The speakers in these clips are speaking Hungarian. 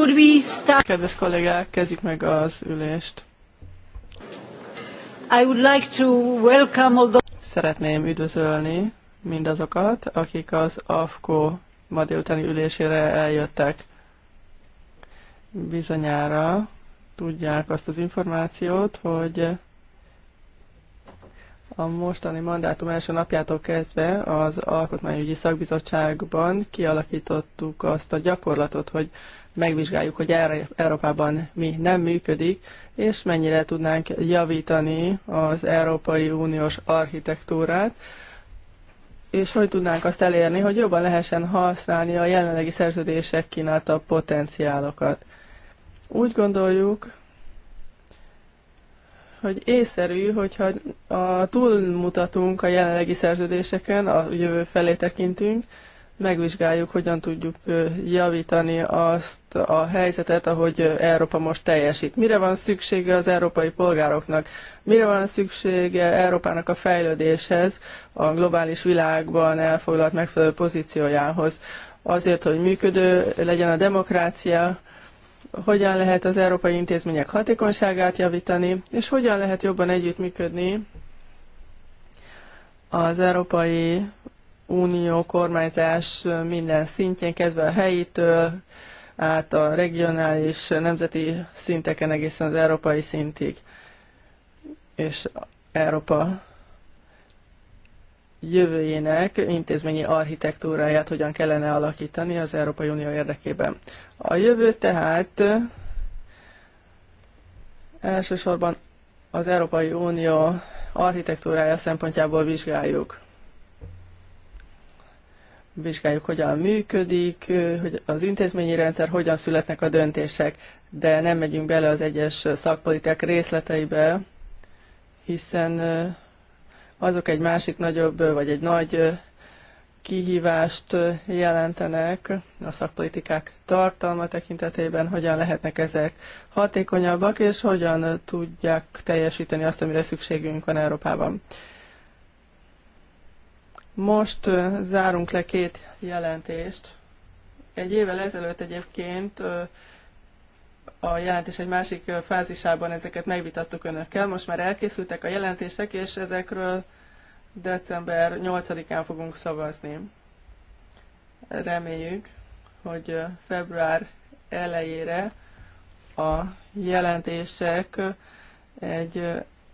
Uh, Kedves kollégák, kezdjük meg az ülést. I would like to welcome all the... Szeretném üdvözölni mindazokat, akik az AFKO ma délutáni ülésére eljöttek. Bizonyára tudják azt az információt, hogy a mostani mandátum első napjától kezdve az Alkotmányügyi Szakbizottságban kialakítottuk azt a gyakorlatot, hogy megvizsgáljuk, hogy Európában mi nem működik, és mennyire tudnánk javítani az Európai Uniós architektúrát, és hogy tudnánk azt elérni, hogy jobban lehessen használni a jelenlegi szerződések kínálta potenciálokat. Úgy gondoljuk, hogy észszerű, hogyha a túlmutatunk a jelenlegi szerződéseken, a jövő felé tekintünk, megvizsgáljuk, hogyan tudjuk javítani azt a helyzetet, ahogy Európa most teljesít. Mire van szüksége az európai polgároknak? Mire van szüksége Európának a fejlődéshez, a globális világban elfoglalt megfelelő pozíciójához? Azért, hogy működő legyen a demokrácia, hogyan lehet az európai intézmények hatékonyságát javítani, és hogyan lehet jobban együttműködni az Európai Unió kormányzás minden szintjén, kezdve a helyitől, át a regionális, nemzeti szinteken egészen az európai szintig, és Európa jövőjének intézményi architektúráját hogyan kellene alakítani az Európai Unió érdekében. A jövő tehát elsősorban az Európai Unió architektúrája szempontjából vizsgáljuk. Vizsgáljuk, hogyan működik, hogy az intézményi rendszer, hogyan születnek a döntések, de nem megyünk bele az egyes szakpolitikák részleteibe, hiszen azok egy másik nagyobb, vagy egy nagy kihívást jelentenek a szakpolitikák tartalma tekintetében, hogyan lehetnek ezek hatékonyabbak, és hogyan tudják teljesíteni azt, amire szükségünk van Európában. Most zárunk le két jelentést. Egy évvel ezelőtt egyébként a jelentés egy másik fázisában ezeket megvitattuk önökkel. Most már elkészültek a jelentések, és ezekről december 8-án fogunk szavazni. Reméljük, hogy február elejére a jelentések egy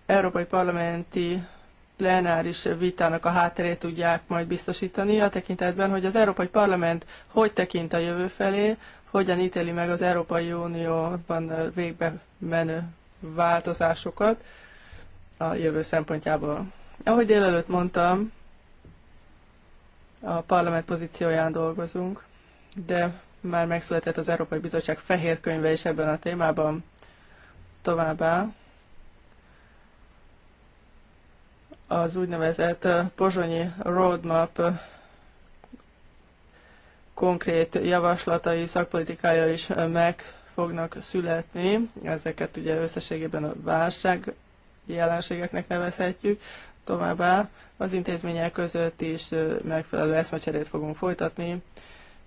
európai parlamenti plenáris vitának a hátterét tudják majd biztosítani a tekintetben, hogy az Európai Parlament hogy tekint a jövő felé, hogyan ítéli meg az Európai Unióban végbe menő változásokat a jövő szempontjából. Ahogy délelőtt mondtam, a parlament pozícióján dolgozunk, de már megszületett az Európai Bizottság fehér könyve is ebben a témában. Továbbá az úgynevezett pozsonyi roadmap konkrét javaslatai, szakpolitikája is meg fognak születni. Ezeket ugye összességében a válság jelenségeknek nevezhetjük. Továbbá az intézmények között is megfelelő eszmecserét fogunk folytatni.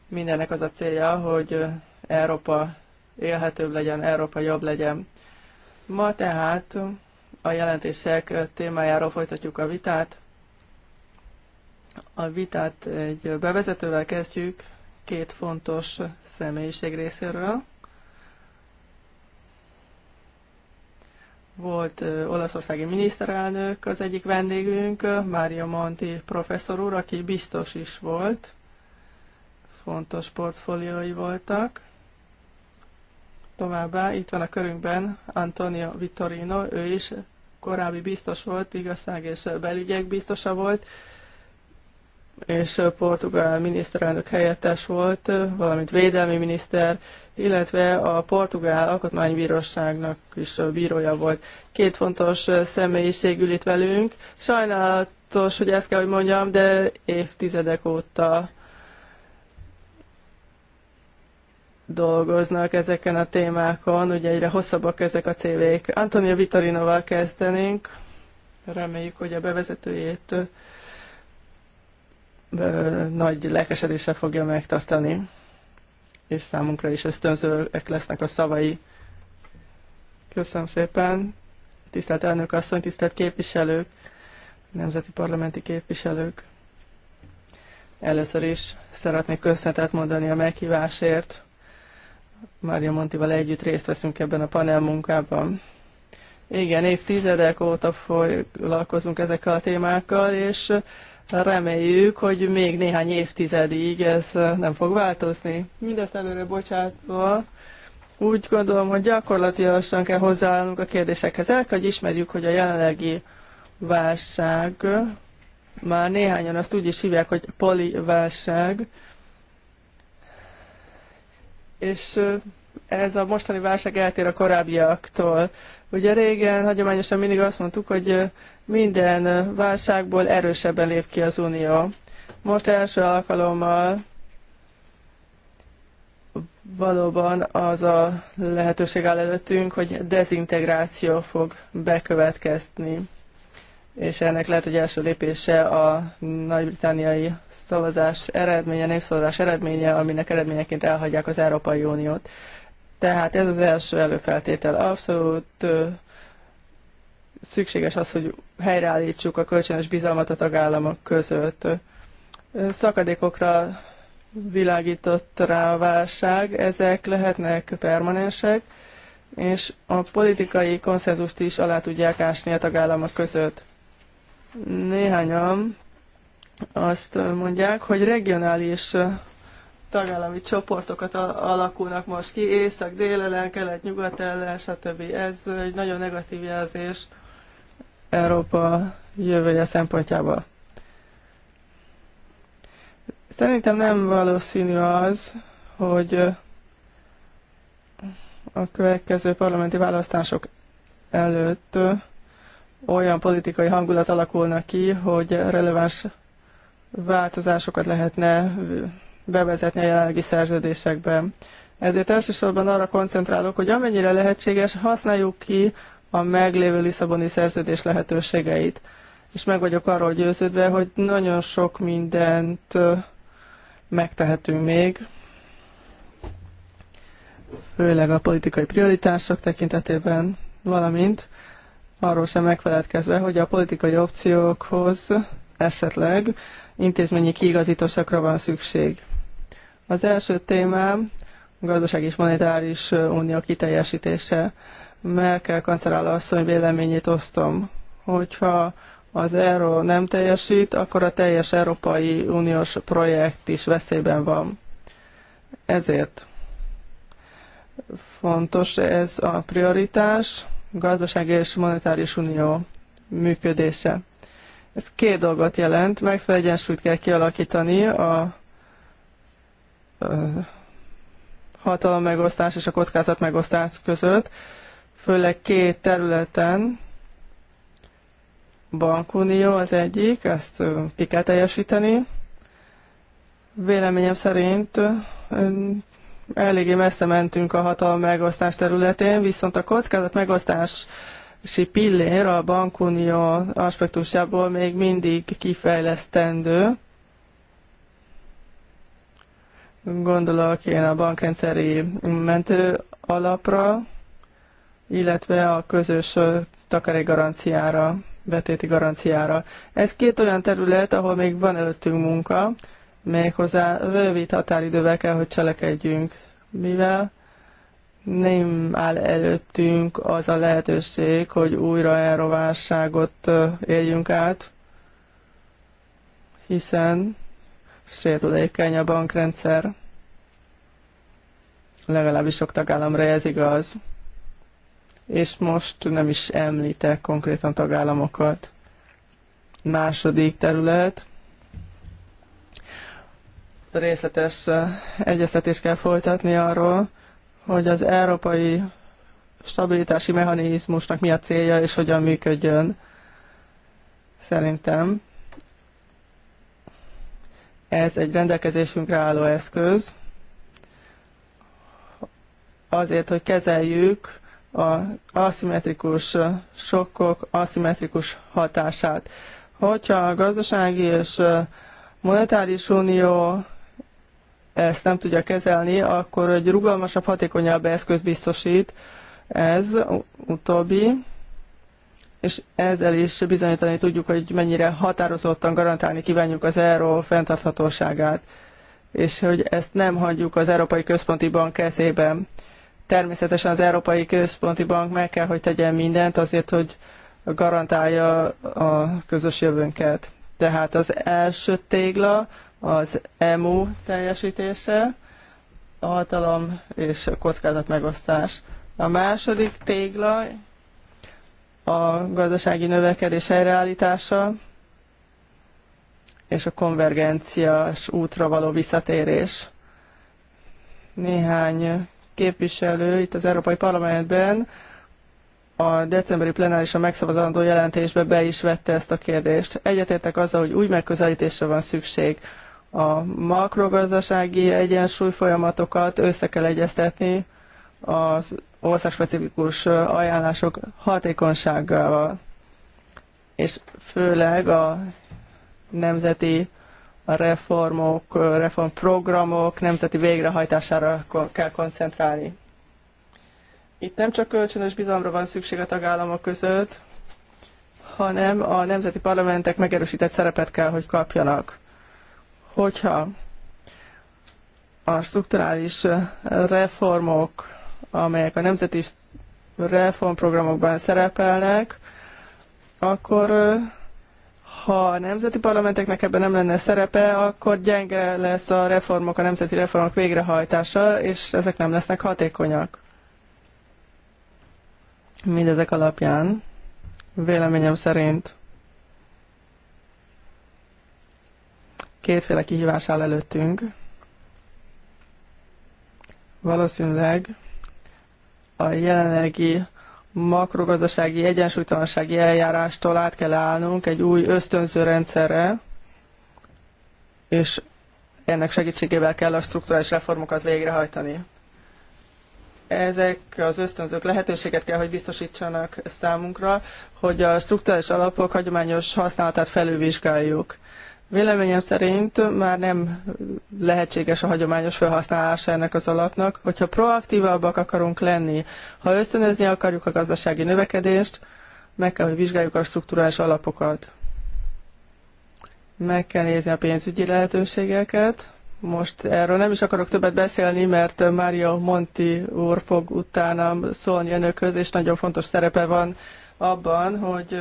Mindennek az a célja, hogy Európa élhetőbb legyen, Európa jobb legyen. Ma tehát a jelentések témájáról folytatjuk a vitát. A vitát egy bevezetővel kezdjük, két fontos személyiség részéről. Volt olaszországi miniszterelnök az egyik vendégünk, Mária Monti professzor úr, aki biztos is volt, fontos portfóliói voltak. Továbbá itt van a körünkben Antonio Vittorino, ő is korábbi biztos volt, igazság és belügyek biztosa volt, és portugál miniszterelnök helyettes volt, valamint védelmi miniszter, illetve a portugál alkotmánybíróságnak is bírója volt. Két fontos személyiség ül itt velünk. Sajnálatos, hogy ezt kell, hogy mondjam, de évtizedek óta dolgoznak ezeken a témákon, ugye egyre hosszabbak ezek a CV-k. Antonia Vitorinoval kezdenénk, reméljük, hogy a bevezetőjét nagy lelkesedéssel fogja megtartani, és számunkra is ösztönzőek lesznek a szavai. Köszönöm szépen, tisztelt elnök asszony, tisztelt képviselők, nemzeti parlamenti képviselők. Először is szeretnék köszönetet mondani a meghívásért. Mária Montival együtt részt veszünk ebben a panel munkában. Igen, évtizedek óta foglalkozunk ezekkel a témákkal, és Reméljük, hogy még néhány évtizedig ez nem fog változni. Mindezt előre bocsátva, úgy gondolom, hogy gyakorlatilag kell hozzáállnunk a kérdésekhez. El kell, hogy ismerjük, hogy a jelenlegi válság, már néhányan azt úgy is hívják, hogy poliválság, és ez a mostani válság eltér a korábbiaktól. Ugye régen hagyományosan mindig azt mondtuk, hogy minden válságból erősebben lép ki az Unió. Most első alkalommal valóban az a lehetőség áll előttünk, hogy dezintegráció fog bekövetkezni. És ennek lehet, hogy első lépése a nagy-britániai szavazás eredménye, népszavazás eredménye, aminek eredményeként elhagyják az Európai Uniót. Tehát ez az első előfeltétel. Abszolút szükséges az, hogy helyreállítsuk a kölcsönös bizalmat a tagállamok között. Szakadékokra világított rá a válság, ezek lehetnek permanensek, és a politikai konszenzust is alá tudják ásni a tagállamok között. Néhányan azt mondják, hogy regionális tagállami csoportokat alakulnak most ki, észak, dél ellen, kelet, nyugat ellen, stb. Ez egy nagyon negatív jelzés Európa jövője szempontjából. Szerintem nem valószínű az, hogy a következő parlamenti választások előtt olyan politikai hangulat alakulna ki, hogy releváns változásokat lehetne bevezetni a jelenlegi szerződésekben. Ezért elsősorban arra koncentrálok, hogy amennyire lehetséges, használjuk ki a meglévő Lisszaboni szerződés lehetőségeit. És meg vagyok arról győződve, hogy nagyon sok mindent megtehetünk még, főleg a politikai prioritások tekintetében, valamint arról sem megfeledkezve, hogy a politikai opciókhoz esetleg intézményi kiigazításokra van szükség. Az első témám a gazdaság és monetáris unió kiteljesítése. Merkel kancellár asszony véleményét osztom, hogyha az euró nem teljesít, akkor a teljes Európai Uniós projekt is veszélyben van. Ezért fontos ez a prioritás, gazdasági és monetáris unió működése. Ez két dolgot jelent, megfelelő egyensúlyt kell kialakítani a hatalom megosztás és a kockázat megosztás között, főleg két területen, bankunió az egyik, ezt ki kell teljesíteni. Véleményem szerint eléggé messze mentünk a hatalom megosztás területén, viszont a kockázat megosztási pillér a bankunió aspektusából még mindig kifejlesztendő. Gondolok én a bankrendszeri mentő alapra, illetve a közös takarékgaranciára, betéti garanciára. Ez két olyan terület, ahol még van előttünk munka, méghozzá rövid határidővel kell, hogy cselekedjünk, mivel nem áll előttünk az a lehetőség, hogy újra elrovásságot éljünk át, hiszen sérülékeny a bankrendszer. Legalábbis sok tagállamra ez igaz és most nem is említek konkrétan tagállamokat. Második terület, részletes egyeztetést kell folytatni arról, hogy az európai stabilitási mechanizmusnak mi a célja és hogyan működjön. Szerintem ez egy rendelkezésünkre álló eszköz, azért, hogy kezeljük a aszimmetrikus sokkok aszimmetrikus hatását. Hogyha a gazdasági és monetáris unió ezt nem tudja kezelni, akkor egy rugalmasabb, hatékonyabb eszköz biztosít ez utóbbi, és ezzel is bizonyítani tudjuk, hogy mennyire határozottan garantálni kívánjuk az euró fenntarthatóságát, és hogy ezt nem hagyjuk az Európai Központi Bank kezében. Természetesen az Európai Központi Bank meg kell, hogy tegyen mindent azért, hogy garantálja a közös jövőnket. Tehát az első tégla az EMU teljesítése, a hatalom és a kockázat megosztás. A második tégla a gazdasági növekedés helyreállítása és a konvergenciás útra való visszatérés. Néhány képviselő itt az Európai Parlamentben a decemberi plenárisan megszavazandó jelentésbe be is vette ezt a kérdést. Egyetértek azzal, hogy új megközelítésre van szükség. A makrogazdasági egyensúly folyamatokat össze kell egyeztetni az országspecifikus ajánlások hatékonyságával, és főleg a nemzeti a reformok, reformprogramok nemzeti végrehajtására kell koncentrálni. Itt nem csak kölcsönös bizalomra van szükség a tagállamok között, hanem a nemzeti parlamentek megerősített szerepet kell, hogy kapjanak. Hogyha a strukturális reformok, amelyek a nemzeti reformprogramokban szerepelnek, akkor ha a nemzeti parlamenteknek ebben nem lenne szerepe, akkor gyenge lesz a reformok, a nemzeti reformok végrehajtása, és ezek nem lesznek hatékonyak. Mindezek alapján, véleményem szerint, kétféle kihívás áll előttünk. Valószínűleg a jelenlegi makrogazdasági egyensúlytalansági eljárástól át kell állnunk egy új ösztönző rendszerre, és ennek segítségével kell a strukturális reformokat végrehajtani. Ezek az ösztönzők lehetőséget kell, hogy biztosítsanak számunkra, hogy a strukturális alapok hagyományos használatát felülvizsgáljuk. Véleményem szerint már nem lehetséges a hagyományos felhasználása ennek az alapnak, hogyha proaktívabbak akarunk lenni, ha ösztönözni akarjuk a gazdasági növekedést, meg kell, hogy vizsgáljuk a struktúrás alapokat. Meg kell nézni a pénzügyi lehetőségeket. Most erről nem is akarok többet beszélni, mert Mária Monti úr fog utána szólni önökhöz, és nagyon fontos szerepe van abban, hogy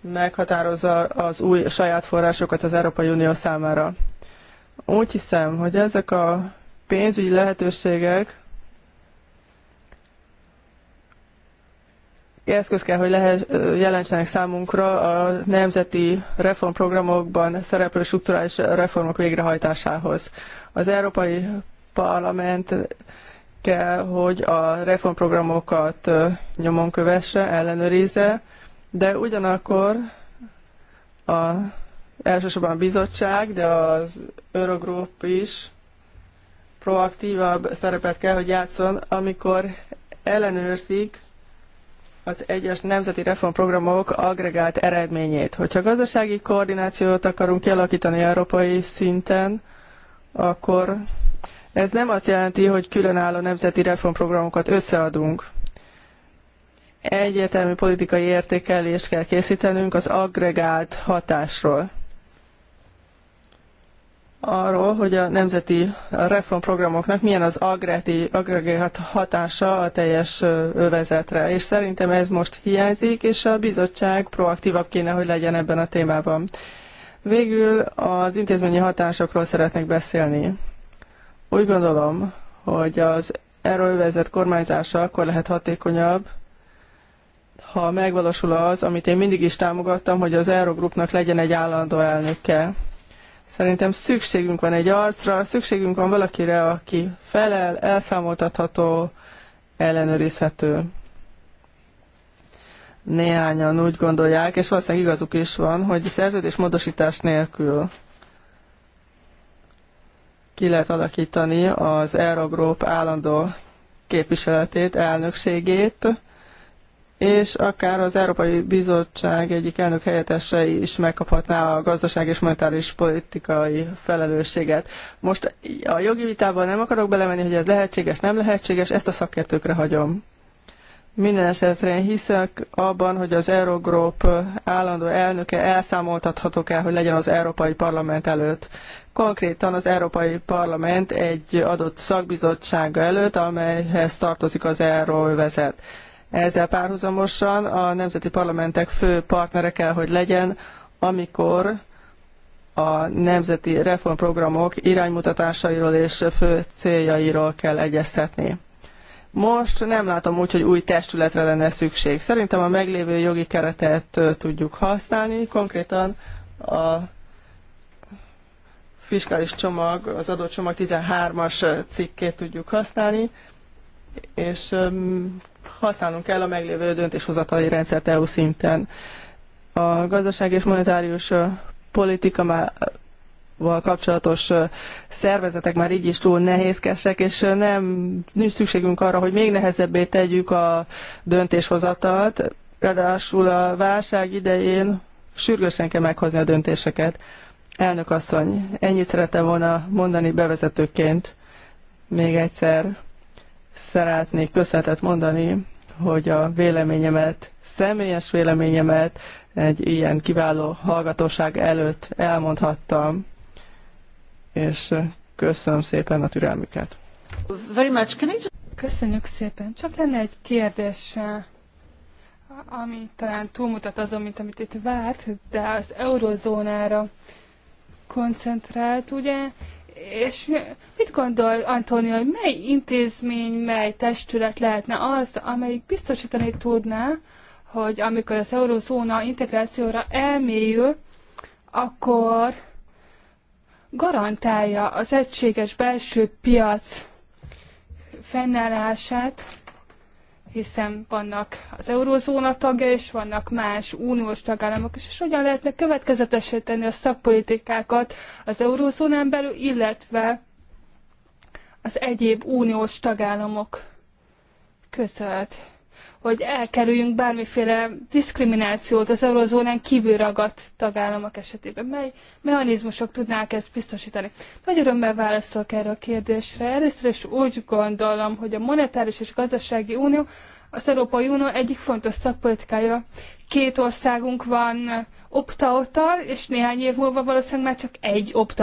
meghatározza az új saját forrásokat az Európai Unió számára. Úgy hiszem, hogy ezek a pénzügyi lehetőségek eszköz kell, hogy lehet, jelentsenek számunkra a nemzeti reformprogramokban szereplő strukturális reformok végrehajtásához. Az Európai Parlament kell, hogy a reformprogramokat nyomon kövesse, ellenőrizze, de ugyanakkor a, elsősorban a bizottság, de az Eurogroup is proaktívabb szerepet kell, hogy játszon, amikor ellenőrzik az egyes nemzeti reformprogramok agregált eredményét. Hogyha gazdasági koordinációt akarunk kialakítani európai szinten, akkor ez nem azt jelenti, hogy különálló nemzeti reformprogramokat összeadunk egyértelmű politikai értékelést kell készítenünk az agregált hatásról. Arról, hogy a nemzeti reformprogramoknak milyen az agreti, agregált hatása a teljes övezetre. És szerintem ez most hiányzik, és a bizottság proaktívabb kéne, hogy legyen ebben a témában. Végül az intézményi hatásokról szeretnék beszélni. Úgy gondolom, hogy az erővezet kormányzása akkor lehet hatékonyabb, ha megvalósul az, amit én mindig is támogattam, hogy az Eurogroupnak legyen egy állandó elnöke. Szerintem szükségünk van egy arcra, szükségünk van valakire, aki felel, elszámoltatható, ellenőrizhető. Néhányan úgy gondolják, és valószínűleg igazuk is van, hogy szerződés módosítás nélkül ki lehet alakítani az Eurogroup állandó képviseletét, elnökségét, és akár az Európai Bizottság egyik elnök helyettese is megkaphatná a gazdaság és monetáris politikai felelősséget. Most a jogi vitában nem akarok belemenni, hogy ez lehetséges, nem lehetséges, ezt a szakértőkre hagyom. Minden esetre én hiszek abban, hogy az Eurogroup állandó elnöke elszámoltatható kell, hogy legyen az Európai Parlament előtt. Konkrétan az Európai Parlament egy adott szakbizottsága előtt, amelyhez tartozik az Euróvezet. vezet ezzel párhuzamosan a nemzeti parlamentek fő partnere kell, hogy legyen, amikor a nemzeti reformprogramok iránymutatásairól és fő céljairól kell egyeztetni. Most nem látom úgy, hogy új testületre lenne szükség. Szerintem a meglévő jogi keretet tudjuk használni, konkrétan a fiskális csomag, az adócsomag 13-as cikkét tudjuk használni, és használnunk kell a meglévő döntéshozatali rendszert EU szinten. A gazdaság és monetárius politika már kapcsolatos szervezetek már így is túl nehézkesek, és nem, nincs szükségünk arra, hogy még nehezebbé tegyük a döntéshozatalt. Ráadásul a válság idején sürgősen kell meghozni a döntéseket. Elnök asszony, ennyit szerettem volna mondani bevezetőként. Még egyszer szeretnék köszönetet mondani, hogy a véleményemet, személyes véleményemet egy ilyen kiváló hallgatóság előtt elmondhattam, és köszönöm szépen a türelmüket. Very much. Köszönjük szépen. Csak lenne egy kérdés, ami talán túlmutat azon, mint amit itt várt, de az eurozónára koncentrált, ugye és mit gondol, Antónia, hogy mely intézmény, mely testület lehetne az, amelyik biztosítani tudná, hogy amikor az eurozóna integrációra elmélyül, akkor garantálja az egységes belső piac fennállását, hiszen vannak az eurózóna tagja, és vannak más uniós tagállamok is, és hogyan lehetne következetesíteni tenni a szakpolitikákat az eurózónán belül, illetve az egyéb uniós tagállamok között hogy elkerüljünk bármiféle diszkriminációt az eurozónán kívül ragadt tagállamok esetében. Mely mechanizmusok tudnák ezt biztosítani? Nagy örömmel válaszolok erre a kérdésre. Először is úgy gondolom, hogy a monetáris és gazdasági unió az Európai Unió egyik fontos szakpolitikája. Két országunk van opt és néhány év múlva valószínűleg már csak egy opt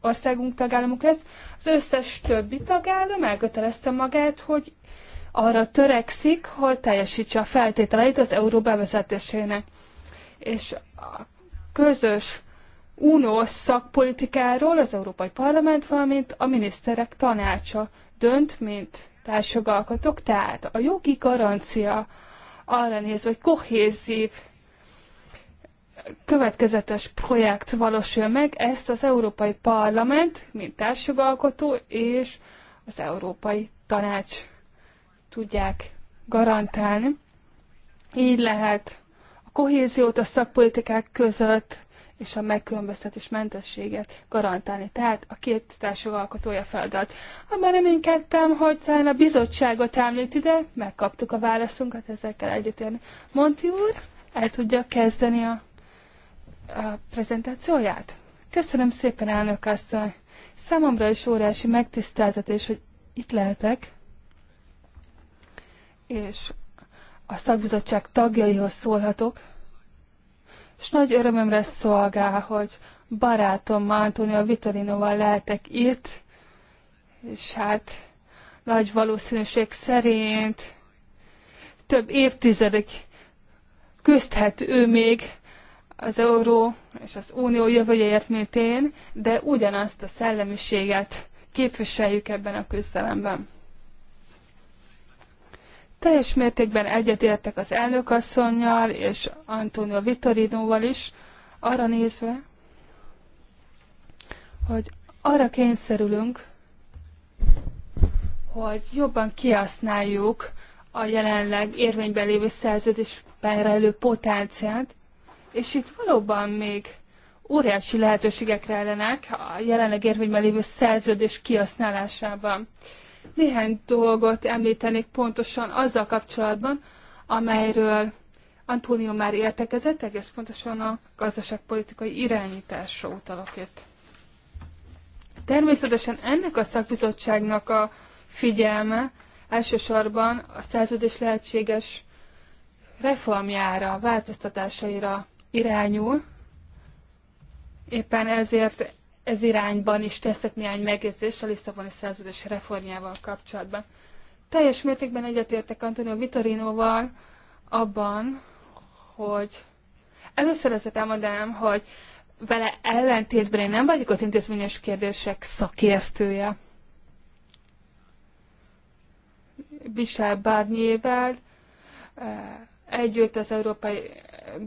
országunk tagállamuk lesz. Az összes többi tagállam elkötelezte magát, hogy arra törekszik, hogy teljesítse a feltételeit az euró bevezetésének. És a közös uniós szakpolitikáról az Európai Parlament, valamint a miniszterek tanácsa dönt, mint társjogalkotók. Tehát a jogi garancia arra nézve, hogy kohézív, következetes projekt valósul meg, ezt az Európai Parlament, mint társjogalkotó és az Európai Tanács tudják garantálni. Így lehet a kohéziót a szakpolitikák között és a megkülönböztetés mentességet garantálni. Tehát a két társadalmi alkotója feladat. Abban reménykedtem, hogy talán a bizottságot említi, de megkaptuk a válaszunkat, ezekkel egyetérni. Monti úr, el tudja kezdeni a, a prezentációját? Köszönöm szépen, elnök asszony! Számomra is órási megtiszteltetés, hogy itt lehetek és a szakbizottság tagjaihoz szólhatok, és nagy örömömre szolgál, hogy barátom Antonia Vitorinoval lehetek itt, és hát nagy valószínűség szerint több évtizedek küzdhet ő még az euró és az unió jövőjeért, mint én, de ugyanazt a szellemiséget képviseljük ebben a küzdelemben. Teljes mértékben egyetértek az elnökasszonynal és Antonio Vitorinoval is, arra nézve, hogy arra kényszerülünk, hogy jobban kihasználjuk a jelenleg érvényben lévő szerződésben rejlő potenciált, és itt valóban még óriási lehetőségek rejlenek a jelenleg érvényben lévő szerződés kihasználásában. Néhány dolgot említenék pontosan azzal kapcsolatban, amelyről Antónió már értekezett, egész pontosan a gazdaságpolitikai irányításra utalok itt. Természetesen ennek a szakbizottságnak a figyelme elsősorban a szerződés lehetséges reformjára, változtatásaira irányul. Éppen ezért ez irányban is teszek néhány megjegyzést a Lisszaboni szerződés reformjával kapcsolatban. Teljes mértékben egyetértek Antonio Vitorinoval abban, hogy először azért elmondanám, hogy vele ellentétben én nem vagyok az intézményes kérdések szakértője. Bisel barnier eh, együtt az Európai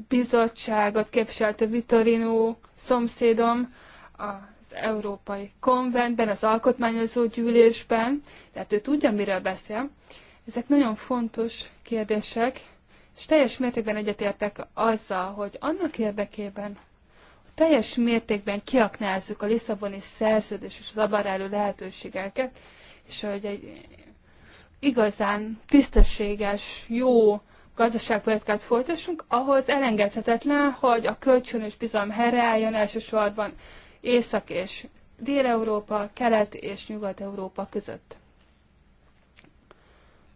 Bizottságot képviselte Vitorino szomszédom, az Európai Konventben, az Alkotmányozó Gyűlésben, tehát ő tudja, miről beszél. Ezek nagyon fontos kérdések, és teljes mértékben egyetértek azzal, hogy annak érdekében, hogy teljes mértékben kiaknázzuk a Lisszaboni szerződés és az abaráló lehetőségeket, és hogy egy igazán tisztességes, jó gazdaságpolitikát folytassunk, ahhoz elengedhetetlen, hogy a kölcsönös bizalom helyreálljon elsősorban Észak és Dél-Európa, Kelet és Nyugat-Európa között.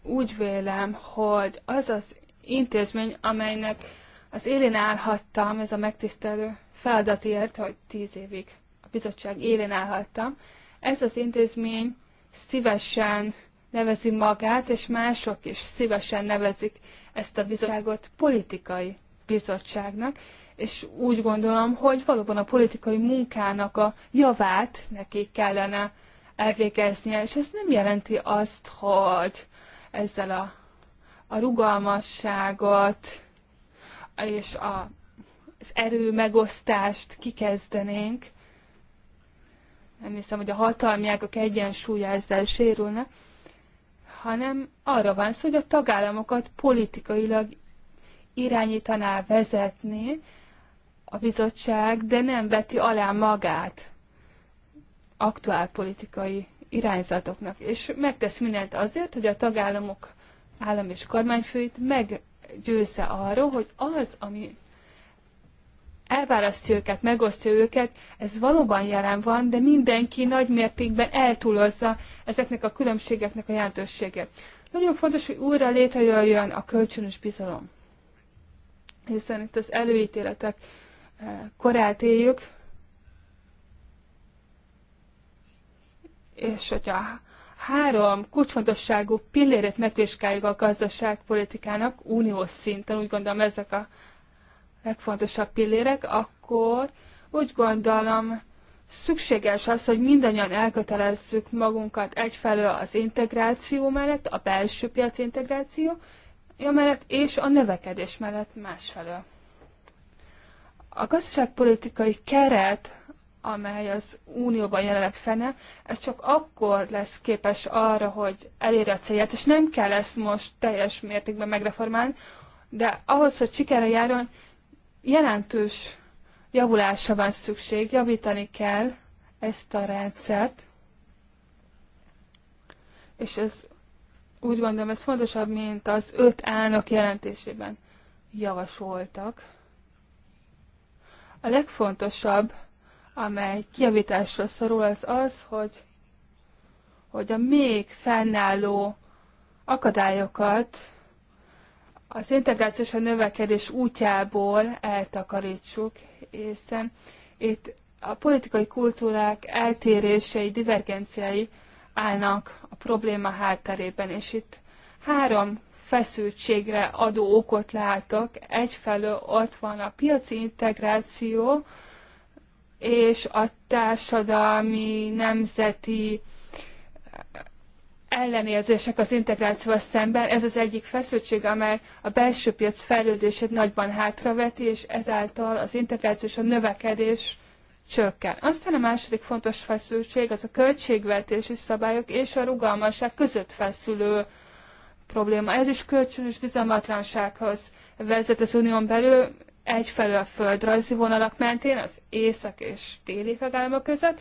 Úgy vélem, hogy az az intézmény, amelynek az élén állhattam, ez a megtisztelő feladatért, hogy tíz évig a bizottság élén állhattam, ez az intézmény szívesen nevezi magát, és mások is szívesen nevezik ezt a bizottságot politikai bizottságnak, és úgy gondolom, hogy valóban a politikai munkának a javát nekik kellene elvégeznie, és ez nem jelenti azt, hogy ezzel a, a rugalmasságot és a, az erő megosztást kikezdenénk. Nem hiszem, hogy a hatalmiákok egyensúlya ezzel sérülne, hanem arra van szó, hogy a tagállamokat politikailag irányítaná, vezetné, a bizottság, de nem veti alá magát aktuál politikai irányzatoknak, és megtesz mindent azért, hogy a tagállamok állam és kormányfőit meggyőzze arról, hogy az, ami elválasztja őket, megosztja őket, ez valóban jelen van, de mindenki nagy mértékben eltúlozza ezeknek a különbségeknek a jelentőséget. Nagyon fontos, hogy újra létrejöjjön a kölcsönös bizalom. Hiszen itt az előítéletek korát éljük, és hogyha három kulcsfontosságú pillérét megvizsgáljuk a gazdaságpolitikának uniós szinten, úgy gondolom ezek a legfontosabb pillérek, akkor úgy gondolom szükséges az, hogy mindannyian elkötelezzük magunkat egyfelől az integráció mellett, a belső piac integráció mellett és a növekedés mellett másfelől. A gazdaságpolitikai keret, amely az Unióban jelenleg fene, ez csak akkor lesz képes arra, hogy elérje a célját, és nem kell ezt most teljes mértékben megreformálni, de ahhoz, hogy sikerre járjon, jelentős javulásra van szükség, javítani kell ezt a rendszert, és ez úgy gondolom, ez fontosabb, mint az öt elnök jelentésében javasoltak. A legfontosabb, amely kiavításra szorul, az az, hogy, hogy a még fennálló akadályokat az integrációs a növekedés útjából eltakarítsuk, hiszen itt a politikai kultúrák eltérései, divergenciái állnak a probléma hátterében, és itt három feszültségre adó okot látok. Egyfelől ott van a piaci integráció, és a társadalmi, nemzeti ellenérzések az integrációval szemben. Ez az egyik feszültség, amely a belső piac fejlődését nagyban hátraveti, és ezáltal az integráció és a növekedés csökken. Aztán a második fontos feszültség az a költségvetési szabályok és a rugalmasság között feszülő probléma. Ez is kölcsönös bizalmatlansághoz vezet az unión belül, egyfelől a földrajzi vonalak mentén, az észak és déli tagállamok között,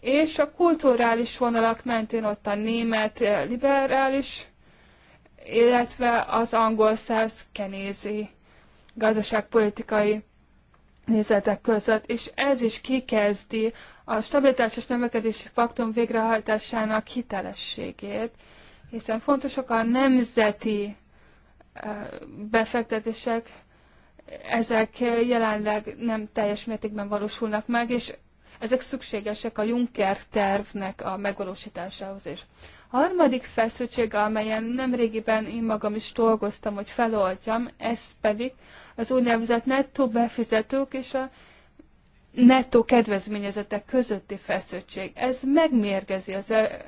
és a kulturális vonalak mentén ott a német eh, liberális, illetve az angol száz kenézi gazdaságpolitikai nézetek között, és ez is kikezdi a stabilitás és növekedési paktum végrehajtásának hitelességét, hiszen fontosak a nemzeti befektetések, ezek jelenleg nem teljes mértékben valósulnak meg, és ezek szükségesek a Juncker tervnek a megvalósításához is. A harmadik feszültség, amelyen nemrégiben én magam is dolgoztam, hogy feloldjam, ez pedig az úgynevezett nettó befizetők és a nettó kedvezményezetek közötti feszültség. Ez megmérgezi az e-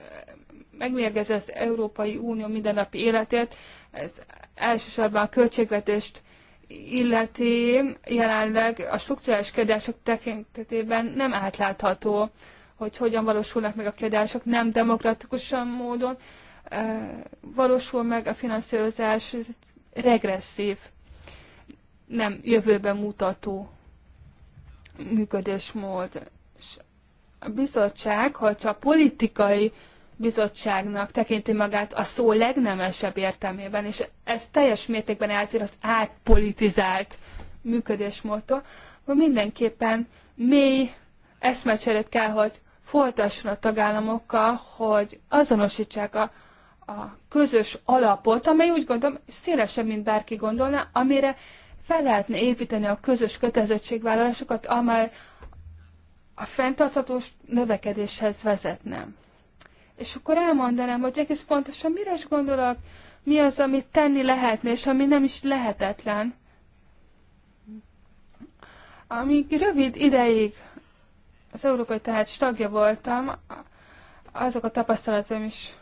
megmérgezi az Európai Unió mindennapi életét, ez elsősorban a költségvetést illeti jelenleg a struktúrális kérdések tekintetében nem átlátható, hogy hogyan valósulnak meg a kérdések nem demokratikusan módon e, valósul meg a finanszírozás, ez regresszív, nem jövőben mutató működésmód. És a bizottság, hogyha politikai uh, bizottságnak tekinti magát a szó legnemesebb értelmében, és ez teljes mértékben eltér az átpolitizált működésmódtól, hogy mindenképpen mély eszmecserét kell, hogy folytasson a tagállamokkal, hogy azonosítsák a, a közös alapot, amely úgy gondolom szélesebb, mint bárki gondolna, amire fel lehetne építeni a közös kötelezettségvállalásokat, amely a fenntarthatós növekedéshez vezetne és akkor elmondanám, hogy egész pontosan mire is gondolok, mi az, amit tenni lehetne, és ami nem is lehetetlen. Amíg rövid ideig az Európai Tanács tagja voltam, azok a tapasztalatom is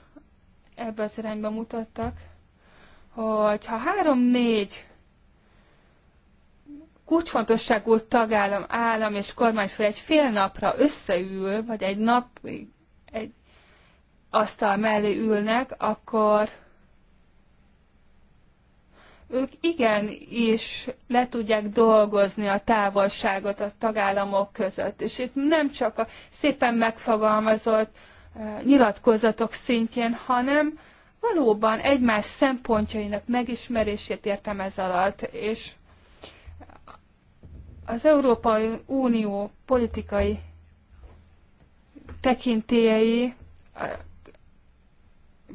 ebbe az irányba mutattak, hogy ha három-négy kulcsfontosságú tagállam, állam és kormányfő egy fél napra összeül, vagy egy nap, egy asztal mellé ülnek, akkor ők igen is le tudják dolgozni a távolságot a tagállamok között. És itt nem csak a szépen megfogalmazott eh, nyilatkozatok szintjén, hanem valóban egymás szempontjainak megismerését értem ez alatt. És az Európai Unió politikai tekintélyei eh,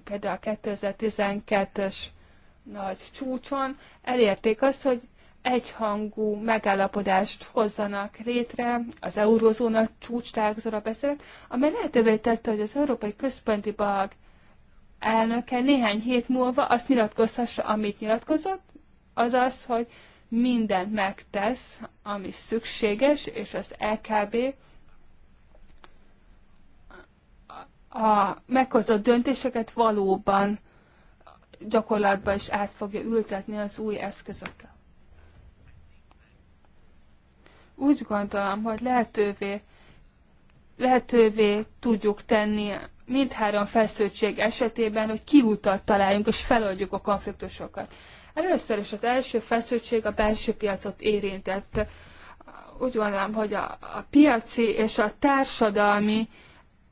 például a 2012-es nagy csúcson elérték azt, hogy egyhangú megállapodást hozzanak létre, az eurozóna csúcs találkozóra beszélek, amely lehetővé tette, hogy az Európai Központi Bank elnöke néhány hét múlva azt nyilatkozhassa, amit nyilatkozott, azaz, hogy mindent megtesz, ami szükséges, és az LKB a meghozott döntéseket valóban gyakorlatban is át fogja ültetni az új eszközökkel. Úgy gondolom, hogy lehetővé, lehetővé tudjuk tenni mindhárom feszültség esetében, hogy kiutat találjunk és feloldjuk a konfliktusokat. Először is az első feszültség a belső piacot érintett. Úgy gondolom, hogy a, a piaci és a társadalmi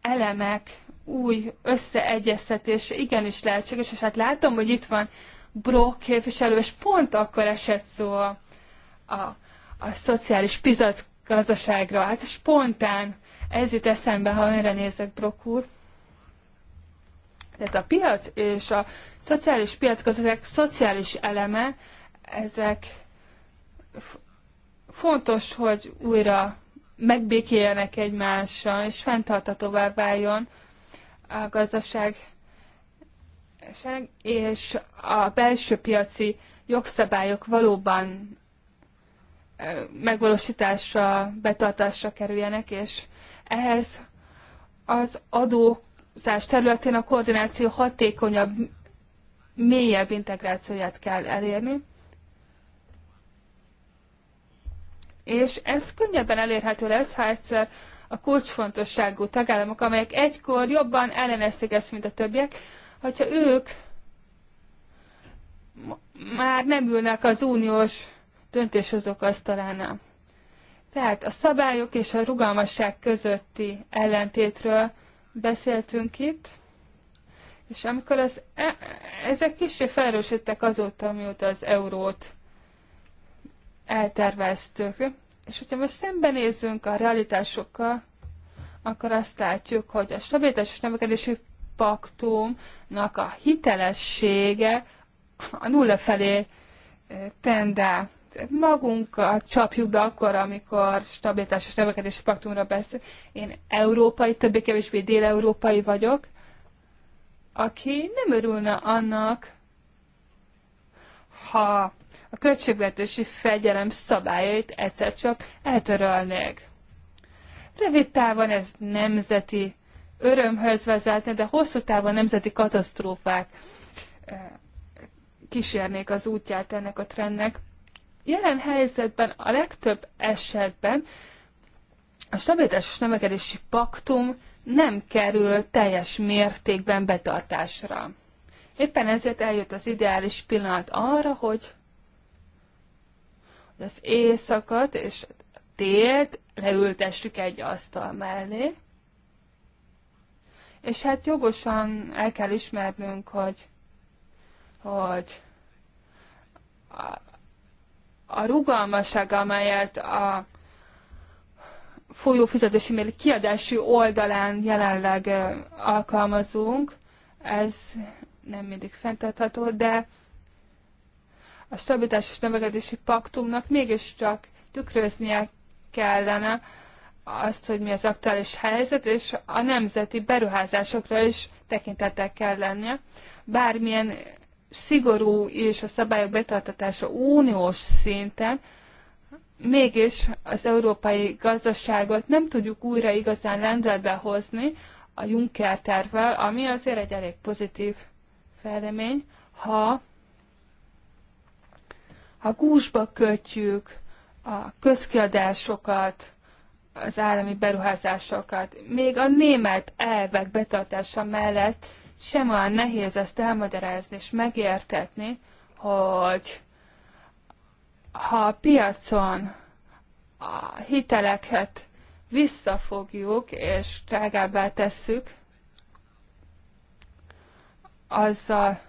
elemek új összeegyeztetés igenis lehetséges, és hát látom, hogy itt van Brock képviselő, és pont akkor esett szó a, a, a szociális pizac gazdaságra. Hát spontán ez jut eszembe, ha önre nézek, Brock úr. Tehát a piac és a szociális gazdaság szociális eleme, ezek fontos, hogy újra megbékéljenek egymással, és fenntartatóvá váljon a gazdaság, és a belső piaci jogszabályok valóban megvalósításra, betartásra kerüljenek, és ehhez az adózás területén a koordináció hatékonyabb, mélyebb integrációját kell elérni. És ez könnyebben elérhető lesz, ha egyszer a kulcsfontosságú tagállamok, amelyek egykor jobban ellenezték ezt, mint a többiek, hogyha ők már nem ülnek az uniós döntéshozók asztalánál. Tehát a szabályok és a rugalmasság közötti ellentétről beszéltünk itt, és amikor az, e, ezek kicsit felerősödtek azóta, mióta az eurót elterveztük, és hogyha most szembenézünk a realitásokkal, akkor azt látjuk, hogy a stabilitás és növekedési paktumnak a hitelessége a nulla felé eh, tendál. Tehát magunkat csapjuk be akkor, amikor stabilitás és növekedési paktumra beszél. Én európai, többé-kevésbé dél-európai vagyok, aki nem örülne annak, ha a költségvetési fegyelem szabályait egyszer csak eltörölnék. Rövid távon ez nemzeti örömhöz vezetne, de hosszú távon nemzeti katasztrófák eh, kísérnék az útját ennek a trendnek. Jelen helyzetben a legtöbb esetben a stabilitás és növekedési paktum nem kerül teljes mértékben betartásra. Éppen ezért eljött az ideális pillanat arra, hogy az éjszakat és a télt leültessük egy asztal mellé. És hát jogosan el kell ismernünk, hogy, hogy a, a rugalmasság, amelyet a folyó fizetési mély kiadási oldalán jelenleg alkalmazunk, ez nem mindig fenntartható, de a stabilitás és növekedési paktumnak mégiscsak tükröznie kellene azt, hogy mi az aktuális helyzet, és a nemzeti beruházásokra is tekintettel kell lennie. Bármilyen szigorú és a szabályok betartatása uniós szinten, mégis az európai gazdaságot nem tudjuk újra igazán lendületbe hozni a Juncker tervvel, ami azért egy elég pozitív fejlemény, ha a gúzsba kötjük a közkiadásokat, az állami beruházásokat. Még a német elvek betartása mellett sem olyan nehéz ezt elmagyarázni és megértetni, hogy ha a piacon a hiteleket visszafogjuk és drágábbá tesszük, azzal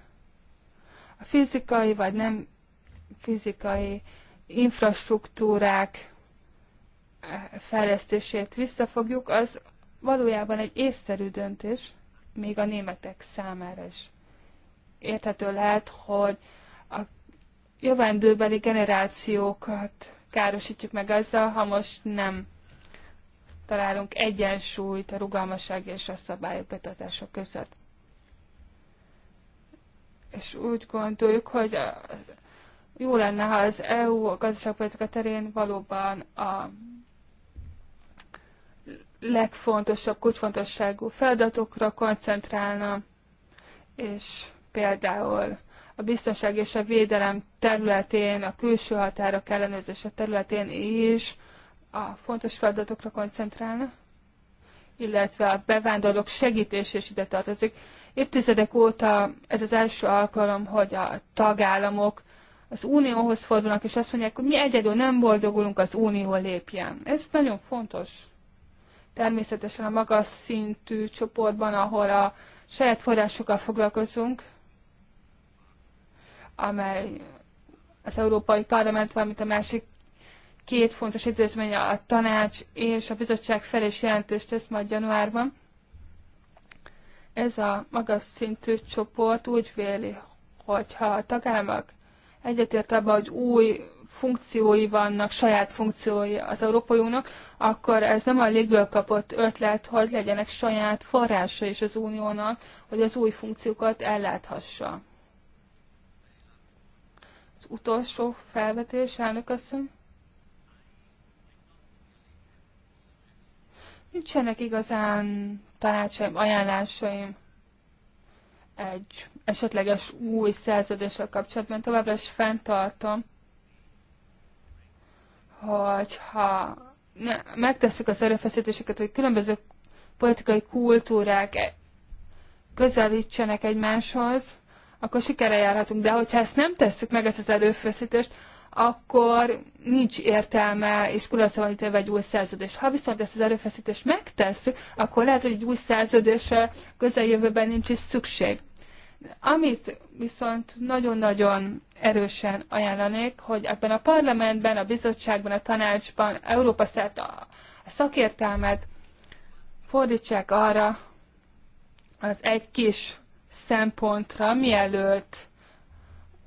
a fizikai vagy nem fizikai infrastruktúrák fejlesztését visszafogjuk, az valójában egy észszerű döntés, még a németek számára is. Érthető lehet, hogy a jövendőbeli generációkat károsítjuk meg azzal, ha most nem találunk egyensúlyt a rugalmasság és a szabályok betartása között. És úgy gondoljuk, hogy a jó lenne, ha az EU a gazdaságpolitika terén valóban a legfontosabb, kulcsfontosságú feladatokra koncentrálna, és például a biztonság és a védelem területén, a külső határok ellenőrzése területén is a fontos feladatokra koncentrálna, illetve a bevándorlók segítés is ide tartozik. Évtizedek óta ez az első alkalom, hogy a tagállamok az unióhoz fordulnak, és azt mondják, hogy mi egyedül nem boldogulunk, az unió lépjen. Ez nagyon fontos. Természetesen a magas szintű csoportban, ahol a saját forrásokkal foglalkozunk, amely az Európai Parlament, valamint a másik két fontos intézmény, a tanács és a bizottság felé is jelentést tesz majd januárban. Ez a magas szintű csoport úgy véli, hogyha a tagállamok egyetért abban, hogy új funkciói vannak, saját funkciói az Európai Uniónak, akkor ez nem a légből kapott ötlet, hogy legyenek saját forrása is az Uniónak, hogy az új funkciókat elláthassa. Az utolsó felvetés, elnök köszön. Nincsenek igazán tanácsaim, ajánlásaim egy esetleges új szerződéssel kapcsolatban továbbra is fenntartom, hogyha ne, megtesszük az erőfeszítéseket, hogy különböző politikai kultúrák közelítsenek egymáshoz, akkor sikere járhatunk. De hogyha ezt nem tesszük meg, ezt az erőfeszítést, akkor nincs értelme és kudarca van ítélve egy új szerződés. Ha viszont ezt az erőfeszítést megtesszük, akkor lehet, hogy egy új szerződésre közeljövőben nincs is szükség. Amit viszont nagyon-nagyon erősen ajánlanék, hogy ebben a parlamentben, a bizottságban, a tanácsban, Európa szerte a szakértelmet fordítsák arra az egy kis szempontra, mielőtt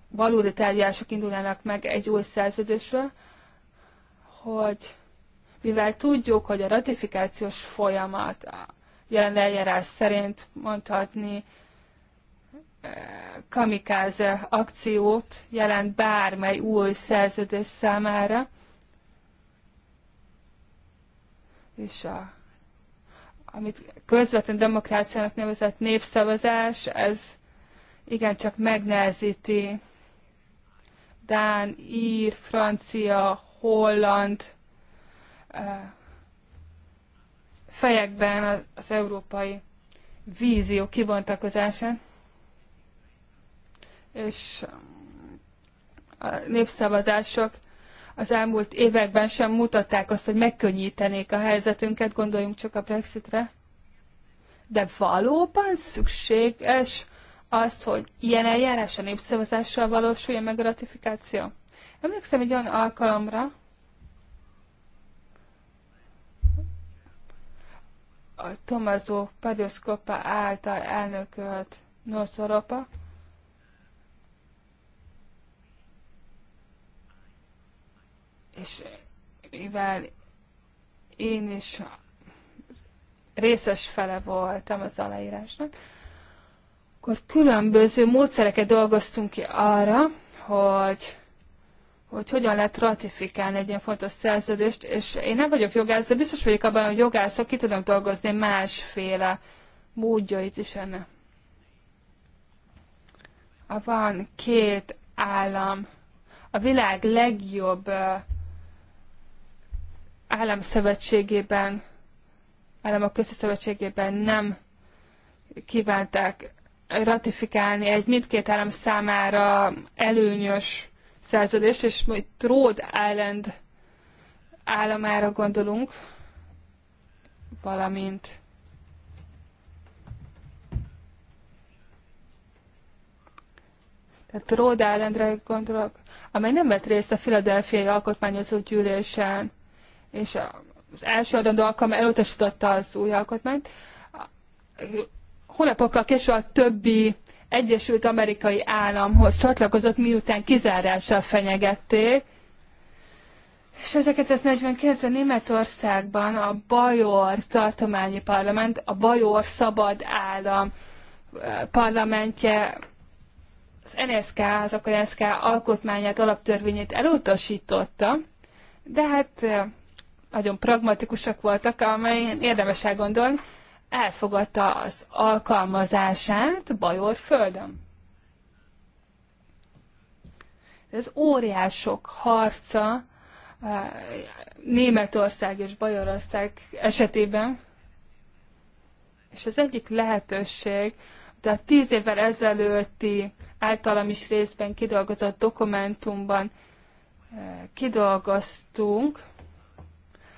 valódi tárgyalások indulnának meg egy új szerződésről, hogy mivel tudjuk, hogy a ratifikációs folyamat a jelen eljárás szerint mondhatni kamikáze akciót jelent bármely új szerződés számára, és a, amit közvetlen demokráciának nevezett népszavazás, ez igencsak megnehezíti Dán, Ír, Francia, Holland eh, fejekben az, európai vízió kivontakozását és a népszavazások az elmúlt években sem mutatták azt, hogy megkönnyítenék a helyzetünket, gondoljunk csak a Brexitre. De valóban szükséges azt, hogy ilyen eljárás a népszavazással valósulja meg a ratifikáció. Emlékszem egy olyan alkalomra, a Tomazó Padoszkopa által elnökölt Nosz Európa, és mivel én is részes fele voltam az aláírásnak, akkor különböző módszereket dolgoztunk ki arra, hogy, hogy hogyan lehet ratifikálni egy ilyen fontos szerződést, és én nem vagyok jogász, de biztos vagyok abban, hogy jogászok ki tudnak dolgozni másféle módjait is ennek. Van két állam, a világ legjobb állam szövetségében, államok közszövetségében nem kívánták ratifikálni egy mindkét állam számára előnyös szerződést, és majd Rhode Island államára gondolunk, valamint tehát Rhode Islandre gondolok, amely nem vett részt a Philadelphiai Alkotmányozó Gyűlésen és az első adandó alkalommal elutasította az új alkotmányt. Hónapokkal később a többi Egyesült Amerikai Államhoz csatlakozott, miután kizárással fenyegették, és 1949-ben Németországban a Bajor tartományi parlament, a Bajor Szabad Állam eh, parlamentje az NSK, az akkor NSK alkotmányát, alaptörvényét elutasította, de hát eh, nagyon pragmatikusak voltak, amelyen érdemes elgondolni, elfogadta az alkalmazását Bajor földön. Ez óriások harca eh, Németország és Bajorország esetében, és az egyik lehetőség, a tíz évvel ezelőtti általam is részben kidolgozott dokumentumban eh, kidolgoztunk,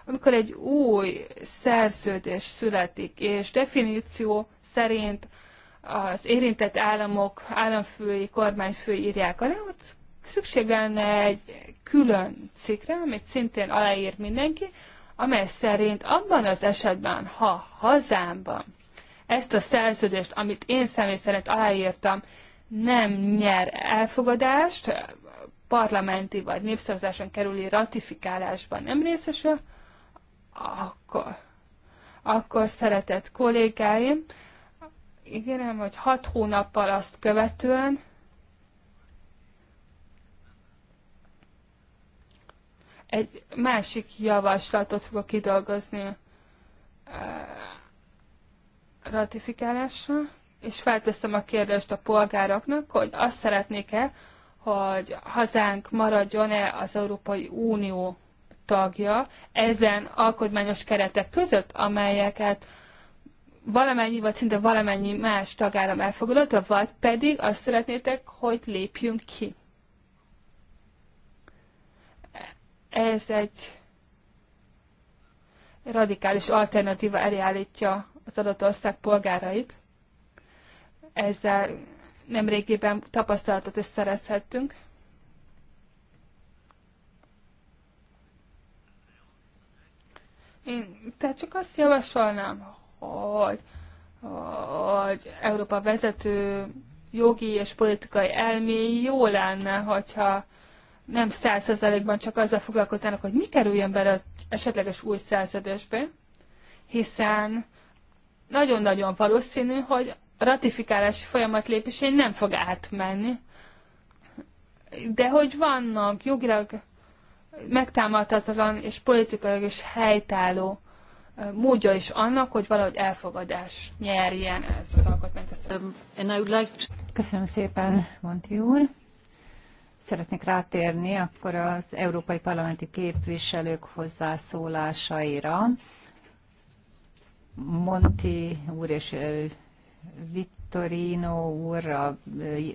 amikor egy új szerződés születik, és definíció szerint az érintett államok államfői, kormányfői írják alá, ott szükség lenne egy külön cikkre, amit szintén aláír mindenki, amely szerint abban az esetben, ha hazámban ezt a szerződést, amit én személy szerint aláírtam, nem nyer elfogadást, parlamenti vagy népszavazáson kerüli ratifikálásban nem részesül, akkor, akkor szeretett kollégáim, ígérem, hogy hat hónappal azt követően egy másik javaslatot fogok kidolgozni eh, ratifikálásra, és felteszem a kérdést a polgároknak, hogy azt szeretnék-e, hogy hazánk maradjon-e az Európai Unió tagja ezen alkotmányos keretek között, amelyeket valamennyi, vagy szinte valamennyi más tagállam elfogadott, vagy pedig azt szeretnétek, hogy lépjünk ki. Ez egy radikális alternatíva eljállítja az adott ország polgárait. Ezzel nemrégében tapasztalatot is szerezhettünk. Én tehát csak azt javasolnám, hogy, hogy Európa vezető jogi és politikai elméi jó lenne, hogyha nem százszerzelékben csak azzal foglalkoznának, hogy mi kerüljön bele az esetleges új szerződésbe, hiszen nagyon-nagyon valószínű, hogy a ratifikálási folyamat lépésén nem fog átmenni. De hogy vannak jogilag megtámadhatatlan és politikai és helytálló módja is annak, hogy valahogy elfogadás nyerjen ez az alkotmány. Köszönöm. Um, like to... Köszönöm szépen, Monti úr. Szeretnék rátérni akkor az európai parlamenti képviselők hozzászólásaira. Monti úr és Vittorino úr a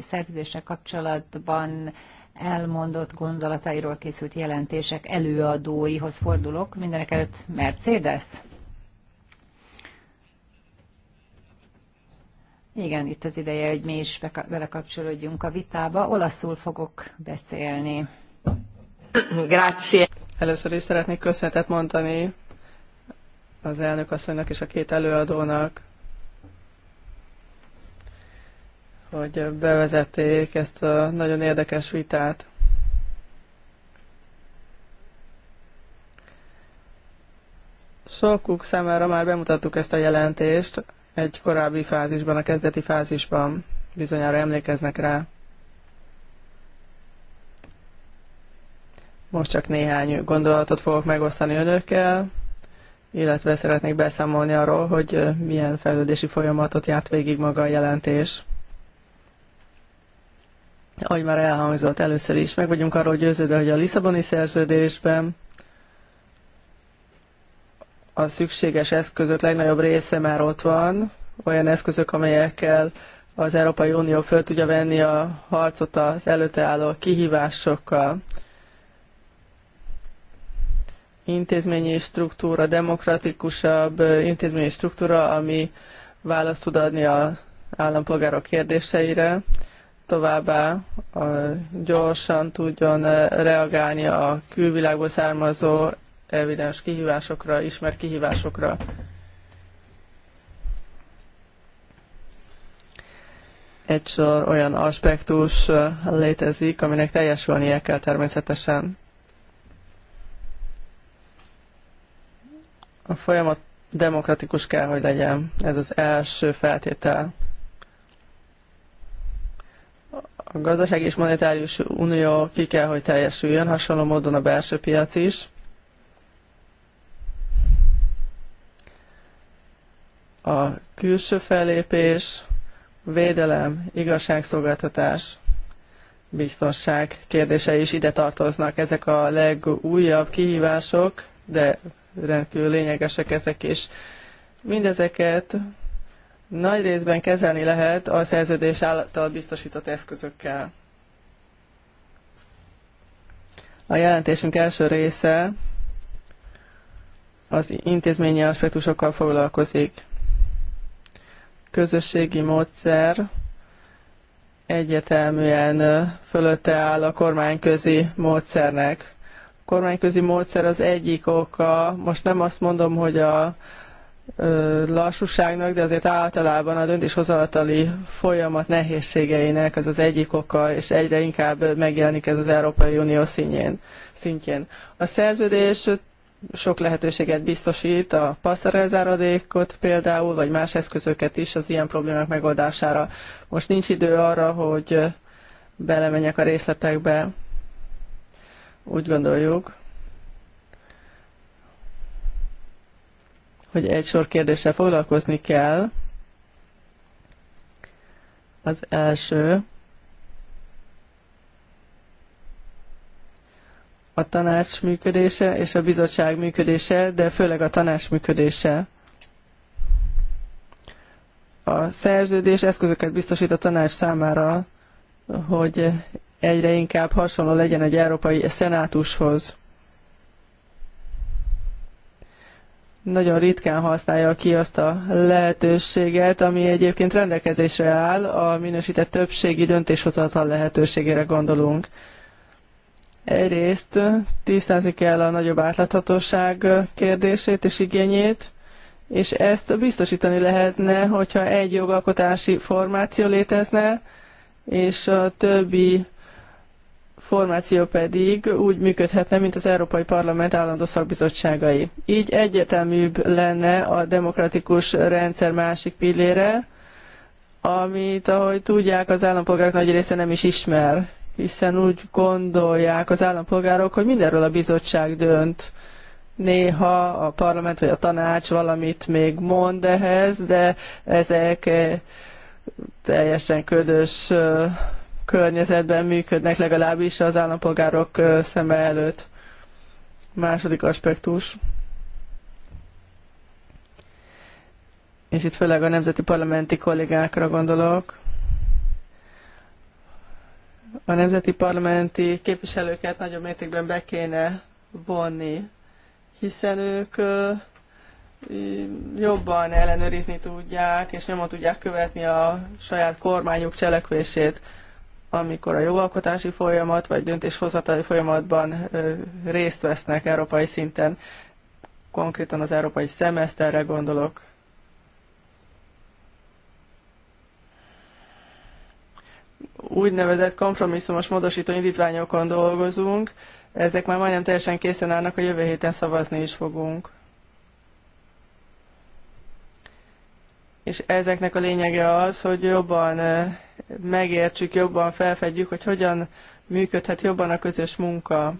szerződéssel kapcsolatban elmondott gondolatairól készült jelentések előadóihoz fordulok. Mindenek előtt Mercedes. Igen, itt az ideje, hogy mi is belekapcsolódjunk a vitába. Olaszul fogok beszélni. Grazie. Először is szeretnék köszönetet mondani az elnök asszonynak és a két előadónak. hogy bevezették ezt a nagyon érdekes vitát. Sokuk számára már bemutattuk ezt a jelentést egy korábbi fázisban, a kezdeti fázisban. Bizonyára emlékeznek rá. Most csak néhány gondolatot fogok megosztani önökkel, illetve szeretnék beszámolni arról, hogy milyen fejlődési folyamatot járt végig maga a jelentés ahogy már elhangzott először is, meg vagyunk arról győződve, hogy a Lisszaboni szerződésben a szükséges eszközök legnagyobb része már ott van, olyan eszközök, amelyekkel az Európai Unió föl tudja venni a harcot az előtte álló kihívásokkal. Intézményi struktúra, demokratikusabb intézményi struktúra, ami választ tud adni az állampolgárok kérdéseire, továbbá a, gyorsan tudjon eh, reagálni a külvilágból származó evidens kihívásokra, ismert kihívásokra. Egy sor olyan aspektus eh, létezik, aminek teljesülnie kell természetesen. A folyamat demokratikus kell, hogy legyen. Ez az első feltétel. a gazdasági és monetárius unió ki kell, hogy teljesüljön, hasonló módon a belső piac is. A külső fellépés, védelem, igazságszolgáltatás, biztonság kérdése is ide tartoznak. Ezek a legújabb kihívások, de rendkívül lényegesek ezek is. Mindezeket nagy részben kezelni lehet a szerződés által biztosított eszközökkel. A jelentésünk első része az intézményi aspektusokkal foglalkozik. Közösségi módszer egyértelműen fölötte áll a kormányközi módszernek. A kormányközi módszer az egyik oka, most nem azt mondom, hogy a lassúságnak, de azért általában a döntéshozatali folyamat nehézségeinek az az egyik oka, és egyre inkább megjelenik ez az Európai Unió színjén, szintjén. A szerződés sok lehetőséget biztosít, a passzerezáradékot például, vagy más eszközöket is az ilyen problémák megoldására. Most nincs idő arra, hogy belemenjek a részletekbe. Úgy gondoljuk, hogy egy sor kérdéssel foglalkozni kell. Az első, a tanács működése és a bizottság működése, de főleg a tanács működése. A szerződés eszközöket biztosít a tanács számára, hogy egyre inkább hasonló legyen egy európai szenátushoz. nagyon ritkán használja ki azt a lehetőséget, ami egyébként rendelkezésre áll, a minősített többségi döntéshozatal lehetőségére gondolunk. Egyrészt tisztázni kell a nagyobb átláthatóság kérdését és igényét, és ezt biztosítani lehetne, hogyha egy jogalkotási formáció létezne, és a többi formáció pedig úgy működhetne, mint az Európai Parlament állandó szakbizottságai. Így egyeteműbb lenne a demokratikus rendszer másik pillére, amit, ahogy tudják, az állampolgárok nagy része nem is ismer, hiszen úgy gondolják az állampolgárok, hogy mindenről a bizottság dönt. Néha a parlament vagy a tanács valamit még mond ehhez, de ezek eh, teljesen ködös eh, környezetben működnek, legalábbis az állampolgárok szeme előtt. Második aspektus. És itt főleg a nemzeti parlamenti kollégákra gondolok. A nemzeti parlamenti képviselőket nagyobb mértékben be kéne vonni, hiszen ők jobban ellenőrizni tudják, és nyomon tudják követni a saját kormányuk cselekvését amikor a jogalkotási folyamat vagy döntéshozatali folyamatban részt vesznek európai szinten. Konkrétan az európai szemeszterre gondolok. Úgynevezett kompromisszumos módosító indítványokon dolgozunk. Ezek már majdnem teljesen készen állnak, a jövő héten szavazni is fogunk. és ezeknek a lényege az, hogy jobban megértsük, jobban felfedjük, hogy hogyan működhet jobban a közös munka.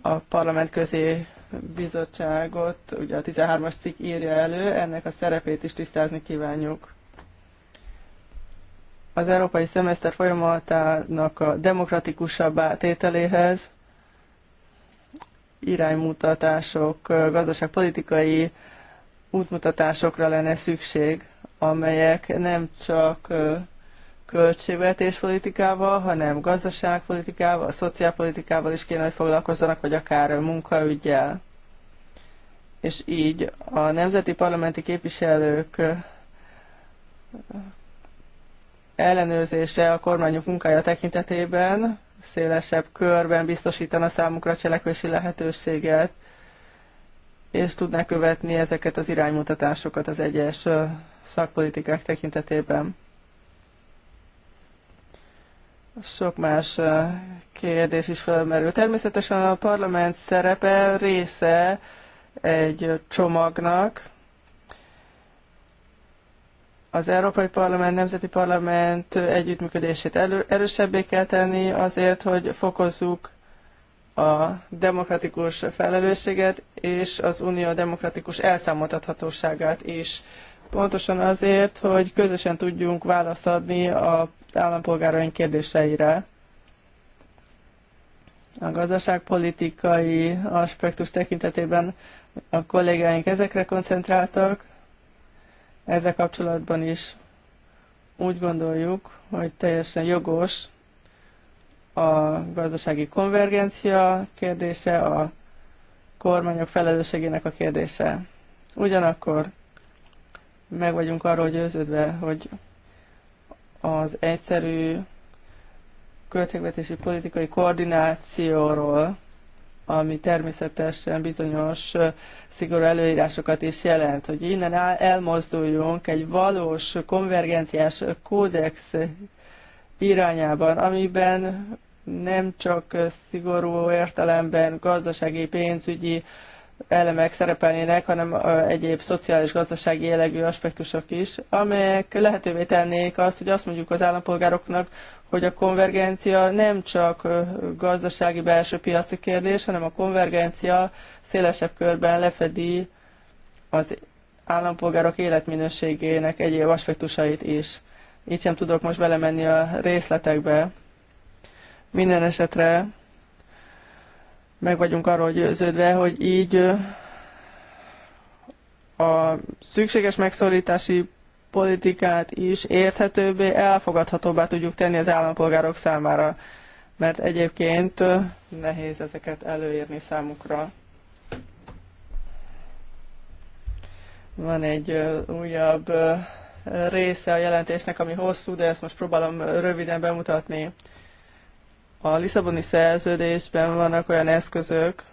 A parlament közé bizottságot, ugye a 13-as cikk írja elő, ennek a szerepét is tisztázni kívánjuk. Az európai szemeszter folyamatának a demokratikusabb tételéhez iránymutatások, gazdaságpolitikai útmutatásokra lenne szükség, amelyek nem csak költségvetéspolitikával, hanem gazdaságpolitikával, szociálpolitikával is kéne, hogy foglalkozzanak, vagy akár munkaügyel. És így a nemzeti parlamenti képviselők ellenőrzése a kormányok munkája tekintetében szélesebb körben biztosítana számukra cselekvési lehetőséget, és tudná követni ezeket az iránymutatásokat az egyes szakpolitikák tekintetében. Sok más kérdés is felmerül. Természetesen a parlament szerepe része egy csomagnak, az Európai Parlament, Nemzeti Parlament együttműködését elő, erősebbé kell tenni azért, hogy fokozzuk a demokratikus felelősséget és az unió demokratikus elszámoltathatóságát is. Pontosan azért, hogy közösen tudjunk választ adni az állampolgáraink kérdéseire. A gazdaságpolitikai aspektus tekintetében a kollégáink ezekre koncentráltak, ezzel kapcsolatban is úgy gondoljuk, hogy teljesen jogos a gazdasági konvergencia kérdése, a kormányok felelősségének a kérdése. Ugyanakkor meg vagyunk arról győződve, hogy az egyszerű költségvetési politikai koordinációról ami természetesen bizonyos szigorú előírásokat is jelent, hogy innen elmozduljunk egy valós konvergenciás kódex irányában, amiben nem csak szigorú értelemben gazdasági, pénzügyi elemek szerepelnének, hanem egyéb szociális, gazdasági jellegű aspektusok is, amelyek lehetővé tennék azt, hogy azt mondjuk az állampolgároknak, hogy a konvergencia nem csak gazdasági belső piaci kérdés, hanem a konvergencia szélesebb körben lefedi az állampolgárok életminőségének egyéb aspektusait is. Így sem tudok most belemenni a részletekbe. Minden esetre meg vagyunk arról győződve, hogy így a szükséges megszorítási politikát is érthetőbbé, elfogadhatóbbá tudjuk tenni az állampolgárok számára, mert egyébként nehéz ezeket előírni számukra. Van egy újabb része a jelentésnek, ami hosszú, de ezt most próbálom röviden bemutatni. A Lisszaboni szerződésben vannak olyan eszközök,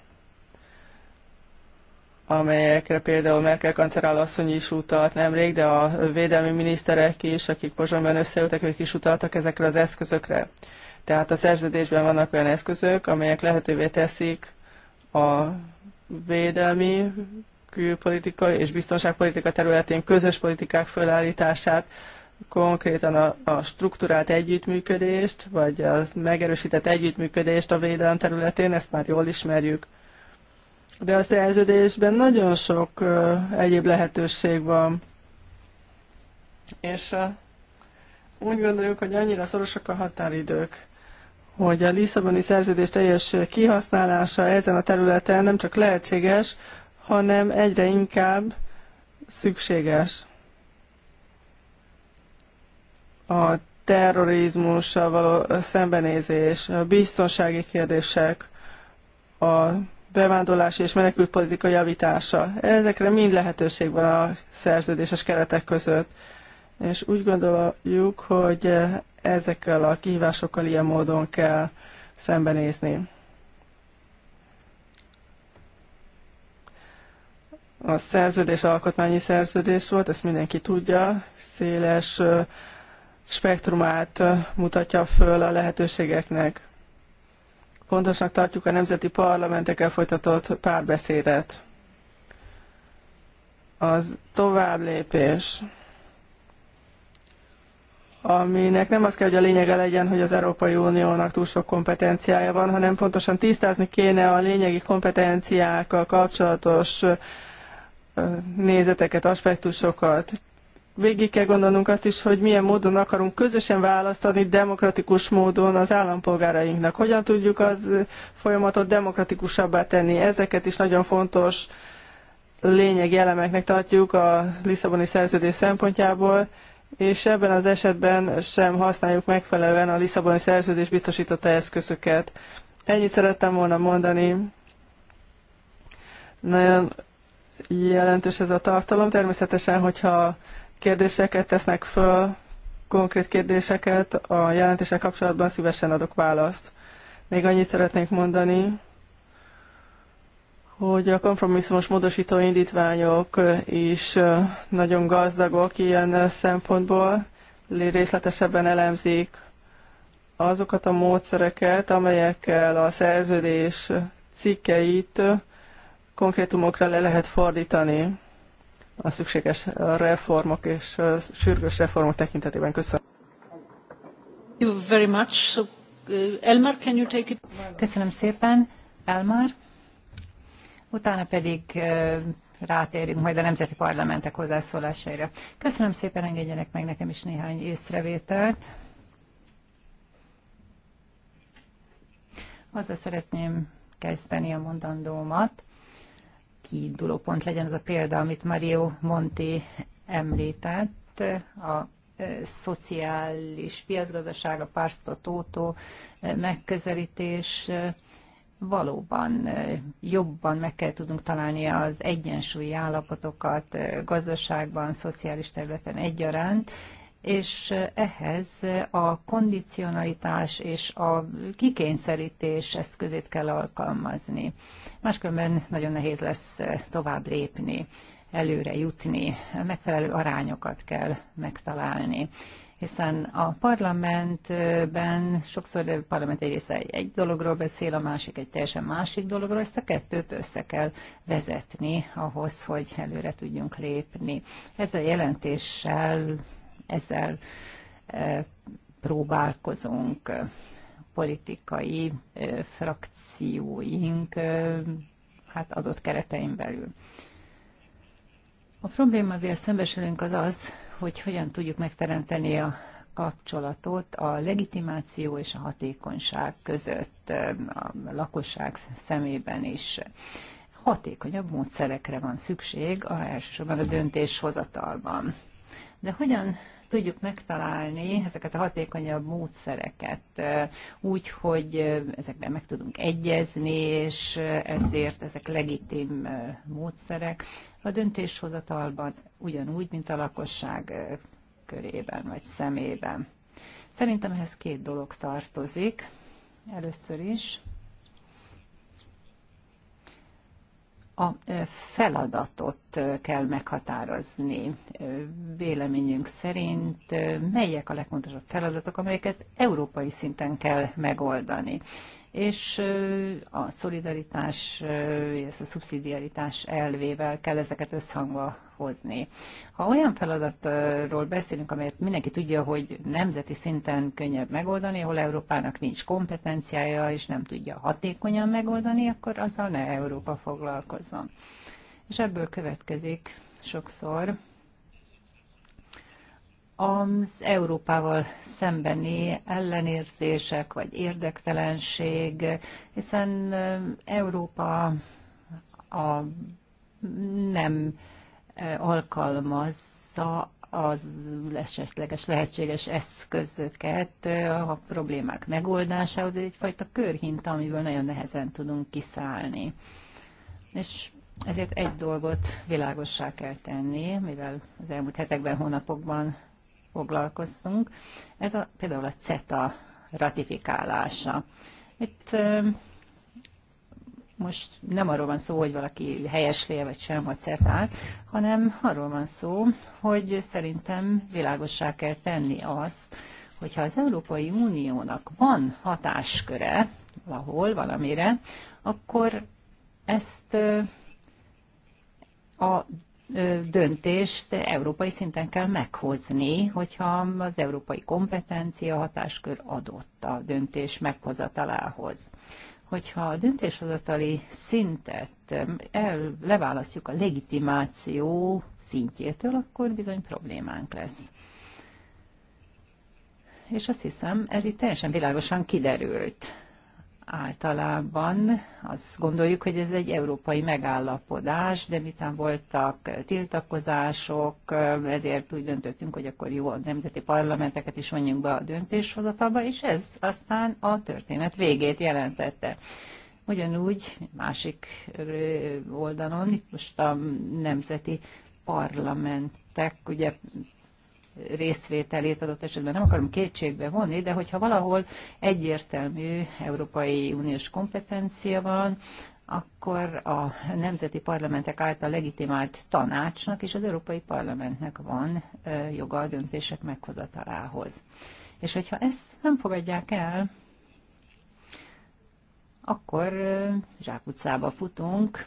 amelyekre például Merkel kancellár asszony is utalt nemrég, de a védelmi miniszterek is, akik Pozsonyban összeültek, ők is utaltak ezekre az eszközökre. Tehát a szerződésben vannak olyan eszközök, amelyek lehetővé teszik a védelmi külpolitika és biztonságpolitika területén közös politikák fölállítását, konkrétan a, a struktúrált együttműködést, vagy a megerősített együttműködést a védelem területén, ezt már jól ismerjük. De a szerződésben nagyon sok egyéb lehetőség van. És úgy gondoljuk, hogy annyira szorosak a határidők, hogy a Lisszaboni szerződés teljes kihasználása ezen a területen nem csak lehetséges, hanem egyre inkább szükséges. A terrorizmussal való szembenézés, a biztonsági kérdések, a bevándorlási és menekültpolitika javítása. Ezekre mind lehetőség van a szerződéses keretek között. És úgy gondoljuk, hogy ezekkel a kihívásokkal ilyen módon kell szembenézni. A szerződés alkotmányi szerződés volt, ezt mindenki tudja, széles spektrumát mutatja föl a lehetőségeknek Fontosnak tartjuk a nemzeti parlamentekkel folytatott párbeszédet. Az tovább lépés, aminek nem az kell, hogy a lényege legyen, hogy az Európai Uniónak túl sok kompetenciája van, hanem pontosan tisztázni kéne a lényegi kompetenciákkal kapcsolatos nézeteket, aspektusokat végig kell gondolnunk azt is, hogy milyen módon akarunk közösen választani demokratikus módon az állampolgárainknak. Hogyan tudjuk az folyamatot demokratikusabbá tenni. Ezeket is nagyon fontos lényegi elemeknek tartjuk a Lisszaboni szerződés szempontjából, és ebben az esetben sem használjuk megfelelően a Lisszaboni szerződés biztosította eszközöket. Ennyit szerettem volna mondani. Nagyon jelentős ez a tartalom. Természetesen, hogyha kérdéseket tesznek föl, konkrét kérdéseket a jelentéssel kapcsolatban, szívesen adok választ. Még annyit szeretnék mondani, hogy a kompromisszumos módosító indítványok is nagyon gazdagok ilyen szempontból, részletesebben elemzik azokat a módszereket, amelyekkel a szerződés cikkeit konkrétumokra le lehet fordítani a szükséges reformok és sürgős reformok tekintetében. Köszönöm. Thank you very much. Uh, Elmar, can you take it? Köszönöm szépen, Elmar. Utána pedig uh, rátérünk majd a nemzeti parlamentek hozzászólásaira. Köszönöm szépen, engedjenek meg nekem is néhány észrevételt. Azzal szeretném kezdeni a mondandómat, kiinduló pont legyen az a példa, amit Mario Monti említett, a e, szociális piacgazdaság, a párszta tótó e, megközelítés e, valóban jobban meg kell tudnunk találni az egyensúlyi állapotokat gazdaságban, szociális területen egyaránt, és ehhez a kondicionalitás és a kikényszerítés eszközét kell alkalmazni. Máskülönben nagyon nehéz lesz tovább lépni, előre jutni, megfelelő arányokat kell megtalálni hiszen a parlamentben sokszor a parlament egy része egy dologról beszél, a másik egy teljesen másik dologról, ezt a kettőt össze kell vezetni ahhoz, hogy előre tudjunk lépni. Ezzel a jelentéssel ezzel próbálkozunk. Politikai frakcióink hát adott keretein belül. A probléma, amivel szembesülünk, az az, hogy hogyan tudjuk megteremteni a kapcsolatot a legitimáció és a hatékonyság között a lakosság szemében is. Hatékonyabb módszerekre van szükség, a elsősorban a döntéshozatalban. De hogyan tudjuk megtalálni ezeket a hatékonyabb módszereket úgy, hogy ezekben meg tudunk egyezni, és ezért ezek legitim módszerek a döntéshozatalban ugyanúgy, mint a lakosság körében vagy szemében. Szerintem ehhez két dolog tartozik. Először is a feladatot kell meghatározni. Véleményünk szerint melyek a legfontosabb feladatok, amelyeket európai szinten kell megoldani. És a szolidaritás, és a szubszidiaritás elvével kell ezeket összhangba hozni. Ha olyan feladatról beszélünk, amelyet mindenki tudja, hogy nemzeti szinten könnyebb megoldani, ahol Európának nincs kompetenciája, és nem tudja hatékonyan megoldani, akkor azzal ne Európa foglalkozzon. És ebből következik sokszor az Európával szembeni ellenérzések vagy érdektelenség, hiszen Európa a nem alkalmazza az esetleges lehetséges eszközöket a problémák megoldásához, egyfajta körhinta, amiből nagyon nehezen tudunk kiszállni. És ezért egy dolgot világossá kell tenni, mivel az elmúlt hetekben, hónapokban foglalkoztunk. Ez a, például a CETA ratifikálása. Itt most nem arról van szó, hogy valaki helyeslé vagy sem vagy szertál, hanem arról van szó, hogy szerintem világossá kell tenni azt, hogyha az Európai Uniónak van hatásköre valahol, valamire, akkor ezt a döntést európai szinten kell meghozni, hogyha az európai kompetencia hatáskör adott a döntés meghozatalához hogyha a döntéshozatali szintet el, leválasztjuk a legitimáció szintjétől, akkor bizony problémánk lesz. És azt hiszem, ez itt teljesen világosan kiderült általában azt gondoljuk, hogy ez egy európai megállapodás, de miután voltak tiltakozások, ezért úgy döntöttünk, hogy akkor jó a nemzeti parlamenteket is vonjunk be a döntéshozatalba, és ez aztán a történet végét jelentette. Ugyanúgy másik oldalon, itt most a nemzeti parlamentek ugye részvételét adott esetben nem akarom kétségbe vonni, de hogyha valahol egyértelmű Európai Uniós kompetencia van, akkor a nemzeti parlamentek által legitimált tanácsnak és az Európai Parlamentnek van joga a döntések meghozatalához. És hogyha ezt nem fogadják el, akkor zsákutcába futunk,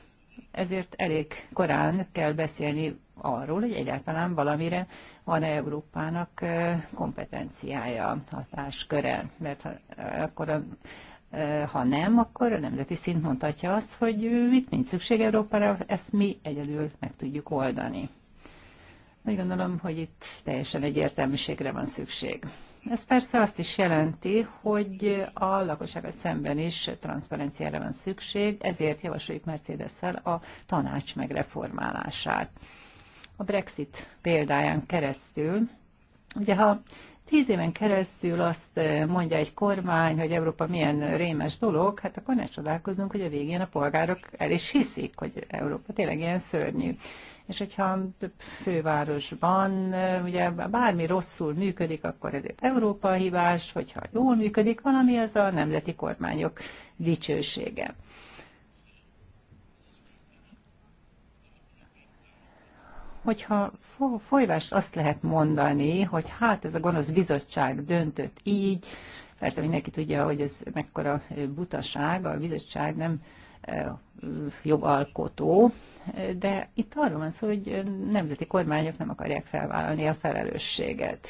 ezért elég korán kell beszélni arról, hogy egyáltalán valamire van -e Európának kompetenciája, hatásköre, mert ha, akkor a, ha nem, akkor a nemzeti szint mondhatja azt, hogy itt nincs szükség Európára, ezt mi egyedül meg tudjuk oldani. Úgy gondolom, hogy itt teljesen egyértelműségre van szükség. Ez persze azt is jelenti, hogy a lakosságot szemben is transzparenciára van szükség, ezért javasoljuk mercedes a tanács megreformálását a Brexit példáján keresztül. Ugye ha tíz éven keresztül azt eh, mondja egy kormány, hogy Európa milyen rémes dolog, hát akkor ne csodálkozunk, hogy a végén a polgárok el is hiszik, hogy Európa tényleg ilyen szörnyű. És hogyha több fővárosban eh, ugye bármi rosszul működik, akkor ezért Európa hibás, hogyha jól működik valami, az a nemzeti kormányok dicsősége. hogyha folyvást azt lehet mondani, hogy hát ez a gonosz bizottság döntött így, persze mindenki tudja, hogy ez mekkora butaság, a bizottság nem jobb alkotó, de itt arról van szó, hogy nemzeti kormányok nem akarják felvállalni a felelősséget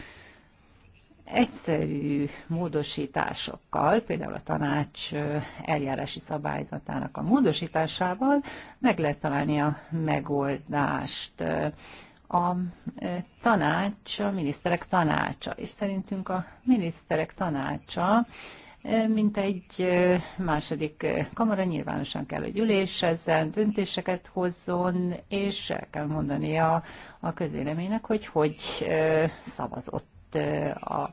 egyszerű módosításokkal, például a tanács eljárási szabályzatának a módosításával meg lehet találni a megoldást. A tanács, a miniszterek tanácsa, és szerintünk a miniszterek tanácsa mint egy második kamara nyilvánosan kell, hogy ülésezzen, döntéseket hozzon, és el kell mondania a közvéleménynek, hogy hogy szavazott a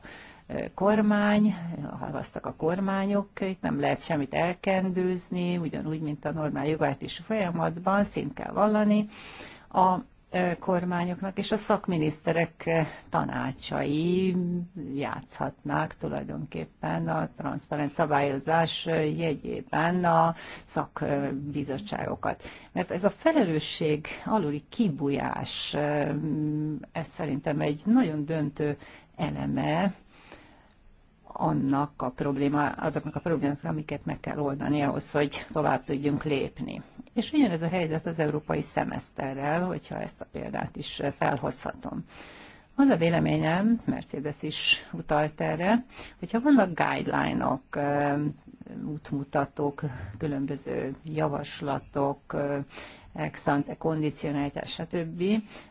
kormány, halvasztak a kormányok, itt nem lehet semmit elkendőzni, ugyanúgy, mint a normál jogártis folyamatban, szint kell vallani a kormányoknak, és a szakminiszterek tanácsai játszhatnák tulajdonképpen a transzparens szabályozás jegyében a szakbizottságokat. Mert ez a felelősség aluli kibujás, ez szerintem egy nagyon döntő eleme annak a probléma, azoknak a problémáknak, amiket meg kell oldani ahhoz, hogy tovább tudjunk lépni. És ugyanez a helyzet az európai szemeszterrel, hogyha ezt a példát is felhozhatom. Az a véleményem, Mercedes is utalt erre, hogyha vannak guideline-ok, -ok, eh, útmutatók, különböző javaslatok, eh, ex-ante stb.,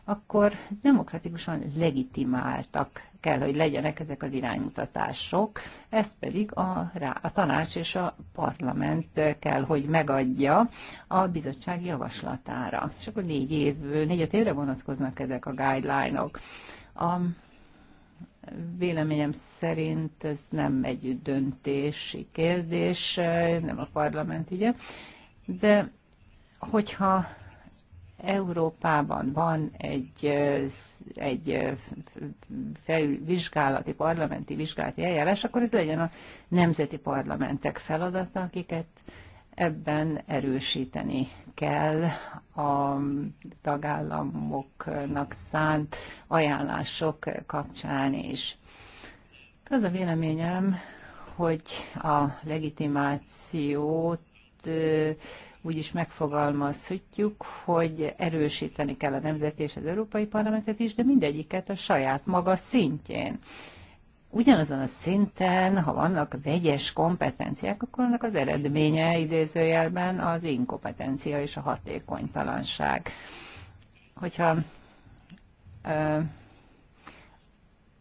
akkor demokratikusan legitimáltak kell, hogy legyenek ezek az iránymutatások, ezt pedig a, a tanács és a parlament kell, hogy megadja a bizottság javaslatára. És akkor négy év, négy-öt évre vonatkoznak ezek a guideline-ok. A véleményem szerint ez nem egy döntési kérdés, nem a parlament, ugye, de hogyha Európában van egy, egy vizsgálati parlamenti vizsgálati eljárás, akkor ez legyen a nemzeti parlamentek feladata, akiket ebben erősíteni kell a tagállamoknak szánt ajánlások kapcsán is. Az a véleményem, hogy a legitimációt úgy is megfogalmazhatjuk, hogy erősíteni kell a nemzeti és az európai parlamentet is, de mindegyiket a saját maga szintjén. Ugyanazon a szinten, ha vannak vegyes kompetenciák, akkor annak az eredménye idézőjelben az inkompetencia és a hatékonytalanság. Hogyha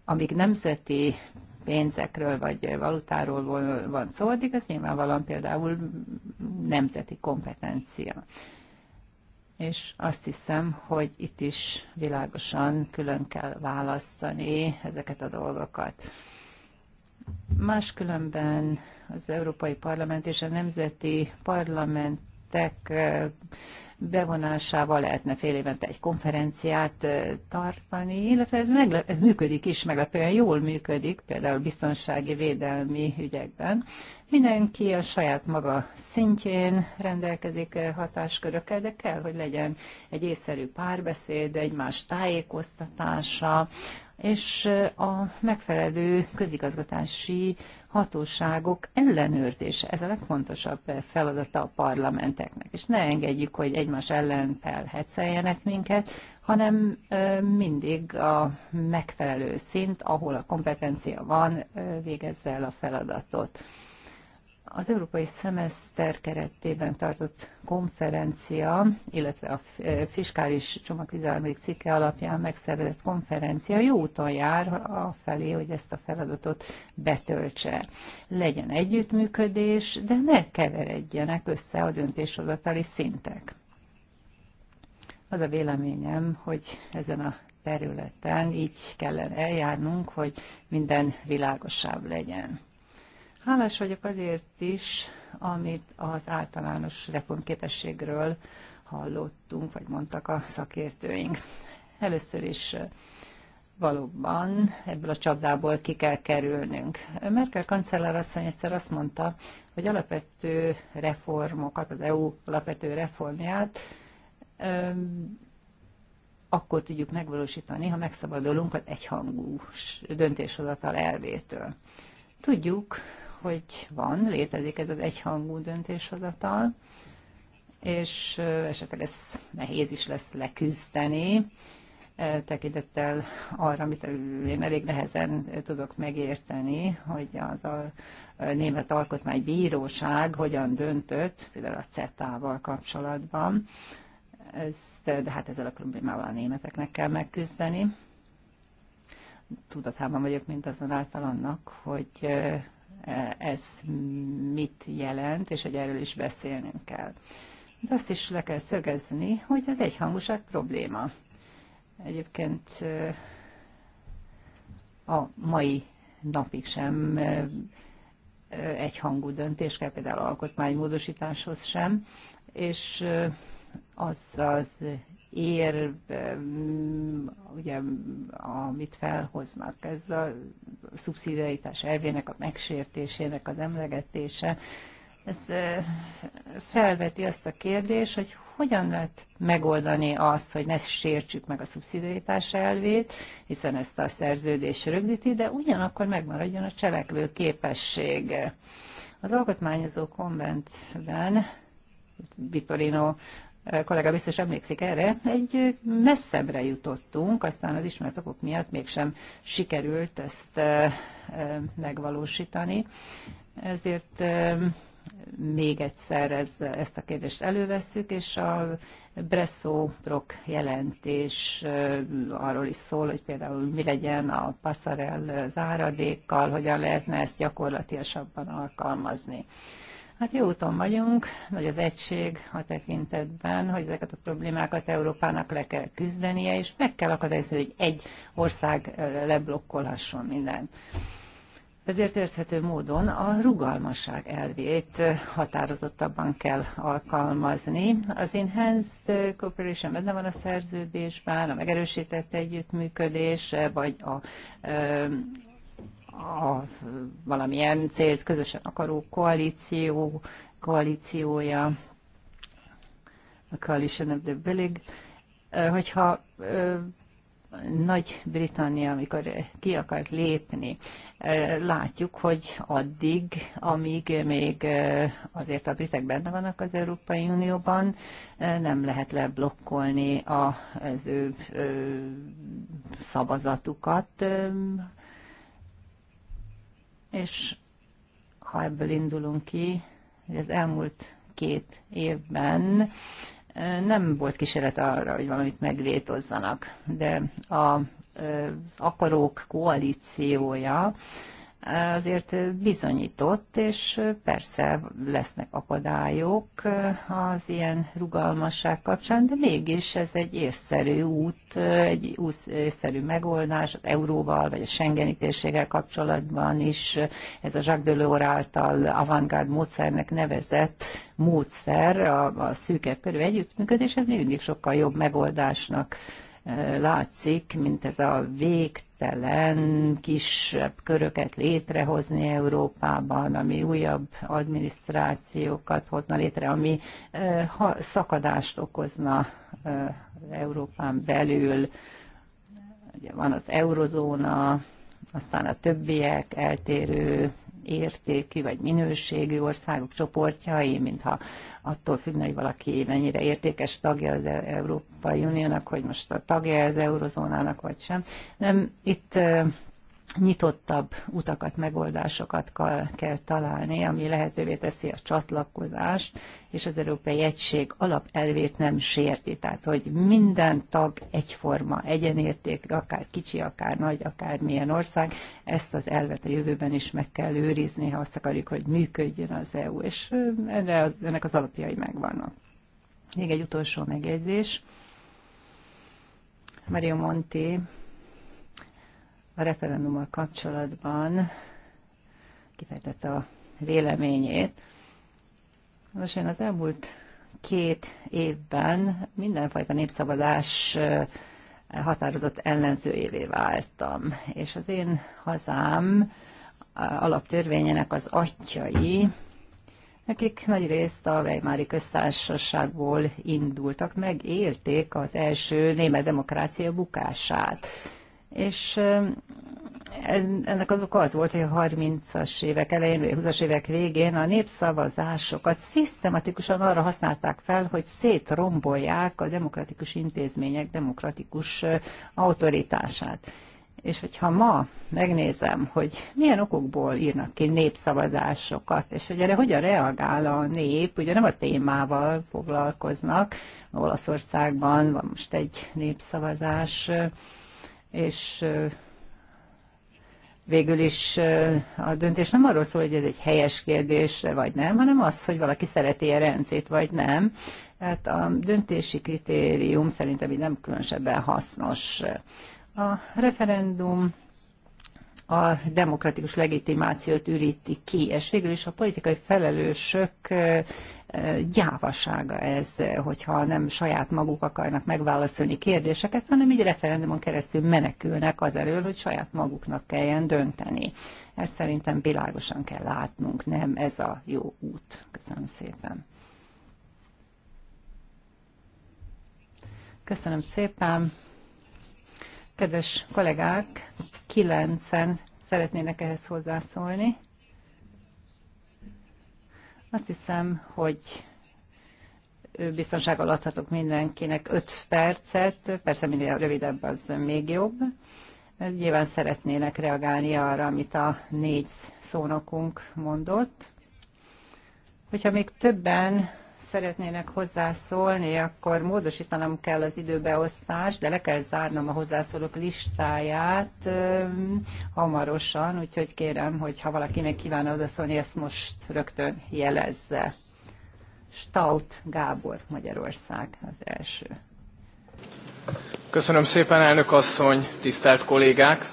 amíg nemzeti pénzekről vagy valutáról van szó, addig ez nyilvánvalóan például nemzeti kompetencia. És azt hiszem, hogy itt is világosan külön kell választani ezeket a dolgokat. Máskülönben az Európai Parlament és a Nemzeti Parlament érintettek bevonásával lehetne fél évente egy konferenciát tartani, illetve ez, meglep- ez működik is, meglepően jól működik, például biztonsági védelmi ügyekben. Mindenki a saját maga szintjén rendelkezik hatáskörökkel, de kell, hogy legyen egy észszerű párbeszéd, egymás tájékoztatása, és a megfelelő közigazgatási hatóságok ellenőrzése. Ez a legfontosabb feladata a parlamenteknek. És ne engedjük, hogy egymás ellen felhetszeljenek minket, hanem mindig a megfelelő szint, ahol a kompetencia van, végezze el a feladatot. Az európai szemeszter keretében tartott konferencia, illetve a eh, fiskális csomagvizelmék cikke alapján megszervezett konferencia jó úton jár a felé, hogy ezt a feladatot betöltse. Legyen együttműködés, de ne keveredjenek össze a döntéshozatali szintek. Az a véleményem, hogy ezen a területen így kellene eljárnunk, hogy minden világosabb legyen. Hálás vagyok azért is, amit az általános reformképességről hallottunk, vagy mondtak a szakértőink. Először is valóban ebből a csapdából ki kell kerülnünk. Merkel kancellár asszony egyszer azt mondta, hogy alapvető reformokat, az EU alapvető reformját akkor tudjuk megvalósítani, ha megszabadulunk az egyhangú döntéshozatal elvétől. Tudjuk, hogy van, létezik ez az egyhangú döntéshozatal, és esetleg ez nehéz is lesz leküzdeni, tekintettel arra, amit én elég nehezen tudok megérteni, hogy az a Német Alkotmánybíróság hogyan döntött, például a CETA-val kapcsolatban. Ezt, de hát ezzel a problémával a németeknek kell megküzdeni tudatában vagyok mint azon annak, hogy ez mit jelent, és hogy erről is beszélnünk kell. De azt is le kell szögezni, hogy az egyhangúság probléma. Egyébként a mai napig sem egyhangú döntés kell, például alkotmánymódosításhoz sem, és az az ér, ugye, amit felhoznak. Ez a szubszidiaritás elvének a megsértésének az emlegetése. Ez felveti azt a kérdést, hogy hogyan lehet megoldani azt, hogy ne sértsük meg a szubszidiaritás elvét, hiszen ezt a szerződés rögzíti, de ugyanakkor megmaradjon a cselekvő képesség. Az alkotmányozó konventben Vitorino kollega biztos emlékszik erre, egy messzebbre jutottunk, aztán az ismert okok miatt mégsem sikerült ezt megvalósítani. Ezért még egyszer ez, ezt a kérdést elővesszük, és a Bresso brock jelentés arról is szól, hogy például mi legyen a passarel záradékkal, hogyan lehetne ezt gyakorlatilasabban alkalmazni. Hát jó úton vagyunk, nagy az egység a tekintetben, hogy ezeket a problémákat Európának le kell küzdenie, és meg kell akadályozni, hogy egy ország leblokkolhasson mindent. Ezért érthető módon a rugalmasság elvét határozottabban kell alkalmazni. Az Enhanced Cooperation benne van a szerződésben, a megerősített együttműködés, vagy a a valamilyen célt közösen akaró koalíció, koalíciója, a Coalition of the Willing, hogyha nagy-Britannia, amikor ki akart lépni, látjuk, hogy addig, amíg még azért a britek benne vannak az Európai Unióban, nem lehet leblokkolni az ő szavazatukat, és ha ebből indulunk ki, hogy az elmúlt két évben nem volt kísérlet arra, hogy valamit megvétozzanak, de a, az akarók koalíciója azért bizonyított, és persze lesznek akadályok az ilyen rugalmasság kapcsán, de mégis ez egy észszerű út, egy észszerű megoldás az euróval, vagy a Schengeni térséggel kapcsolatban is, ez a Jacques Delors által avantgárd módszernek nevezett módszer, a, a szűkebb körű együttműködés, ez mindig sokkal jobb megoldásnak látszik, mint ez a végtelen kisebb köröket létrehozni Európában, ami újabb adminisztrációkat hozna létre, ami ha szakadást okozna Európán belül. Ugye van az eurozóna, aztán a többiek eltérő értékű vagy minőségű országok csoportjai, mintha attól függne, hogy valaki mennyire értékes tagja az e- Európai Uniónak, hogy most a tagja az eurozónának vagy sem. Nem, itt nyitottabb utakat, megoldásokat kell találni, ami lehetővé teszi a csatlakozást, és az Európai Egység alapelvét nem sérti. Tehát, hogy minden tag egyforma, egyenérték, akár kicsi, akár nagy, akár milyen ország, ezt az elvet a jövőben is meg kell őrizni, ha azt akarjuk, hogy működjön az EU, és ennek az alapjai megvannak. Még egy utolsó megjegyzés. Mario Monti a referendummal kapcsolatban kifejtette a véleményét. Most én az elmúlt két évben mindenfajta népszavazás határozott ellenzőjévé váltam, és az én hazám alaptörvényének az atyai, nekik nagy részt a Weimári köztársaságból indultak meg, élték az első német demokrácia bukását és ennek az oka az volt, hogy a 30-as évek elején, 20-as évek végén a népszavazásokat szisztematikusan arra használták fel, hogy szétrombolják a demokratikus intézmények demokratikus autoritását. És hogyha ma megnézem, hogy milyen okokból írnak ki népszavazásokat, és hogy erre hogyan reagál a nép, ugye nem a témával foglalkoznak, Olaszországban van most egy népszavazás, és végül is a döntés nem arról szól, hogy ez egy helyes kérdés, vagy nem, hanem az, hogy valaki szereti a rendszét, vagy nem. Tehát a döntési kritérium szerintem így nem különösebben hasznos. A referendum a demokratikus legitimációt üríti ki, és végül is a politikai felelősök gyávasága ez, hogyha nem saját maguk akarnak megválaszolni kérdéseket, hanem így referendumon keresztül menekülnek az elől, hogy saját maguknak kelljen dönteni. Ezt szerintem világosan kell látnunk, nem ez a jó út. Köszönöm szépen. Köszönöm szépen. Kedves kollégák, kilencen szeretnének ehhez hozzászólni. Azt hiszem, hogy biztonsággal adhatok mindenkinek 5 percet, persze minél rövidebb az még jobb. Nyilván szeretnének reagálni arra, amit a négy szónokunk mondott. Hogyha még többen szeretnének hozzászólni, akkor módosítanom kell az időbeosztást, de le kell zárnom a hozzászólók listáját hamarosan, úgyhogy kérem, hogy ha valakinek kíván odaszólni, ezt most rögtön jelezze. Staut Gábor, Magyarország az első. Köszönöm szépen, elnök asszony, tisztelt kollégák!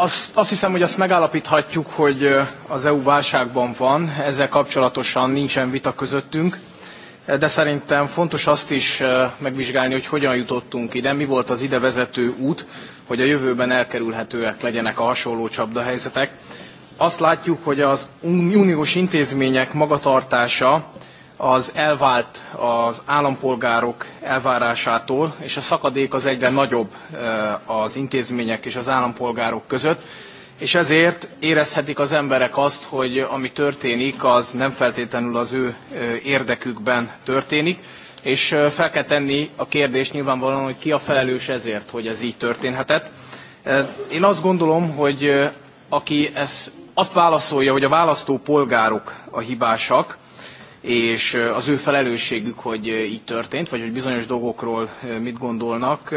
azt, azt hiszem, hogy azt megállapíthatjuk, hogy az EU válságban van, ezzel kapcsolatosan nincsen vita közöttünk, de szerintem fontos azt is megvizsgálni, hogy hogyan jutottunk ide, mi volt az ide vezető út, hogy a jövőben elkerülhetőek legyenek a hasonló csapdahelyzetek. Azt látjuk, hogy az uniós intézmények magatartása az elvált az állampolgárok elvárásától, és a szakadék az egyre nagyobb az intézmények és az állampolgárok között, és ezért érezhetik az emberek azt, hogy ami történik, az nem feltétlenül az ő érdekükben történik, és fel kell tenni a kérdést nyilvánvalóan, hogy ki a felelős ezért, hogy ez így történhetett. Én azt gondolom, hogy aki ezt, azt válaszolja, hogy a választópolgárok a hibásak, és az ő felelősségük, hogy így történt, vagy hogy bizonyos dolgokról mit gondolnak,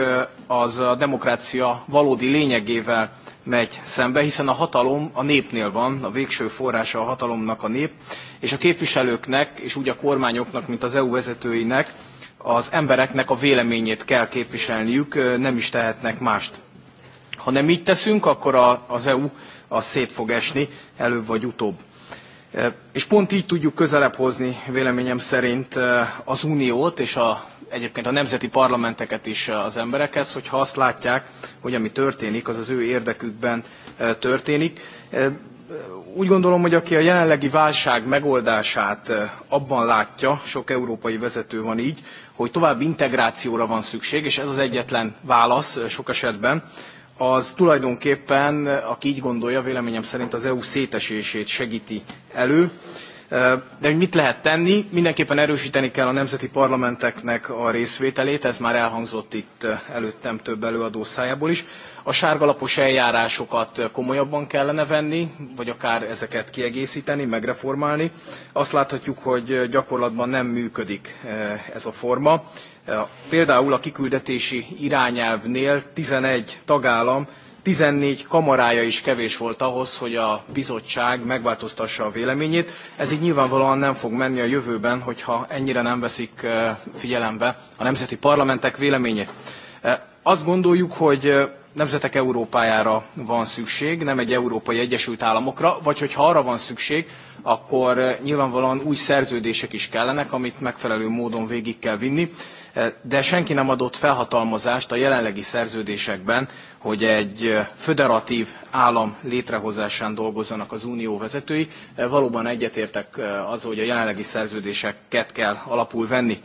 az a demokrácia valódi lényegével megy szembe, hiszen a hatalom a népnél van, a végső forrása a hatalomnak a nép, és a képviselőknek, és úgy a kormányoknak, mint az EU vezetőinek, az embereknek a véleményét kell képviselniük, nem is tehetnek mást. Ha nem így teszünk, akkor az EU az szét fog esni, előbb vagy utóbb. Eh, és pont így tudjuk közelebb hozni véleményem szerint eh, az uniót és a, egyébként a nemzeti parlamenteket is eh, az emberekhez, hogyha azt látják, hogy ami történik, az az ő érdekükben történik. Úgy gondolom, hogy aki a jelenlegi válság megoldását abban látja, sok európai vezető van így, hogy további integrációra van szükség, és ez az egyetlen válasz sok esetben, az tulajdonképpen, aki így gondolja, véleményem szerint az EU szétesését segíti elő. De hogy mit lehet tenni? Mindenképpen erősíteni kell a nemzeti parlamenteknek a részvételét, ez már elhangzott itt előttem több előadó szájából is. A sárgalapos eljárásokat komolyabban kellene venni, vagy akár ezeket kiegészíteni, megreformálni. Azt láthatjuk, hogy gyakorlatban nem működik ez a forma Például a kiküldetési irányelvnél 11 tagállam, 14 kamarája is kevés volt ahhoz, hogy a bizottság megváltoztassa a véleményét. Ez így nyilvánvalóan nem fog menni a jövőben, hogyha ennyire nem veszik figyelembe a nemzeti parlamentek véleményét. Azt gondoljuk, hogy nemzetek Európájára van szükség, nem egy Európai Egyesült Államokra, vagy hogyha arra van szükség, akkor nyilvánvalóan új szerződések is kellenek, amit megfelelő módon végig kell vinni de senki nem adott felhatalmazást a jelenlegi szerződésekben, hogy egy föderatív állam létrehozásán dolgozzanak az unió vezetői. E, valóban egyetértek azzal, hogy a jelenlegi szerződéseket kell alapul venni.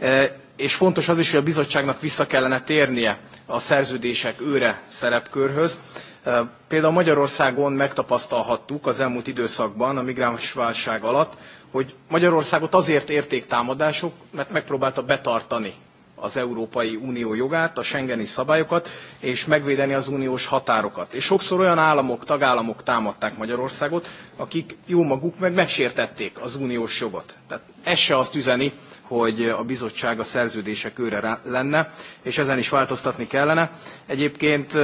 E, és fontos az is, hogy a bizottságnak vissza kellene térnie a szerződések őre szerepkörhöz, e, Például Magyarországon megtapasztalhattuk az elmúlt időszakban a migránsválság alatt, hogy Magyarországot azért érték támadások, mert megpróbálta betartani az Európai Unió jogát, a Schengeni szabályokat, és megvédeni az uniós határokat. És sokszor olyan államok, tagállamok támadták Magyarországot, akik jó maguk meg megsértették az uniós jogot. Tehát ez se azt üzeni, hogy a bizottság a szerződések őre lenne, és ezen is változtatni kellene. Egyébként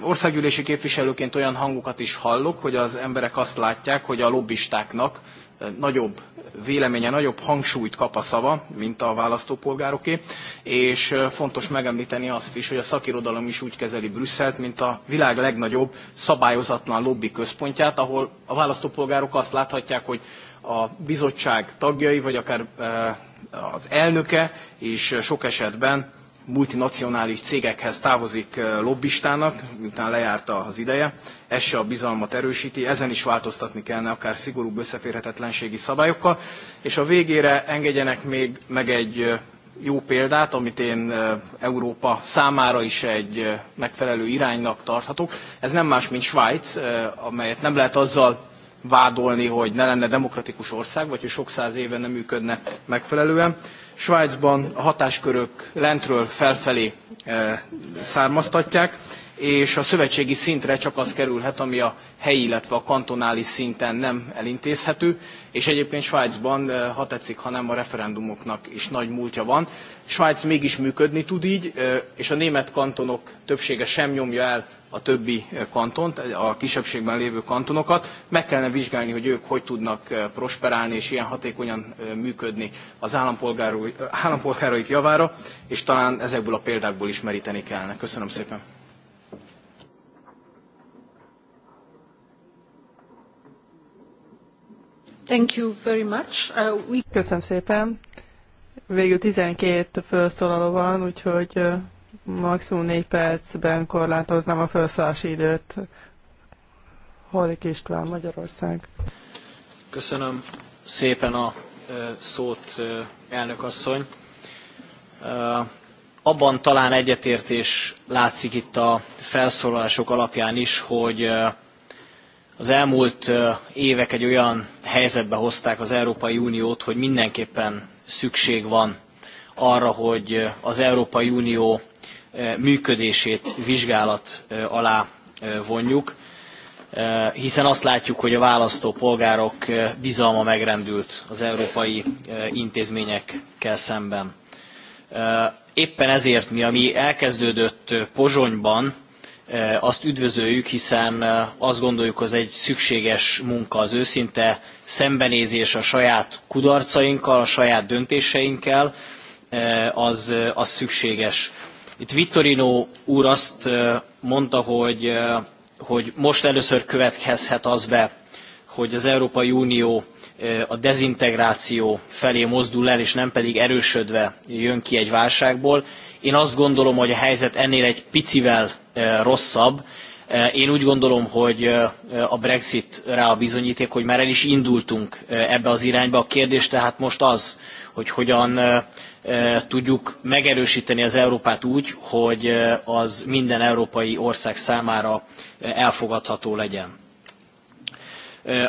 országgyűlési képviselőként olyan hangokat is hallok, hogy az emberek azt látják, hogy a lobbistáknak nagyobb véleménye, nagyobb hangsúlyt kap a szava, mint a választópolgároké, és fontos megemlíteni azt is, hogy a szakirodalom is úgy kezeli Brüsszelt, mint a világ legnagyobb szabályozatlan lobby központját, ahol a választópolgárok azt láthatják, hogy a bizottság tagjai, vagy akár az elnöke, is sok esetben multinacionális cégekhez távozik lobbistának, miután lejárt az ideje, ez se a bizalmat erősíti, ezen is változtatni kellene akár szigorúbb összeférhetetlenségi szabályokkal, és a végére engedjenek még meg egy jó példát, amit én Európa számára is egy megfelelő iránynak tarthatok. Ez nem más, mint Svájc, amelyet nem lehet azzal vádolni, hogy ne lenne demokratikus ország, vagy hogy sok száz éve nem működne megfelelően. Svájcban a hatáskörök lentről felfelé eh, származtatják, és a szövetségi szintre csak az kerülhet, ami a helyi, illetve a kantonális szinten nem elintézhető, és egyébként Svájcban, eh, ha tetszik, ha nem, a referendumoknak is nagy múltja van. Svájc mégis működni tud így, eh, és a német kantonok többsége sem nyomja el a többi eh, kantont, a kisebbségben lévő kantonokat. Meg kellene vizsgálni, hogy ők hogy tudnak prosperálni és ilyen hatékonyan működni az állampolgáraik javára, és talán ezekből a példákból ismeríteni kellene. Köszönöm szépen! Uh, Köszönöm szépen. Végül 12 felszólaló van, úgyhogy maximum 4 percben korlátoznám a felszólási időt. Holik István, Magyarország. Köszönöm szépen a szót, elnök asszony. Abban talán egyetértés látszik itt a felszólalások alapján is, hogy az elmúlt évek egy olyan helyzetbe hozták az Európai Uniót, hogy mindenképpen szükség van arra, hogy az Európai Unió működését vizsgálat alá vonjuk, hiszen azt látjuk, hogy a választópolgárok bizalma megrendült az európai intézményekkel szemben. Éppen ezért mi, ami elkezdődött Pozsonyban, Eh, azt üdvözöljük, hiszen eh, azt gondoljuk, az egy szükséges munka, az őszinte szembenézés a saját kudarcainkkal, a saját döntéseinkkel, eh, az, az szükséges. Itt Vittorino úr azt mondta, hogy, hogy most először következhet az be, hogy az Európai Unió a dezintegráció felé mozdul el, és nem pedig erősödve jön ki egy válságból. Én azt gondolom, hogy a helyzet ennél egy picivel rosszabb. Én úgy gondolom, hogy a Brexit rá a bizonyíték, hogy már el is indultunk ebbe az irányba. A kérdés tehát most az, hogy hogyan tudjuk megerősíteni az Európát úgy, hogy az minden európai ország számára elfogadható legyen.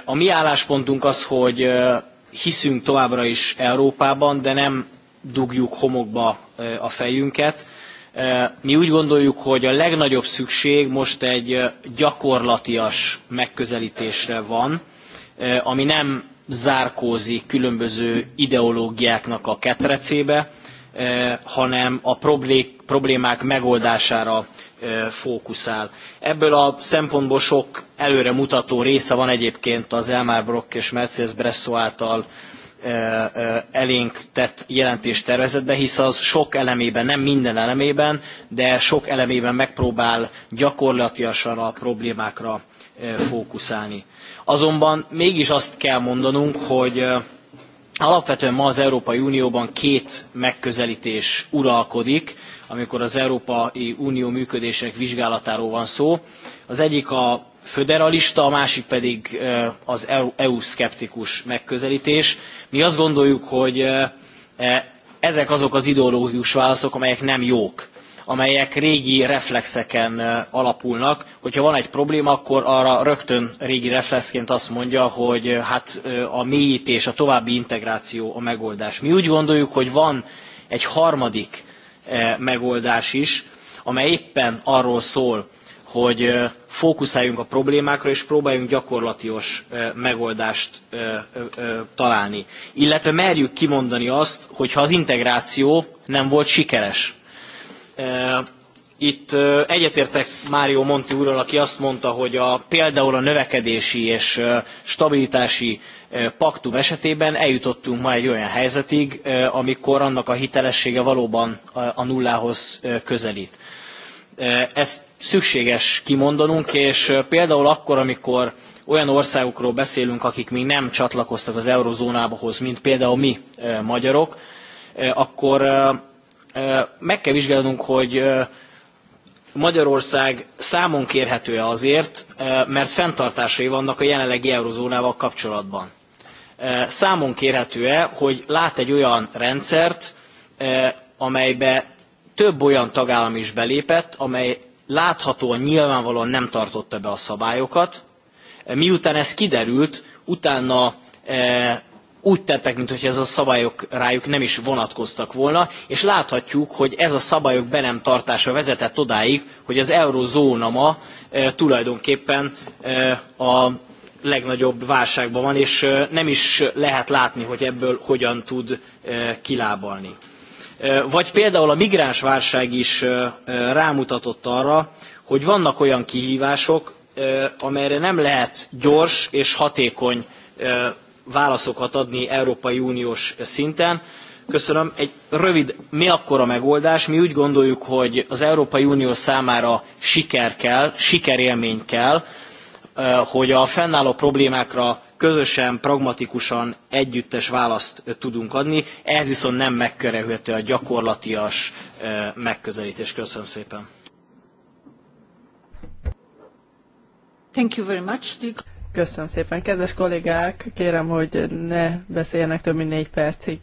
A mi álláspontunk az, hogy hiszünk továbbra is Európában, de nem dugjuk homokba a fejünket. Mi úgy gondoljuk, hogy a legnagyobb szükség most egy gyakorlatias megközelítésre van, ami nem zárkózik különböző ideológiáknak a ketrecébe, hanem a problémák megoldására fókuszál. Ebből a szempontból sok előremutató része van egyébként az Elmar Brock és Mercedes Bresso által elénk tett jelentéstervezetbe, hisz az sok elemében, nem minden elemében, de sok elemében megpróbál gyakorlatilag a problémákra fókuszálni. Azonban mégis azt kell mondanunk, hogy alapvetően ma az Európai Unióban két megközelítés uralkodik, amikor az Európai Unió működésének vizsgálatáról van szó. Az egyik a föderalista, a másik pedig az EU-szkeptikus e megközelítés. Mi azt gondoljuk, hogy e, ezek azok az ideológikus válaszok, amelyek nem jók amelyek régi reflexeken alapulnak. Hogyha van egy probléma, akkor arra rögtön régi reflexként azt mondja, hogy hát a mélyítés, a további integráció a megoldás. Mi úgy gondoljuk, hogy van egy harmadik megoldás is, amely éppen arról szól, hogy fókuszáljunk a problémákra, és próbáljunk gyakorlatios megoldást találni. Illetve merjük kimondani azt, hogyha az integráció nem volt sikeres. Itt egyetértek Mário Monti úrral, aki azt mondta, hogy a, például a növekedési és stabilitási paktum esetében eljutottunk ma egy olyan helyzetig, amikor annak a hitelessége valóban a nullához közelít. Eh, ezt szükséges kimondanunk, és eh, például akkor, amikor olyan országokról beszélünk, akik még nem csatlakoztak az eurozónához, mint például mi eh, magyarok, akkor meg kell vizsgálnunk, hogy Magyarország számon kérhető-e azért, mert fenntartásai vannak a jelenlegi eurozónával kapcsolatban. Számon kérhető-e, hogy lát egy olyan rendszert, amelybe több olyan tagállam is belépett, amely láthatóan nyilvánvalóan nem tartotta be a szabályokat. Miután ez kiderült, utána e, úgy tettek, mintha ez a szabályok rájuk nem is vonatkoztak volna, és láthatjuk, hogy ez a szabályok be nem tartása vezetett odáig, hogy az eurozóna ma e, tulajdonképpen e, a legnagyobb válságban van, és e, nem is lehet látni, hogy ebből hogyan tud e, kilábalni. Vagy például a migránsválság is rámutatott arra, hogy vannak olyan kihívások, amelyre nem lehet gyors és hatékony válaszokat adni Európai Uniós szinten. Köszönöm. Egy rövid, mi akkor a megoldás? Mi úgy gondoljuk, hogy az Európai Unió számára siker kell, sikerélmény kell, hogy a fennálló problémákra közösen, pragmatikusan, együttes választ tudunk adni, Ez viszont nem megkerülhető a gyakorlatias megközelítés. Köszönöm szépen. Thank you very much. Köszönöm szépen. Kedves kollégák, kérem, hogy ne beszéljenek több mint négy percig.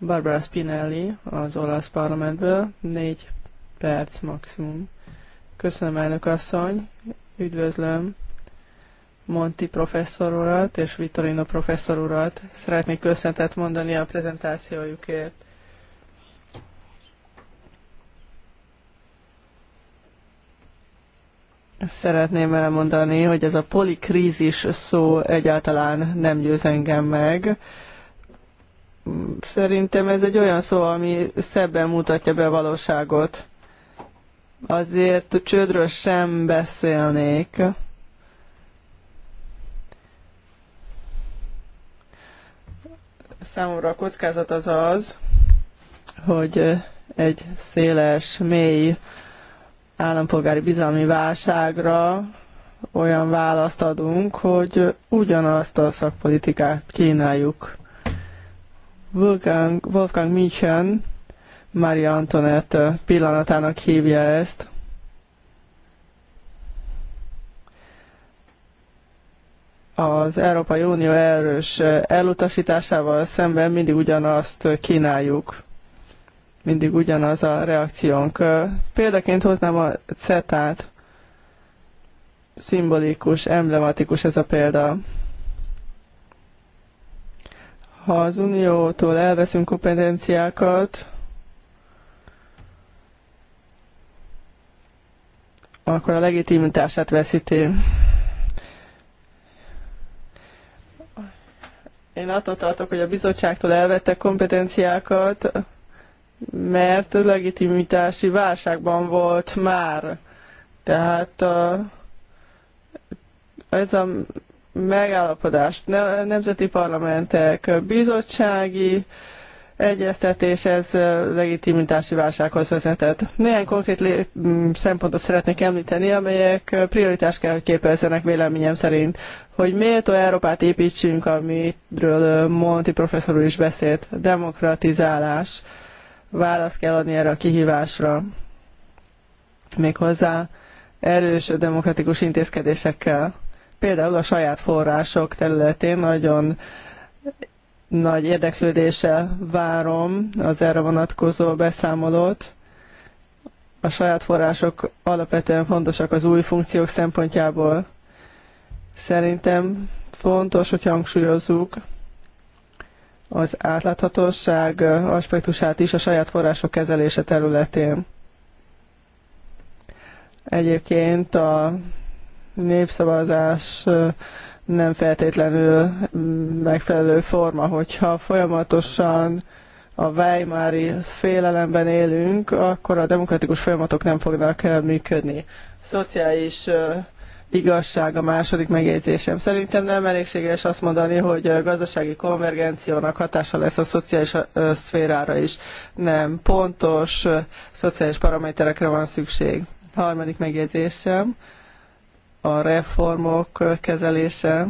Barbara Spinelli az olasz parlamentből, négy perc maximum. Köszönöm, elnök asszony, üdvözlöm Monti professzor urat és Vitorino professzor urat. Szeretnék köszöntet mondani a prezentációjukért. Szeretném elmondani, hogy ez a polikrízis szó egyáltalán nem győz engem meg. Szerintem ez egy olyan szó, ami szebben mutatja be a valóságot. Azért csődről sem beszélnék. Számomra a kockázat az az, hogy egy széles, mély állampolgári bizalmi válságra olyan választ adunk, hogy ugyanazt a szakpolitikát kínáljuk. Wolfgang, Wolfgang München Maria Antonett pillanatának hívja ezt, az Európai Unió erős elutasításával szemben mindig ugyanazt kínáljuk. Mindig ugyanaz a reakciónk. Példaként hoznám a CETA-t. Szimbolikus, emblematikus ez a példa. Ha az Uniótól elveszünk kompetenciákat, akkor a legitimitását veszíti. Én attól tartok, hogy a bizottságtól elvettek kompetenciákat, mert legitimitási válságban volt már. Tehát ez a megállapodás nemzeti parlamentek, bizottsági egyeztetés, ez legitimitási válsághoz vezetett. Néhány konkrét mm, szempontot szeretnék említeni, amelyek prioritás kell, hogy képezzenek véleményem szerint, hogy méltó Európát építsünk, amiről Monti professzor úr is beszélt, demokratizálás, választ kell adni erre a kihívásra, méghozzá erős demokratikus intézkedésekkel. Például a saját források területén nagyon nagy érdeklődéssel várom az erre vonatkozó beszámolót. A saját források alapvetően fontosak az új funkciók szempontjából. Szerintem fontos, hogy hangsúlyozzuk az átláthatóság aspektusát is a saját források kezelése területén. Egyébként a népszavazás nem feltétlenül megfelelő forma, hogyha folyamatosan a Weimári félelemben élünk, akkor a demokratikus folyamatok nem fognak eh, működni. Szociális eh, igazság a második megjegyzésem. Szerintem nem elégséges azt mondani, hogy a eh, gazdasági konvergenciónak hatása lesz a szociális szférára is. Nem, pontos szociális paraméterekre van szükség. Harmadik megjegyzésem a reformok kezelése,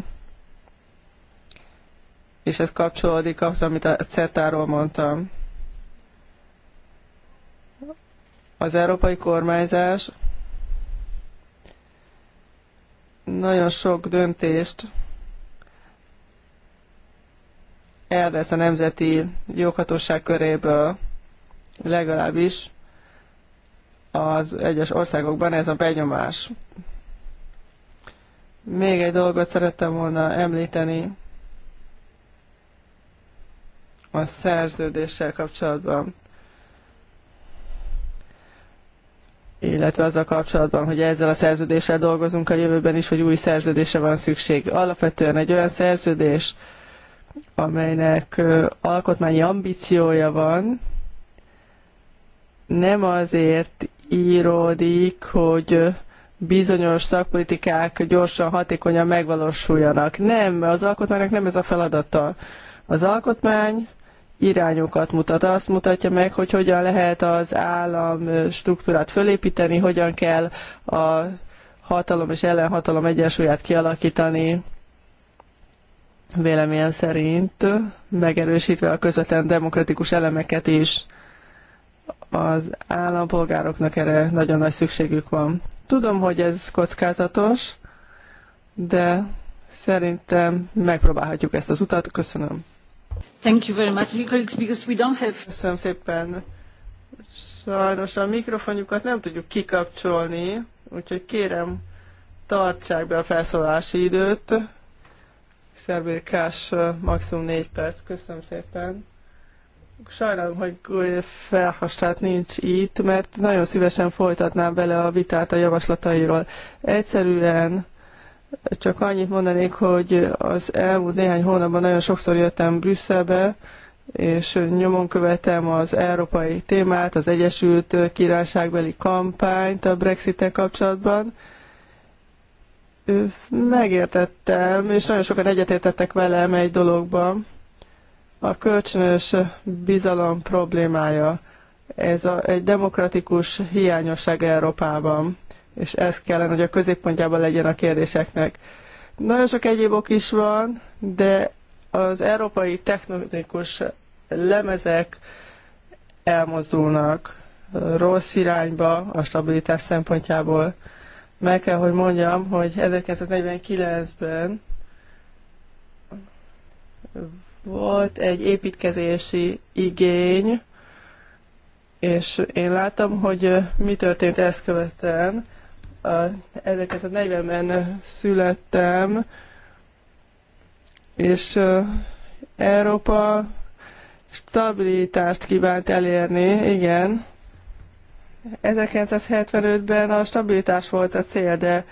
és ez kapcsolódik ahhoz, amit a CETA-ról mondtam. Az európai kormányzás nagyon sok döntést elvesz a nemzeti joghatóság köréből, legalábbis az egyes országokban ez a benyomás. Még egy dolgot szerettem volna említeni a szerződéssel kapcsolatban, illetve azzal kapcsolatban, hogy ezzel a szerződéssel dolgozunk a jövőben is, hogy új szerződése van szükség. Alapvetően egy olyan szerződés, amelynek alkotmányi ambíciója van, nem azért íródik, hogy bizonyos szakpolitikák gyorsan, hatékonyan megvalósuljanak. Nem, az alkotmánynak nem ez a feladata. Az alkotmány irányokat mutat. Azt mutatja meg, hogy hogyan lehet az állam struktúrát fölépíteni, hogyan kell a hatalom és ellenhatalom egyensúlyát kialakítani véleményem szerint, megerősítve a közvetlen demokratikus elemeket is. Az állampolgároknak erre nagyon nagy szükségük van. Tudom, hogy ez kockázatos, de szerintem megpróbálhatjuk ezt az utat. Köszönöm. Thank you very much, colleagues, because we don't have... Köszönöm szépen. Sajnos a mikrofonjukat nem tudjuk kikapcsolni, úgyhogy kérem, tartsák be a felszólási időt. Szerbirkás maximum négy perc. Köszönöm szépen. Sajnálom, hogy felhastát nincs itt, mert nagyon szívesen folytatnám vele a vitát a javaslatairól. Egyszerűen csak annyit mondanék, hogy az elmúlt néhány hónapban nagyon sokszor jöttem Brüsszelbe, és nyomon követem az európai témát, az Egyesült Királyságbeli kampányt a brexit kapcsolatban. Megértettem, és nagyon sokan egyetértettek velem egy dologban, a kölcsönös bizalom problémája, ez a, egy demokratikus hiányosság Európában, és ez kellene, hogy a középpontjában legyen a kérdéseknek. Nagyon sok egyéb ok is van, de az európai technikus lemezek elmozdulnak rossz irányba a stabilitás szempontjából. Meg kell, hogy mondjam, hogy 1949-ben volt egy építkezési igény, és én láttam, hogy mi történt ezt követően. 40 ben születtem, és Európa stabilitást kívánt elérni, igen. 1975-ben a stabilitás volt a cél, de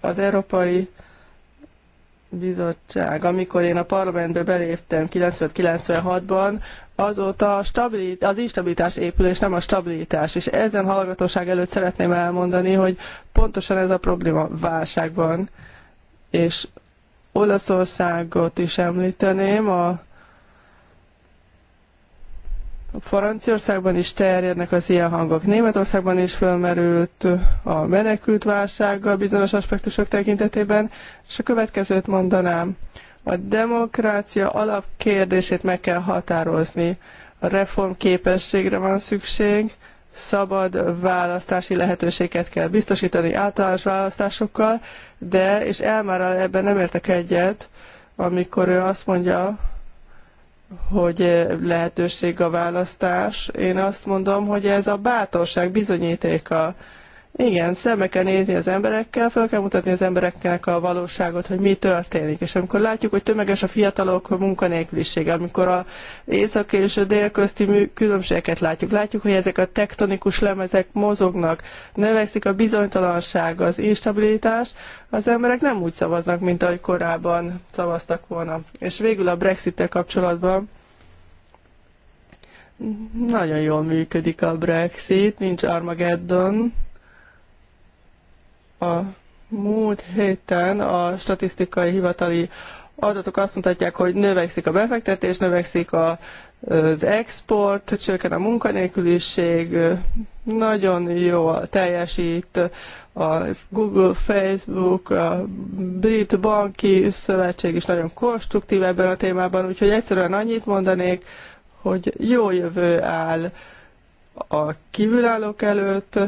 az európai bizottság, amikor én a parlamentbe beléptem 95-96-ban, azóta stabilit, az instabilitás épül, és nem a stabilitás. És ezen hallgatóság előtt szeretném elmondani, hogy pontosan ez a probléma válságban. És Olaszországot is említeném, a Franciaországban is terjednek az ilyen hangok. Németországban is fölmerült a menekült válsággal bizonyos aspektusok tekintetében, és a következőt mondanám. A demokrácia alapkérdését meg kell határozni. A reformképességre van szükség, szabad választási lehetőséget kell biztosítani általános választásokkal, de, és Elmárral ebben nem értek egyet, amikor ő azt mondja, hogy eh, lehetőség a választás. Én azt mondom, hogy ez a bátorság bizonyítéka. Igen, szembe kell nézni az emberekkel, fel kell mutatni az embereknek a valóságot, hogy mi történik. És amikor látjuk, hogy tömeges a fiatalok munkanélkülisége, amikor a észak és a dél közti különbségeket látjuk, látjuk, hogy ezek a tektonikus lemezek mozognak, növekszik a bizonytalanság, az instabilitás, az emberek nem úgy szavaznak, mint ahogy korábban szavaztak volna. És végül a Brexit-tel kapcsolatban nagyon jól működik a Brexit, nincs Armageddon, a múlt héten a statisztikai hivatali adatok azt mutatják, hogy növekszik a befektetés, növekszik a, az export, csökken a munkanélküliség, nagyon jó teljesít a Google, Facebook, a Brit Banki Szövetség is nagyon konstruktív ebben a témában, úgyhogy egyszerűen annyit mondanék, hogy jó jövő áll a kívülállók előtt,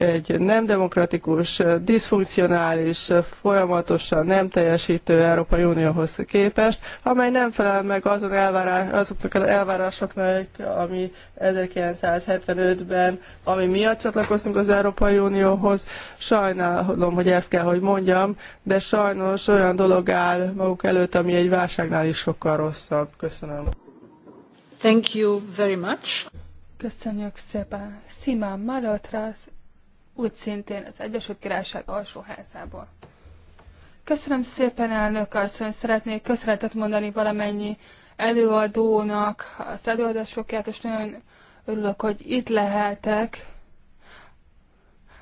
egy nem demokratikus, diszfunkcionális, folyamatosan nem teljesítő Európai Unióhoz képest, amely nem felel meg azon elvárás, azoknak az elvárásoknak, ami 1975-ben, ami miatt csatlakoztunk az Európai Unióhoz. Sajnálom, hogy ezt kell, hogy mondjam, de sajnos olyan dolog áll maguk előtt, ami egy válságnál is sokkal rosszabb. Köszönöm. Thank you very much. Köszönjük szépen. Simán Malotrász úgy szintén az Egyesült Királyság alsóházából. Köszönöm szépen, elnök asszony, szeretnék köszönetet mondani valamennyi előadónak az előadásokért, és nagyon örülök, hogy itt lehetek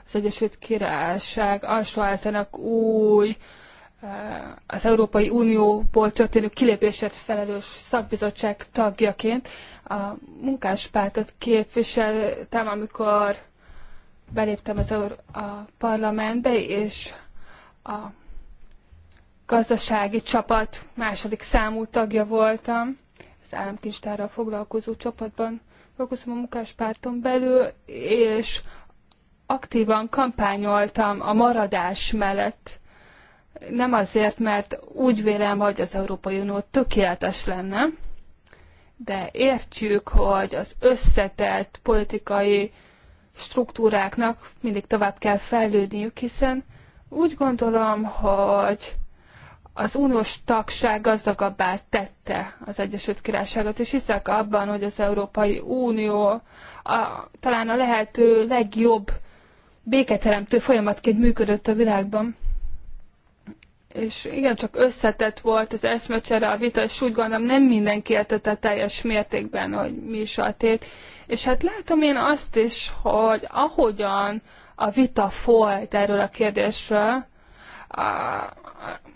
az Egyesült Királyság alsóházának új eh, az Európai Unióból történő kilépésért felelős szakbizottság tagjaként a munkáspártot képviseltem, amikor beléptem az a parlamentbe, és a gazdasági csapat második számú tagja voltam, az államkincstárral foglalkozó csapatban dolgozom a munkáspárton belül, és aktívan kampányoltam a maradás mellett. Nem azért, mert úgy vélem, hogy az Európai Unió tökéletes lenne, de értjük, hogy az összetett politikai struktúráknak mindig tovább kell fejlődniük, hiszen úgy gondolom, hogy az uniós tagság gazdagabbá tette az Egyesült Királyságot, és hiszek abban, hogy az Európai Unió a, talán a lehető legjobb béketeremtő folyamatként működött a világban és igen, csak összetett volt az eszmecsere, a vita, és úgy gondolom nem mindenki értette teljes mértékben, hogy mi is a tét. És hát látom én azt is, hogy ahogyan a vita folyt erről a kérdésről,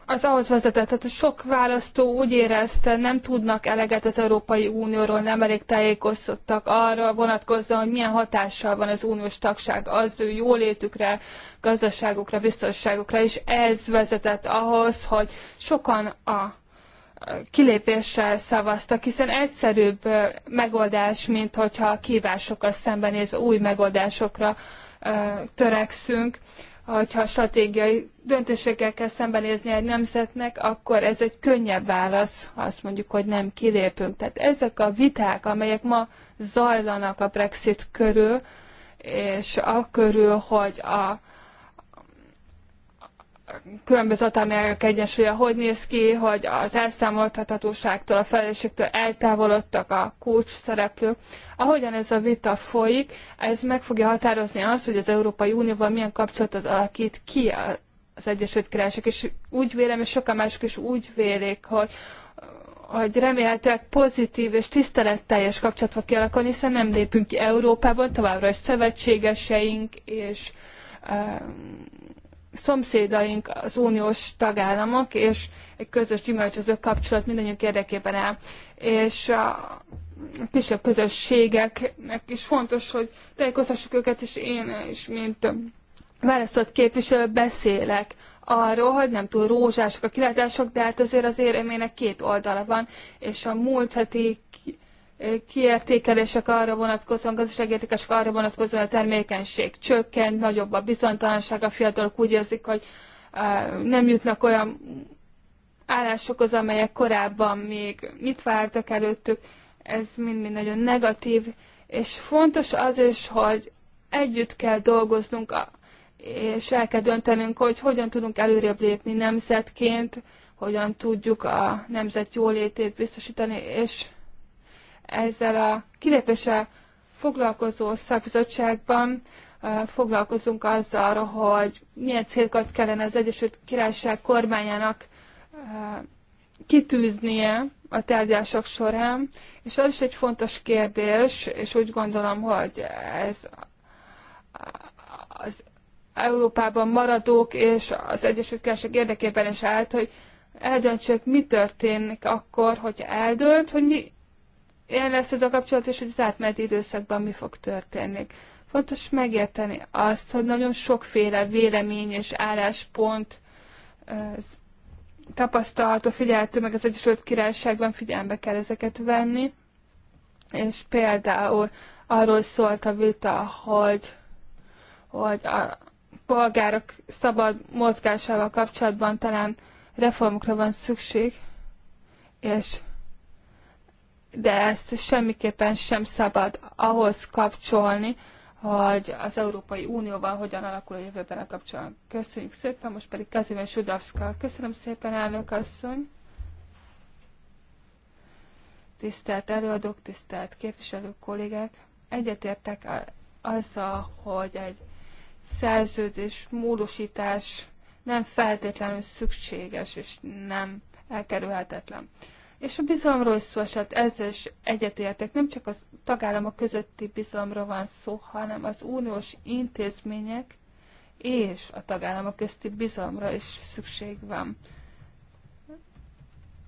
az ahhoz vezetett, hogy sok választó úgy érezte, nem tudnak eleget az Európai Unióról, nem elég tájékozottak arra vonatkozóan, hogy milyen hatással van az uniós tagság az ő jólétükre, gazdaságukra, biztonságukra, és ez vezetett ahhoz, hogy sokan a kilépéssel szavaztak, hiszen egyszerűbb megoldás, mint hogyha a kívásokkal szembenézve új megoldásokra törekszünk hogyha stratégiai döntésekkel kell szembenézni egy nemzetnek, akkor ez egy könnyebb válasz, ha azt mondjuk, hogy nem kilépünk. Tehát ezek a viták, amelyek ma zajlanak a Brexit körül, és a körül, hogy a, különböző hatalmányok egyensúlya hogy néz ki, hogy az elszámoltathatóságtól, a felelősségtől eltávolodtak a kulcs szereplők. Ahogyan ez a vita folyik, ez meg fogja határozni azt, hogy az Európai Unióval milyen kapcsolatot alakít ki az Egyesült Királyság, és úgy vélem, és sokan mások is úgy vélik, hogy, hogy remélhetőleg pozitív és tiszteletteljes kapcsolat fog kialakulni, hiszen nem lépünk ki Európában, továbbra is szövetségeseink, és um, szomszédaink, az uniós tagállamok, és egy közös gyümölcsöző kapcsolat mindannyiunk érdekében áll. És a kisebb közösségeknek is fontos, hogy tájékoztassuk őket, és én is, mint választott képviselő beszélek arról, hogy nem túl rózsások a kilátások, de hát azért az éremének két oldala van, és a múlt heti kiértékelések arra vonatkozóan, értékelések arra vonatkozóan a termékenység csökkent, nagyobb a bizonytalanság, a fiatalok úgy érzik, hogy nem jutnak olyan állásokhoz, amelyek korábban még mit vártak előttük, ez mind-mind nagyon negatív, és fontos az is, hogy együtt kell dolgoznunk, és el kell döntenünk, hogy hogyan tudunk előrébb lépni nemzetként, hogyan tudjuk a nemzet jólétét biztosítani, és ezzel a kilépéssel foglalkozó szakbizottságban foglalkozunk azzal, hogy milyen célokat kellene az Egyesült Királyság kormányának kitűznie a tárgyalások során, és az is egy fontos kérdés, és úgy gondolom, hogy ez az Európában maradók és az Egyesült Királyság érdekében is állt, hogy eldöntsék, mi történik akkor, hogy eldönt, hogy mi lesz ez a kapcsolat, és hogy az átmeneti időszakban mi fog történni. Fontos megérteni azt, hogy nagyon sokféle vélemény és álláspont tapasztalható, figyelhető meg az Egyesült Királyságban, figyelembe kell ezeket venni. És például arról szólt a vita, hogy, hogy a polgárok szabad mozgásával kapcsolatban talán reformokra van szükség, és de ezt semmiképpen sem szabad ahhoz kapcsolni, hogy az Európai Unióval hogyan alakul a jövőben a kapcsolat. Köszönjük szépen, most pedig Kazimierz Sudavska. Köszönöm szépen, elnök asszony! Tisztelt előadók, tisztelt képviselők, kollégák! Egyetértek azzal, hogy egy szerződés módosítás nem feltétlenül szükséges és nem elkerülhetetlen. És a bizalomról is szó esett, ezzel is egyetértek. Nem csak a tagállamok közötti bizalomról van szó, hanem az uniós intézmények és a tagállamok közti bizalomra is szükség van.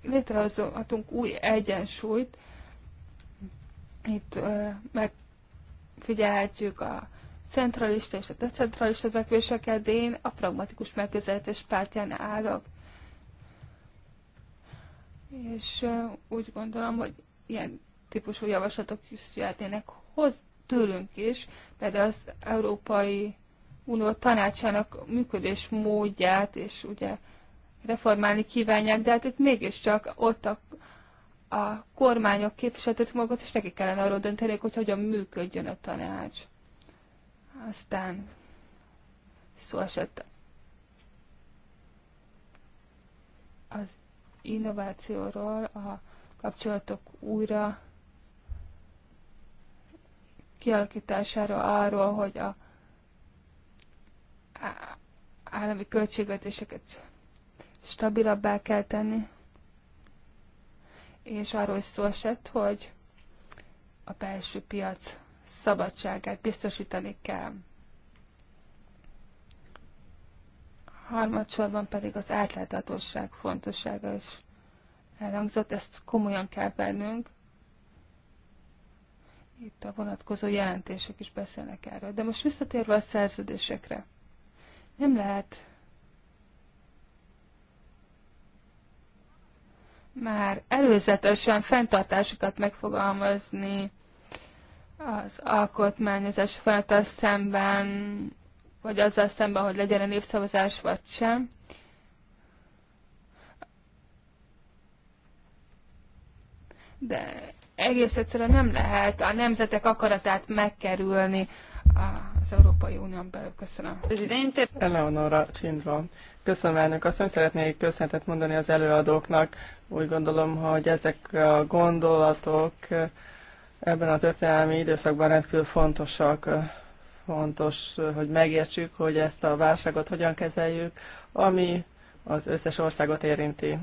Létrehozhatunk új egyensúlyt, itt ö, megfigyelhetjük a centralista és a decentralista fekvéseket, de én a pragmatikus megközelítés pártján állok és úgy gondolom, hogy ilyen típusú javaslatok születnének hoz tőlünk is, például az Európai Unió tanácsának működés módját, és ugye reformálni kívánják, de hát itt mégiscsak ott a, a kormányok képviseltetik magukat, és neki kellene arról dönteni, hogy hogyan működjön a tanács. Aztán szó esett az innovációról, a kapcsolatok újra kialakításáról, arról, hogy a állami költségvetéseket stabilabbá kell tenni, és arról is szó esett, hogy a belső piac szabadságát biztosítani kell. harmadsorban pedig az átláthatóság fontossága is elhangzott, ezt komolyan kell vennünk. Itt a vonatkozó jelentések is beszélnek erről. De most visszatérve a szerződésekre. Nem lehet már előzetesen fenntartásokat megfogalmazni az alkotmányozás feladat szemben vagy azzal szemben, hogy legyen a népszavazás, vagy sem. De egész egyszerűen nem lehet a nemzetek akaratát megkerülni az Európai Unión belül. Köszönöm. Eleonora Csindron. Köszönöm, elnök asszony. Szeretnék köszönetet mondani az előadóknak. Úgy gondolom, hogy ezek a gondolatok ebben a történelmi időszakban rendkívül fontosak fontos, hogy megértsük, hogy ezt a válságot hogyan kezeljük, ami az összes országot érinti.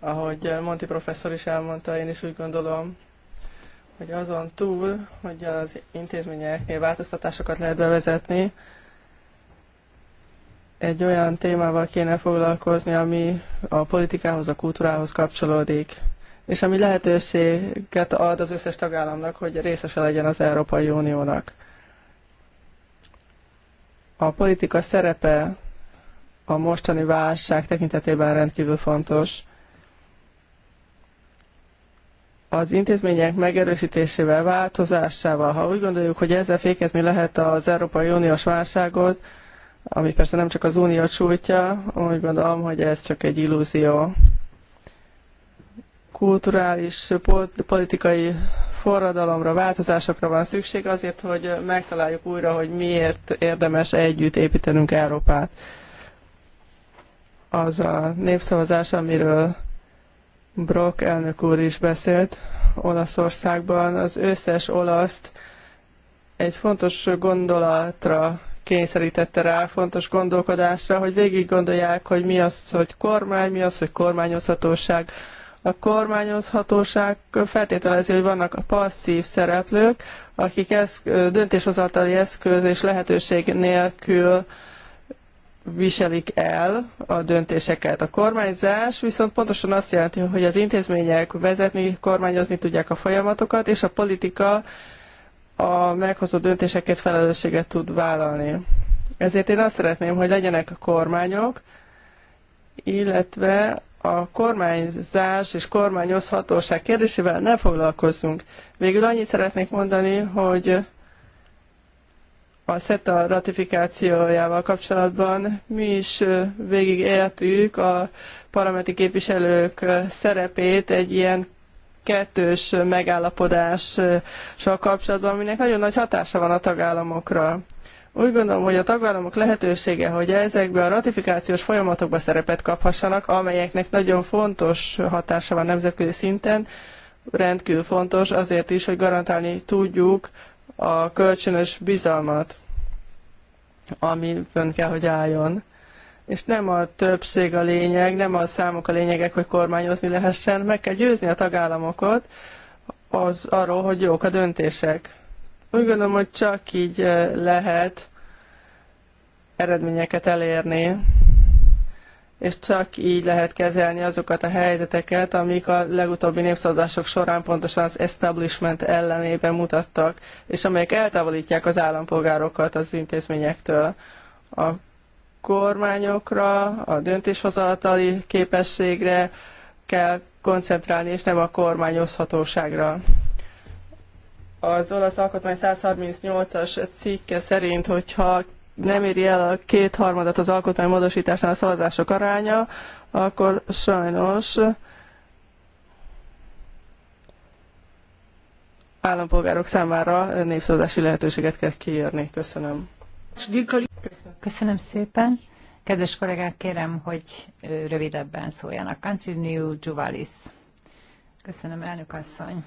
Ahogy Monti professzor is elmondta, én is úgy gondolom, hogy azon túl, hogy az intézményeknél változtatásokat lehet bevezetni, egy olyan témával kéne foglalkozni, ami a politikához, a kultúrához kapcsolódik és ami lehetőséget ad az összes tagállamnak, hogy részese legyen az Európai Uniónak. A politika szerepe a mostani válság tekintetében rendkívül fontos. Az intézmények megerősítésével, változásával, ha úgy gondoljuk, hogy ezzel fékezni lehet az Európai Uniós válságot, ami persze nem csak az unió sújtja, úgy gondolom, hogy ez csak egy illúzió kulturális, politikai forradalomra, változásokra van szükség azért, hogy megtaláljuk újra, hogy miért érdemes együtt építenünk Európát. Az a népszavazás, amiről Brock elnök úr is beszélt Olaszországban, az összes olaszt egy fontos gondolatra kényszerítette rá, fontos gondolkodásra, hogy végig gondolják, hogy mi az, hogy kormány, mi az, hogy kormányozhatóság, a kormányozhatóság feltételezi, hogy vannak a passzív szereplők, akik ez döntéshozatali eszköz és lehetőség nélkül viselik el a döntéseket. A kormányzás viszont pontosan azt jelenti, hogy az intézmények vezetni, kormányozni tudják a folyamatokat, és a politika a meghozott döntéseket felelősséget tud vállalni. Ezért én azt szeretném, hogy legyenek a kormányok, illetve a kormányzás és kormányozhatóság kérdésével ne foglalkozzunk. Végül annyit szeretnék mondani, hogy a SETA ratifikációjával kapcsolatban mi is végig éltük a parlamenti képviselők szerepét egy ilyen kettős megállapodással kapcsolatban, aminek nagyon nagy hatása van a tagállamokra. Úgy gondolom, hogy a tagállamok lehetősége, hogy ezekbe a ratifikációs folyamatokba szerepet kaphassanak, amelyeknek nagyon fontos hatása van nemzetközi szinten, rendkívül fontos azért is, hogy garantálni tudjuk a kölcsönös bizalmat, ami fönn kell, hogy álljon. És nem a többség a lényeg, nem a számok a lényegek, hogy kormányozni lehessen, meg kell győzni a tagállamokat az arról, hogy jók a döntések úgy gondolom, hogy csak így eh, lehet eredményeket elérni, és csak így lehet kezelni azokat a helyzeteket, amik a legutóbbi népszavazások során pontosan az establishment ellenében mutattak, és amelyek eltávolítják az állampolgárokat az intézményektől. A kormányokra, a döntéshozatali képességre kell koncentrálni, és nem a kormányozhatóságra az olasz alkotmány 138-as cikke szerint, hogyha nem éri el a kétharmadat az alkotmány módosításán a szavazások aránya, akkor sajnos állampolgárok számára népszavazási lehetőséget kell kiírni. Köszönöm. Köszönöm szépen. Kedves kollégák, kérem, hogy rövidebben szóljanak. Continue Juvalis. Köszönöm, elnök asszony.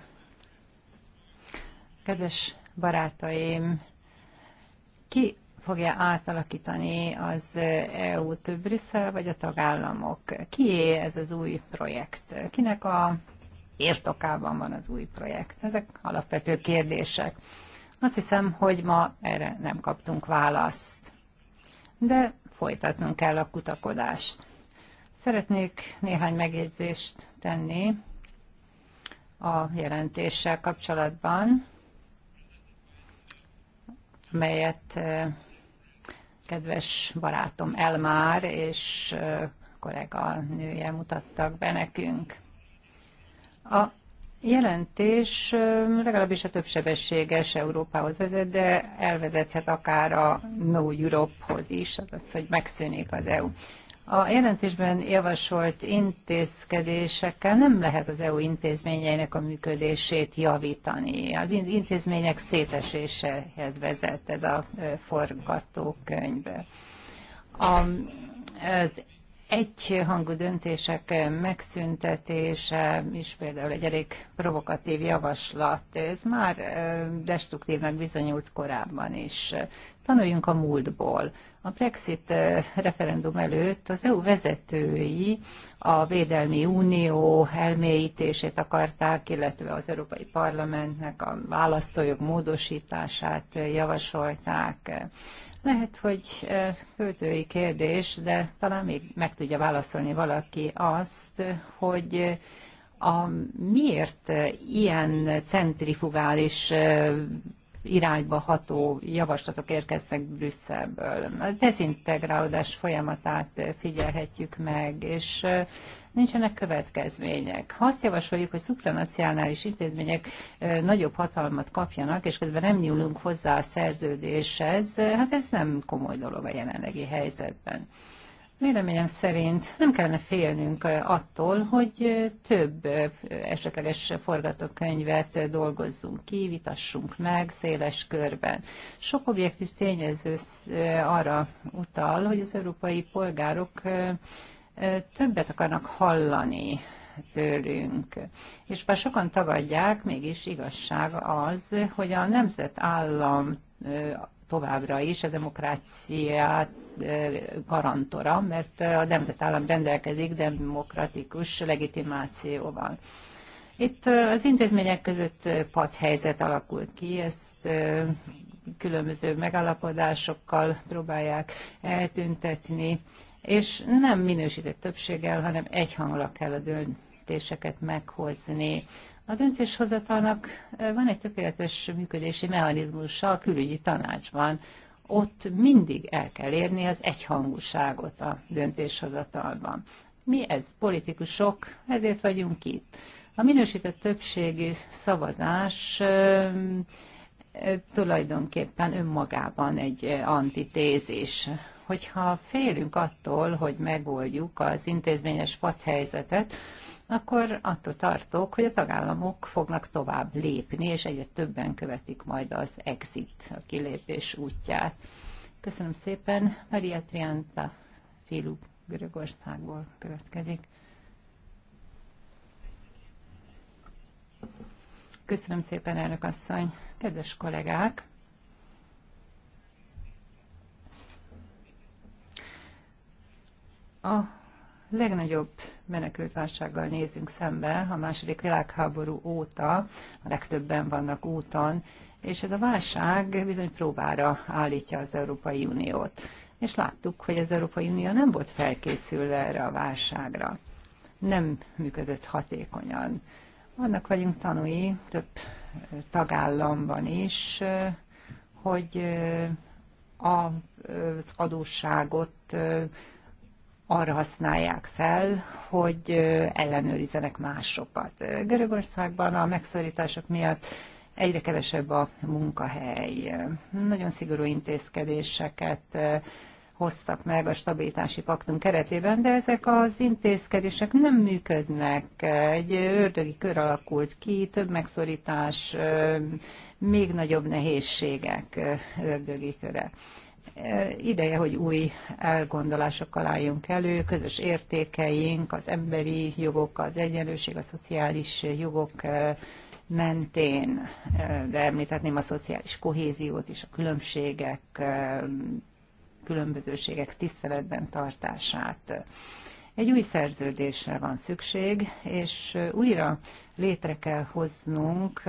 Kedves barátaim, ki fogja átalakítani az EU-t, Brüsszel vagy a tagállamok? Kié ez az új projekt? Kinek a értokában van az új projekt? Ezek alapvető kérdések. Azt hiszem, hogy ma erre nem kaptunk választ. De folytatnunk kell a kutakodást. Szeretnék néhány megjegyzést tenni a jelentéssel kapcsolatban melyet kedves barátom Elmár és kollega nője mutattak be nekünk. A jelentés legalábbis a többsebességes Európához vezet, de elvezethet akár a No Europe-hoz is, azaz, hát hogy megszűnik az EU. A jelentésben javasolt intézkedésekkel nem lehet az EU intézményeinek a működését javítani. Az intézmények széteséséhez vezet ez a forgatókönyv. Az egyhangú döntések megszüntetése is például egy elég provokatív javaslat. Ez már destruktívnak bizonyult korábban is. Tanuljunk a múltból. A Brexit eh, referendum előtt az EU vezetői a Védelmi Unió elmélyítését akarták, illetve az Európai Parlamentnek a választójog módosítását javasolták. Lehet, hogy eh, költői kérdés, de talán még meg tudja válaszolni valaki azt, hogy eh, a, miért ilyen centrifugális irányba ható javaslatok érkeztek Brüsszelből. A dezintegrálódás folyamatát figyelhetjük meg, és nincsenek következmények. Ha azt javasoljuk, hogy szupranacionális intézmények nagyobb hatalmat kapjanak, és közben nem nyúlunk hozzá a szerződéshez, hát ez nem komoly dolog a jelenlegi helyzetben. Véleményem szerint nem kellene félnünk eh, attól, hogy eh, több eh, esetleges forgatókönyvet dolgozzunk ki, vitassunk meg széles körben. Sok objektív tényező arra utal, hogy az európai polgárok többet akarnak hallani tőlünk. És bár sokan tagadják, mégis igazság az, hogy a nemzetállam továbbra is a demokráciát garantora, mert a nemzetállam rendelkezik demokratikus legitimációval. Itt az intézmények között helyzet alakult ki, ezt különböző megállapodásokkal próbálják eltüntetni, és nem minősített többséggel, hanem egyhangra kell a döntéseket meghozni. A döntéshozatalnak van egy tökéletes működési mechanizmusa a külügyi tanácsban. Ott mindig el kell érni az egyhangúságot a döntéshozatalban. Mi ez, politikusok, ezért vagyunk itt. A minősített többségi szavazás tulajdonképpen önmagában egy antitézis. Hogyha félünk attól, hogy megoldjuk az intézményes padhelyzetet, akkor attól tartok, hogy a tagállamok fognak tovább lépni, és egyre többen követik majd az exit, a kilépés útját. Köszönöm szépen. Maria Trianta, Félú Görögországból következik. Köszönöm szépen, elnök asszony. Kedves kollégák! A legnagyobb menekültválsággal nézünk szembe a második világháború óta, a legtöbben vannak úton, és ez a válság bizony próbára állítja az Európai Uniót. És láttuk, hogy az Európai Unió nem volt felkészülve erre a válságra. Nem működött hatékonyan. Annak vagyunk tanúi több tagállamban is, hogy az adósságot arra használják fel, hogy ellenőrizenek másokat. Görögországban a megszorítások miatt egyre kevesebb a munkahely. Nagyon szigorú intézkedéseket hoztak meg a stabilitási paktum keretében, de ezek az intézkedések nem működnek. Egy ördögi kör alakult ki, több megszorítás, még nagyobb nehézségek ördögi köre. Eh, ideje, hogy új elgondolásokkal álljunk elő, közös értékeink, az emberi jogok, az egyenlőség, a szociális jogok eh, mentén, eh, de említhetném a szociális kohéziót is, a különbségek, különbözőségek tiszteletben tartását. Egy új szerződésre van szükség, és újra létre kell hoznunk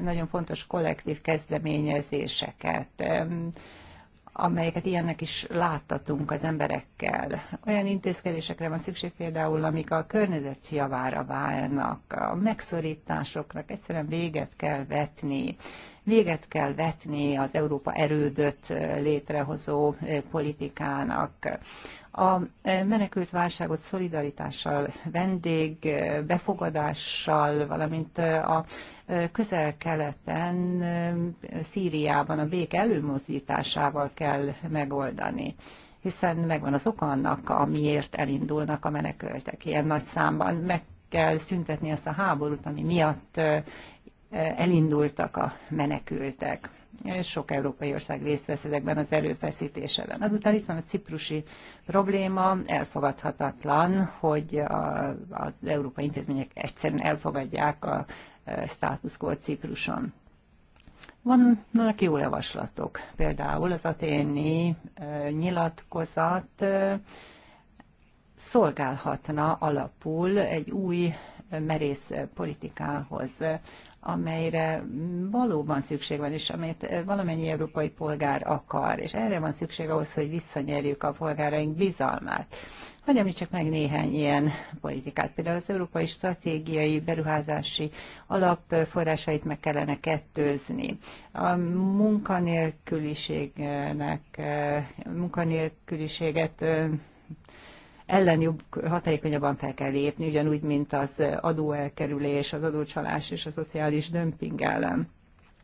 nagyon fontos kollektív kezdeményezéseket amelyeket ilyennek is láttatunk az emberekkel. Olyan intézkedésekre van szükség például, amik a környezet javára válnak, a megszorításoknak egyszerűen véget kell vetni. Véget kell vetni az Európa erődöt létrehozó eh, politikának. A eh, menekült válságot szolidaritással, vendég eh, befogadással, valamint a közel-keleten, Szíriában a bék előmozdításával kell megoldani hiszen megvan az oka annak, amiért elindulnak a menekültek ilyen nagy számban. Meg kell szüntetni ezt a háborút, ami miatt elindultak a menekültek. És sok európai ország részt vesz ezekben az erőfeszítéseben. Azután itt van a ciprusi probléma, elfogadhatatlan, hogy az európai intézmények egyszerűen elfogadják a e, status quo Cipruson. Vannak jó javaslatok, például az aténi e, nyilatkozat e, szolgálhatna alapul egy új merész politikához, amelyre valóban szükség van, és amit eh, valamennyi európai polgár akar, és erre van szükség ahhoz, hogy visszanyerjük a polgáraink bizalmát. Hogy csak meg néhány ilyen politikát. Például az Európai Stratégiai Beruházási Alap eh, forrásait meg kellene kettőzni. A munkanélküliségnek, eh, munkanélküliséget ellen jobb, hatékonyabban fel kell lépni, ugyanúgy, mint az adóelkerülés, az adócsalás és a szociális dömping ellen.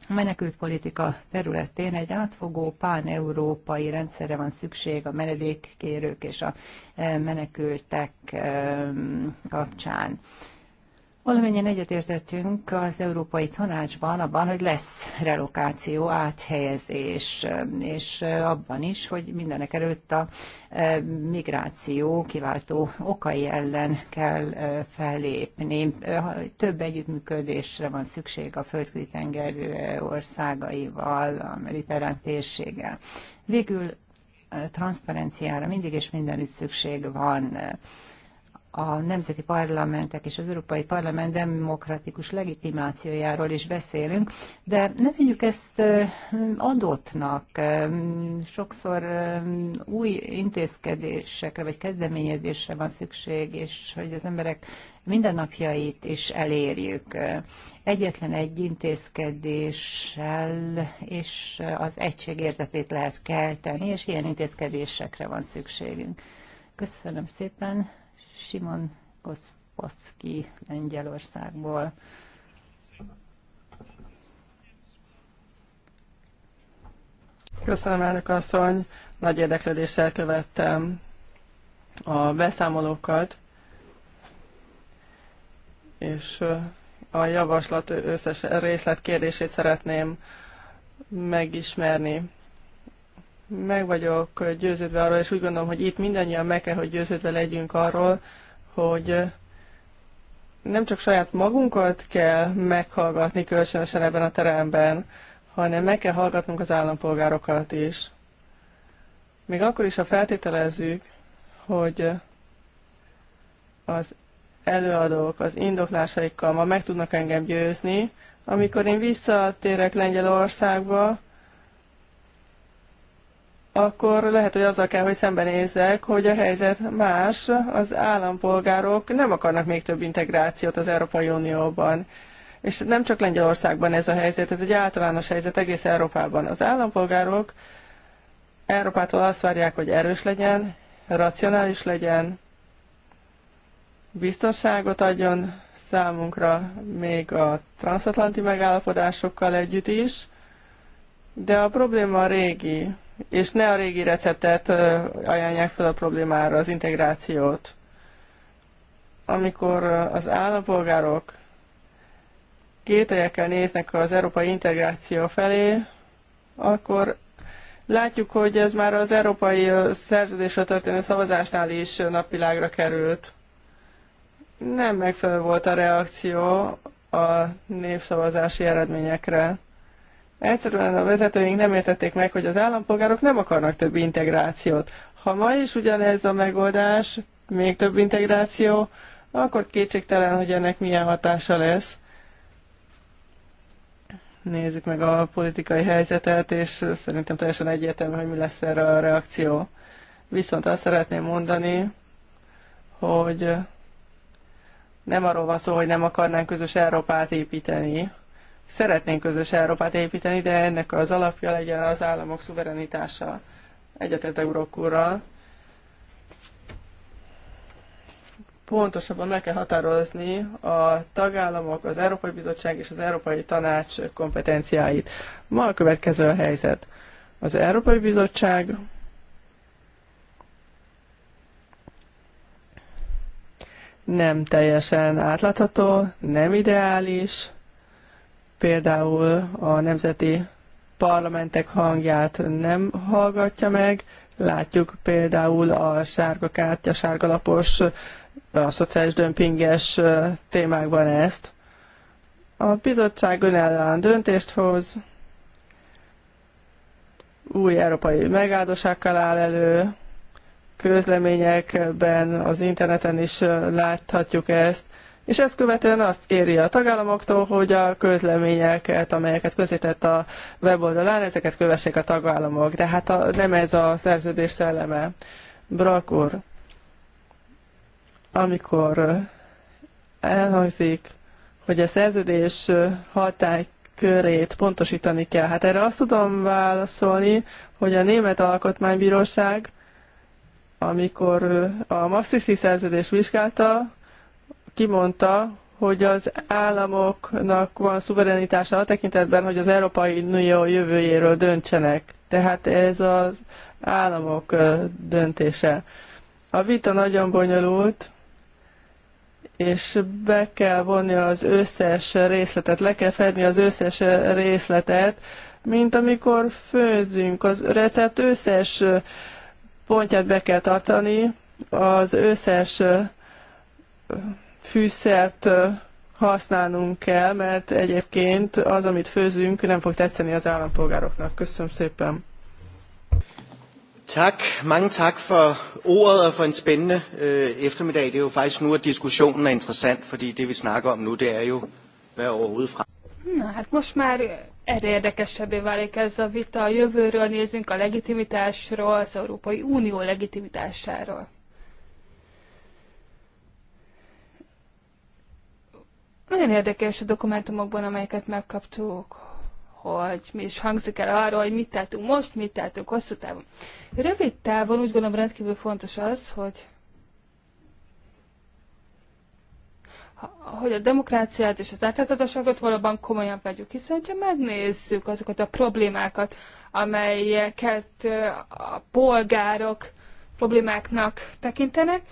A menekültpolitika területén egy átfogó pán-európai rendszerre van szükség a menedékkérők és a eh, menekültek eh, kapcsán. Valamennyien egyetértettünk az Európai Tanácsban abban, hogy lesz relokáció, áthelyezés, és abban is, hogy mindenek előtt a e, migráció kiváltó okai ellen kell e, fellépni. E, több együttműködésre van szükség a földközi tenger országaival, a mediterrán térséggel. Végül transzparenciára mindig és mindenütt szükség van a nemzeti parlamentek és az Európai Parlament demokratikus legitimációjáról is beszélünk, de ne vegyük ezt adottnak. Sokszor új intézkedésekre vagy kezdeményezésre van szükség, és hogy az emberek mindennapjait is elérjük. Egyetlen egy intézkedéssel és az egységérzetét lehet kelteni, és ilyen intézkedésekre van szükségünk. Köszönöm szépen. Simon Kospaszki Lengyelországból. Köszönöm, elnök asszony. Nagy érdeklődéssel követtem a beszámolókat, és a javaslat összes részlet kérdését szeretném megismerni meg vagyok győződve arról, és úgy gondolom, hogy itt mindannyian meg kell, hogy győződve legyünk arról, hogy nem csak saját magunkat kell meghallgatni kölcsönösen ebben a teremben, hanem meg kell hallgatnunk az állampolgárokat is. Még akkor is, ha feltételezzük, hogy az előadók az indoklásaikkal ma meg tudnak engem győzni, amikor én visszatérek Lengyelországba, akkor lehet, hogy azzal kell, hogy szembenézzek, hogy a helyzet más, az állampolgárok nem akarnak még több integrációt az Európai Unióban. És nem csak Lengyelországban ez a helyzet, ez egy általános helyzet egész Európában. Az állampolgárok Európától azt várják, hogy erős legyen, racionális legyen, biztonságot adjon számunkra még a transatlanti megállapodásokkal együtt is, de a probléma régi, és ne a régi receptet ajánlják fel a problémára, az integrációt. Amikor az állampolgárok kételyekkel néznek az európai integráció felé, akkor látjuk, hogy ez már az európai szerződésre történő szavazásnál is napvilágra került. Nem megfelelő volt a reakció a népszavazási eredményekre. Egyszerűen a vezetőink nem értették meg, hogy az állampolgárok nem akarnak több integrációt. Ha ma is ugyanez a megoldás, még több integráció, akkor kétségtelen, hogy ennek milyen hatása lesz. Nézzük meg a politikai helyzetet, és szerintem teljesen egyértelmű, hogy mi lesz erre a reakció. Viszont azt szeretném mondani, hogy nem arról van szó, hogy nem akarnánk közös Európát építeni, Szeretnénk közös Európát építeni, de ennek az alapja legyen az államok szuverenitása. egyetett Eurókúrral. Pontosabban meg kell határozni a tagállamok, az Európai Bizottság és az Európai Tanács kompetenciáit. Ma a következő a helyzet. Az Európai Bizottság nem teljesen átlátható, nem ideális, például a nemzeti parlamentek hangját nem hallgatja meg. Látjuk például a sárga kártya, sárgalapos, a szociális dömpinges témákban ezt. A bizottság önállóan döntést hoz, új európai megáldósákkal áll elő, közleményekben, az interneten is láthatjuk ezt, és ezt követően azt kéri a tagállamoktól, hogy a közleményeket, amelyeket közített a weboldalán, ezeket kövessék a tagállamok. De hát a, nem ez a szerződés szelleme. Brak úr, amikor elhangzik, hogy a szerződés hatály körét pontosítani kell. Hát erre azt tudom válaszolni, hogy a Német Alkotmánybíróság, amikor a masszisi szerződést vizsgálta, kimondta, hogy az államoknak van szuverenitása a tekintetben, hogy az Európai Unió jövőjéről döntsenek. Tehát ez az államok döntése. A vita nagyon bonyolult, és be kell vonni az összes részletet, le kell fedni az összes részletet, mint amikor főzünk. Az recept összes pontját be kell tartani, az összes fűszert használnunk kell, mert egyébként az, amit főzünk, nem fog tetszeni az állampolgároknak. Köszönöm szépen. Tak, mange tak for ordet og for en spændende øh, eftermiddag. Det er jo faktisk nu, at diskussionen er interessant, fordi det vi snakker om nu, det er jo, hvad overhovedet fra. Na, hát most már erre érdekesebbé válik ez a vita. A jövőről nézünk a legitimitásról, az Európai Unió legitimitásáról. Nagyon érdekes a dokumentumokban, amelyeket megkaptuk, hogy mi is hangzik el arról, hogy mit tettünk most, mit tettünk hosszú távon. Rövid távon úgy gondolom rendkívül fontos az, hogy hogy a demokráciát és az átláthatóságot valóban komolyan vegyük, hiszen ha megnézzük azokat a problémákat, amelyeket a polgárok problémáknak tekintenek,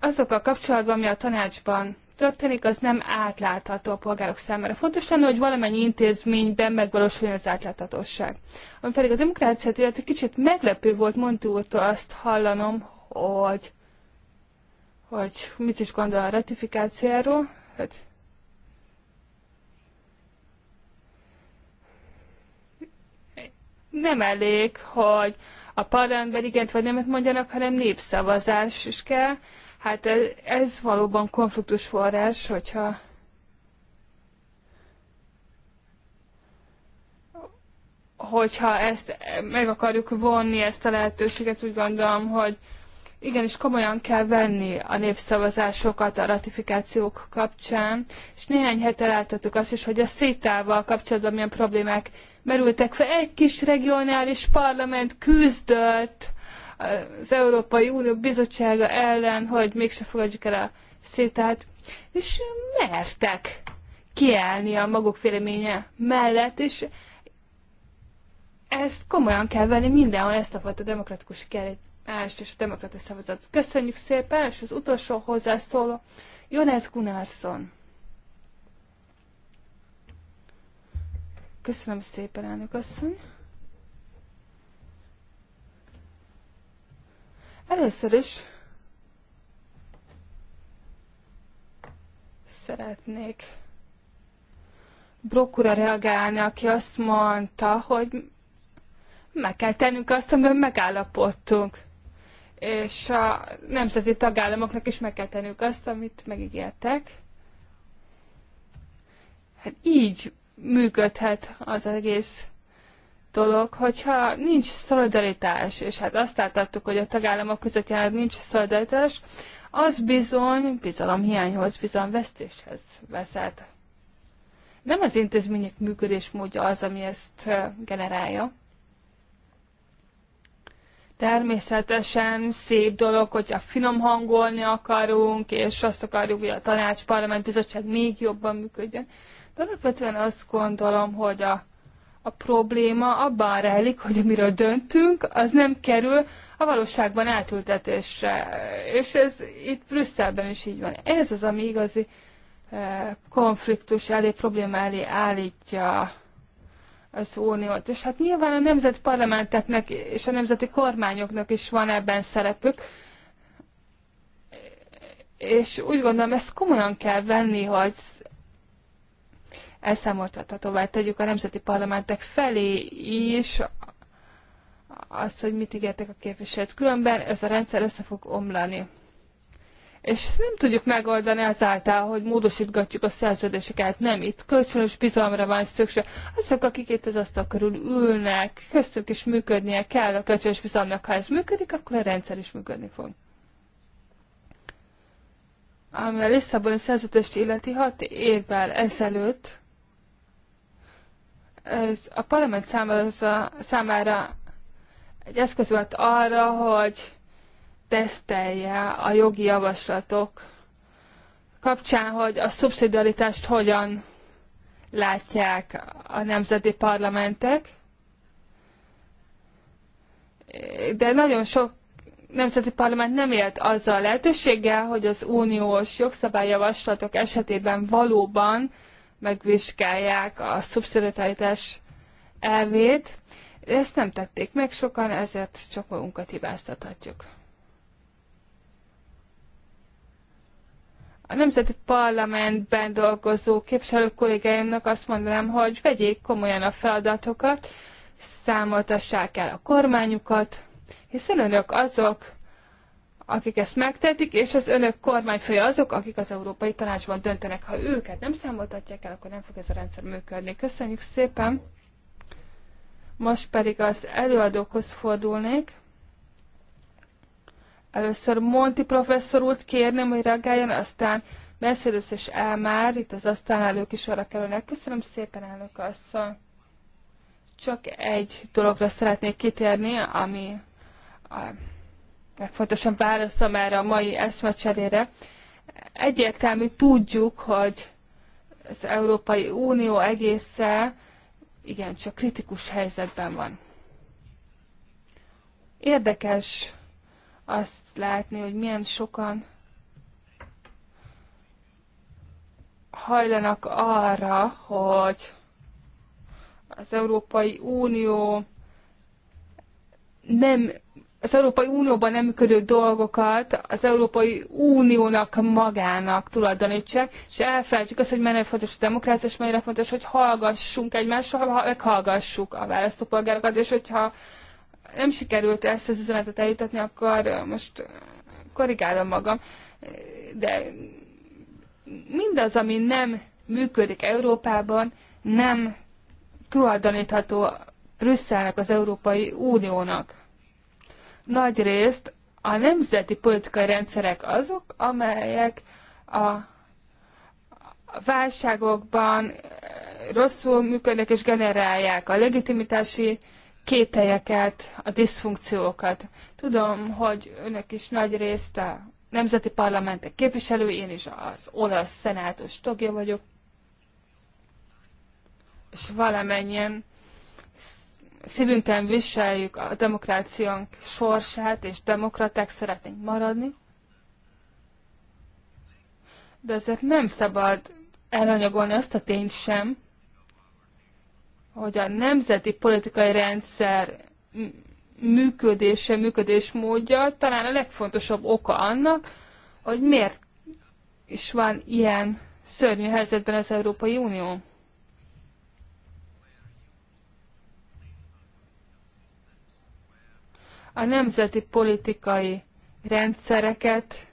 azokkal kapcsolatban mi a tanácsban történik, az nem átlátható a polgárok számára. Fontos lenne, hogy valamennyi intézményben megvalósuljon az átláthatóság. Ami pedig a demokráciát illetve kicsit meglepő volt Monti úrtól azt hallanom, hogy, hogy mit is gondol a ratifikációról, hogy nem elég, hogy a parlamentben igent vagy nemet mondjanak, hanem népszavazás is kell, Hát ez, ez valóban konfliktus forrás, hogyha hogyha ezt meg akarjuk vonni, ezt a lehetőséget, úgy gondolom, hogy igenis komolyan kell venni a népszavazásokat a ratifikációk kapcsán, és néhány hete láttuk azt is, hogy a szétával kapcsolatban milyen problémák merültek fel. Egy kis regionális parlament küzdött az Európai Unió Bizottsága ellen, hogy mégse fogadjuk el a szétát, és mertek kiállni a maguk véleménye mellett, és ezt komolyan kell venni mindenhol, ezt a fajta demokratikus kérdést és a demokratikus szavazatot. Köszönjük szépen, és az utolsó hozzászóló, Jonas Gunnarsson. Köszönöm szépen, elnök asszony. Először is szeretnék Brokura reagálni, aki azt mondta, hogy meg kell tennünk azt, amiben megállapodtunk. És a nemzeti tagállamoknak is meg kell tennünk azt, amit megígértek. Hát így működhet az egész dolog, hogyha nincs szolidaritás, és hát azt láttattuk, hogy a tagállamok között jelenleg nincs szolidaritás, az bizony bizalomhiányhoz, bizalomvesztéshez vezet. Nem az intézmények működésmódja az, ami ezt eh, generálja. Természetesen szép dolog, hogyha finom hangolni akarunk, és azt akarjuk, hogy a tanács, parlament, bizottság még jobban működjön. De alapvetően azt gondolom, hogy a a probléma abban rejlik, hogy amiről döntünk, az nem kerül a valóságban átültetésre. És ez itt Brüsszelben is így van. Ez az, ami igazi eh, konfliktus elé, probléma elé állítja az uniót. És hát nyilván a nemzeti parlamenteknek és a nemzeti kormányoknak is van ebben szerepük, és úgy gondolom, ezt komolyan kell venni, hogy tovább, tegyük a nemzeti parlamentek felé is azt, hogy mit ígértek a képviselőt. Különben ez a rendszer össze fog omlani. És nem tudjuk megoldani azáltal, hogy módosítgatjuk a szerződéseket, nem itt. Kölcsönös bizalomra van szükség. Azok, akik itt az asztal körül ülnek, köztük is működnie kell a kölcsönös bizalomnak. Ha ez működik, akkor a rendszer is működni fog. Ami a Lisszaboni szerződést illeti hat évvel ezelőtt, ez a parlament számára, számára egy eszköz volt arra, hogy tesztelje a jogi javaslatok kapcsán, hogy a szubszidiaritást hogyan látják a nemzeti parlamentek. De nagyon sok nemzeti parlament nem élt azzal a lehetőséggel, hogy az uniós jogszabályjavaslatok esetében valóban megvizsgálják a szubszidiaritás elvét. Ezt nem tették meg sokan, ezért csak magunkat hibáztathatjuk. a Nemzeti Parlamentben dolgozó képviselő kollégáimnak azt mondanám, hogy vegyék komolyan a feladatokat, számoltassák el a kormányukat, hiszen önök azok, akik ezt megtetik, és az önök kormányfője azok, akik az Európai Tanácsban döntenek. Ha őket nem számoltatják el, akkor nem fog ez a rendszer működni. Köszönjük szépen! Most pedig az előadókhoz fordulnék. Először Monti professzor úrt kérném, hogy reagáljon, aztán Mercedes és Elmár, itt az aztán elők is arra kerülnek. Köszönöm szépen, elnök asszony! Csak egy dologra szeretnék kitérni, ami legfontosabb válaszom erre a mai eszmecserére. Egyértelmű tudjuk, hogy az Európai Unió egésze igen, csak kritikus helyzetben van. Érdekes azt látni, hogy milyen sokan hajlanak arra, hogy az Európai Unió nem az Európai Unióban nem működő dolgokat az Európai Uniónak magának tulajdonítsák, és elfelejtjük azt, hogy mennyire fontos a demokrácia, és mennyire fontos, hogy hallgassunk egymásra, meghallgassuk a választópolgárokat, és hogyha nem sikerült ezt az üzenetet eljutatni, akkor most korrigálom magam, de mindaz, ami nem működik Európában, nem tulajdonítható Brüsszelnek, az Európai Uniónak nagy részt a nemzeti politikai rendszerek azok, amelyek a válságokban eh, rosszul működnek és generálják a legitimitási kételyeket, a diszfunkciókat. Tudom, hogy önök is nagy részt a nemzeti parlamentek képviselő, én is az olasz szenátus tagja vagyok, és valamennyien szívünkben viseljük a demokráciánk sorsát, és demokraták szeretnénk maradni, de ezért nem szabad elanyagolni azt a tényt sem, hogy a nemzeti politikai rendszer működése, működésmódja talán a legfontosabb oka annak, hogy miért is van ilyen szörnyű helyzetben az Európai Unió. a nemzeti politikai rendszereket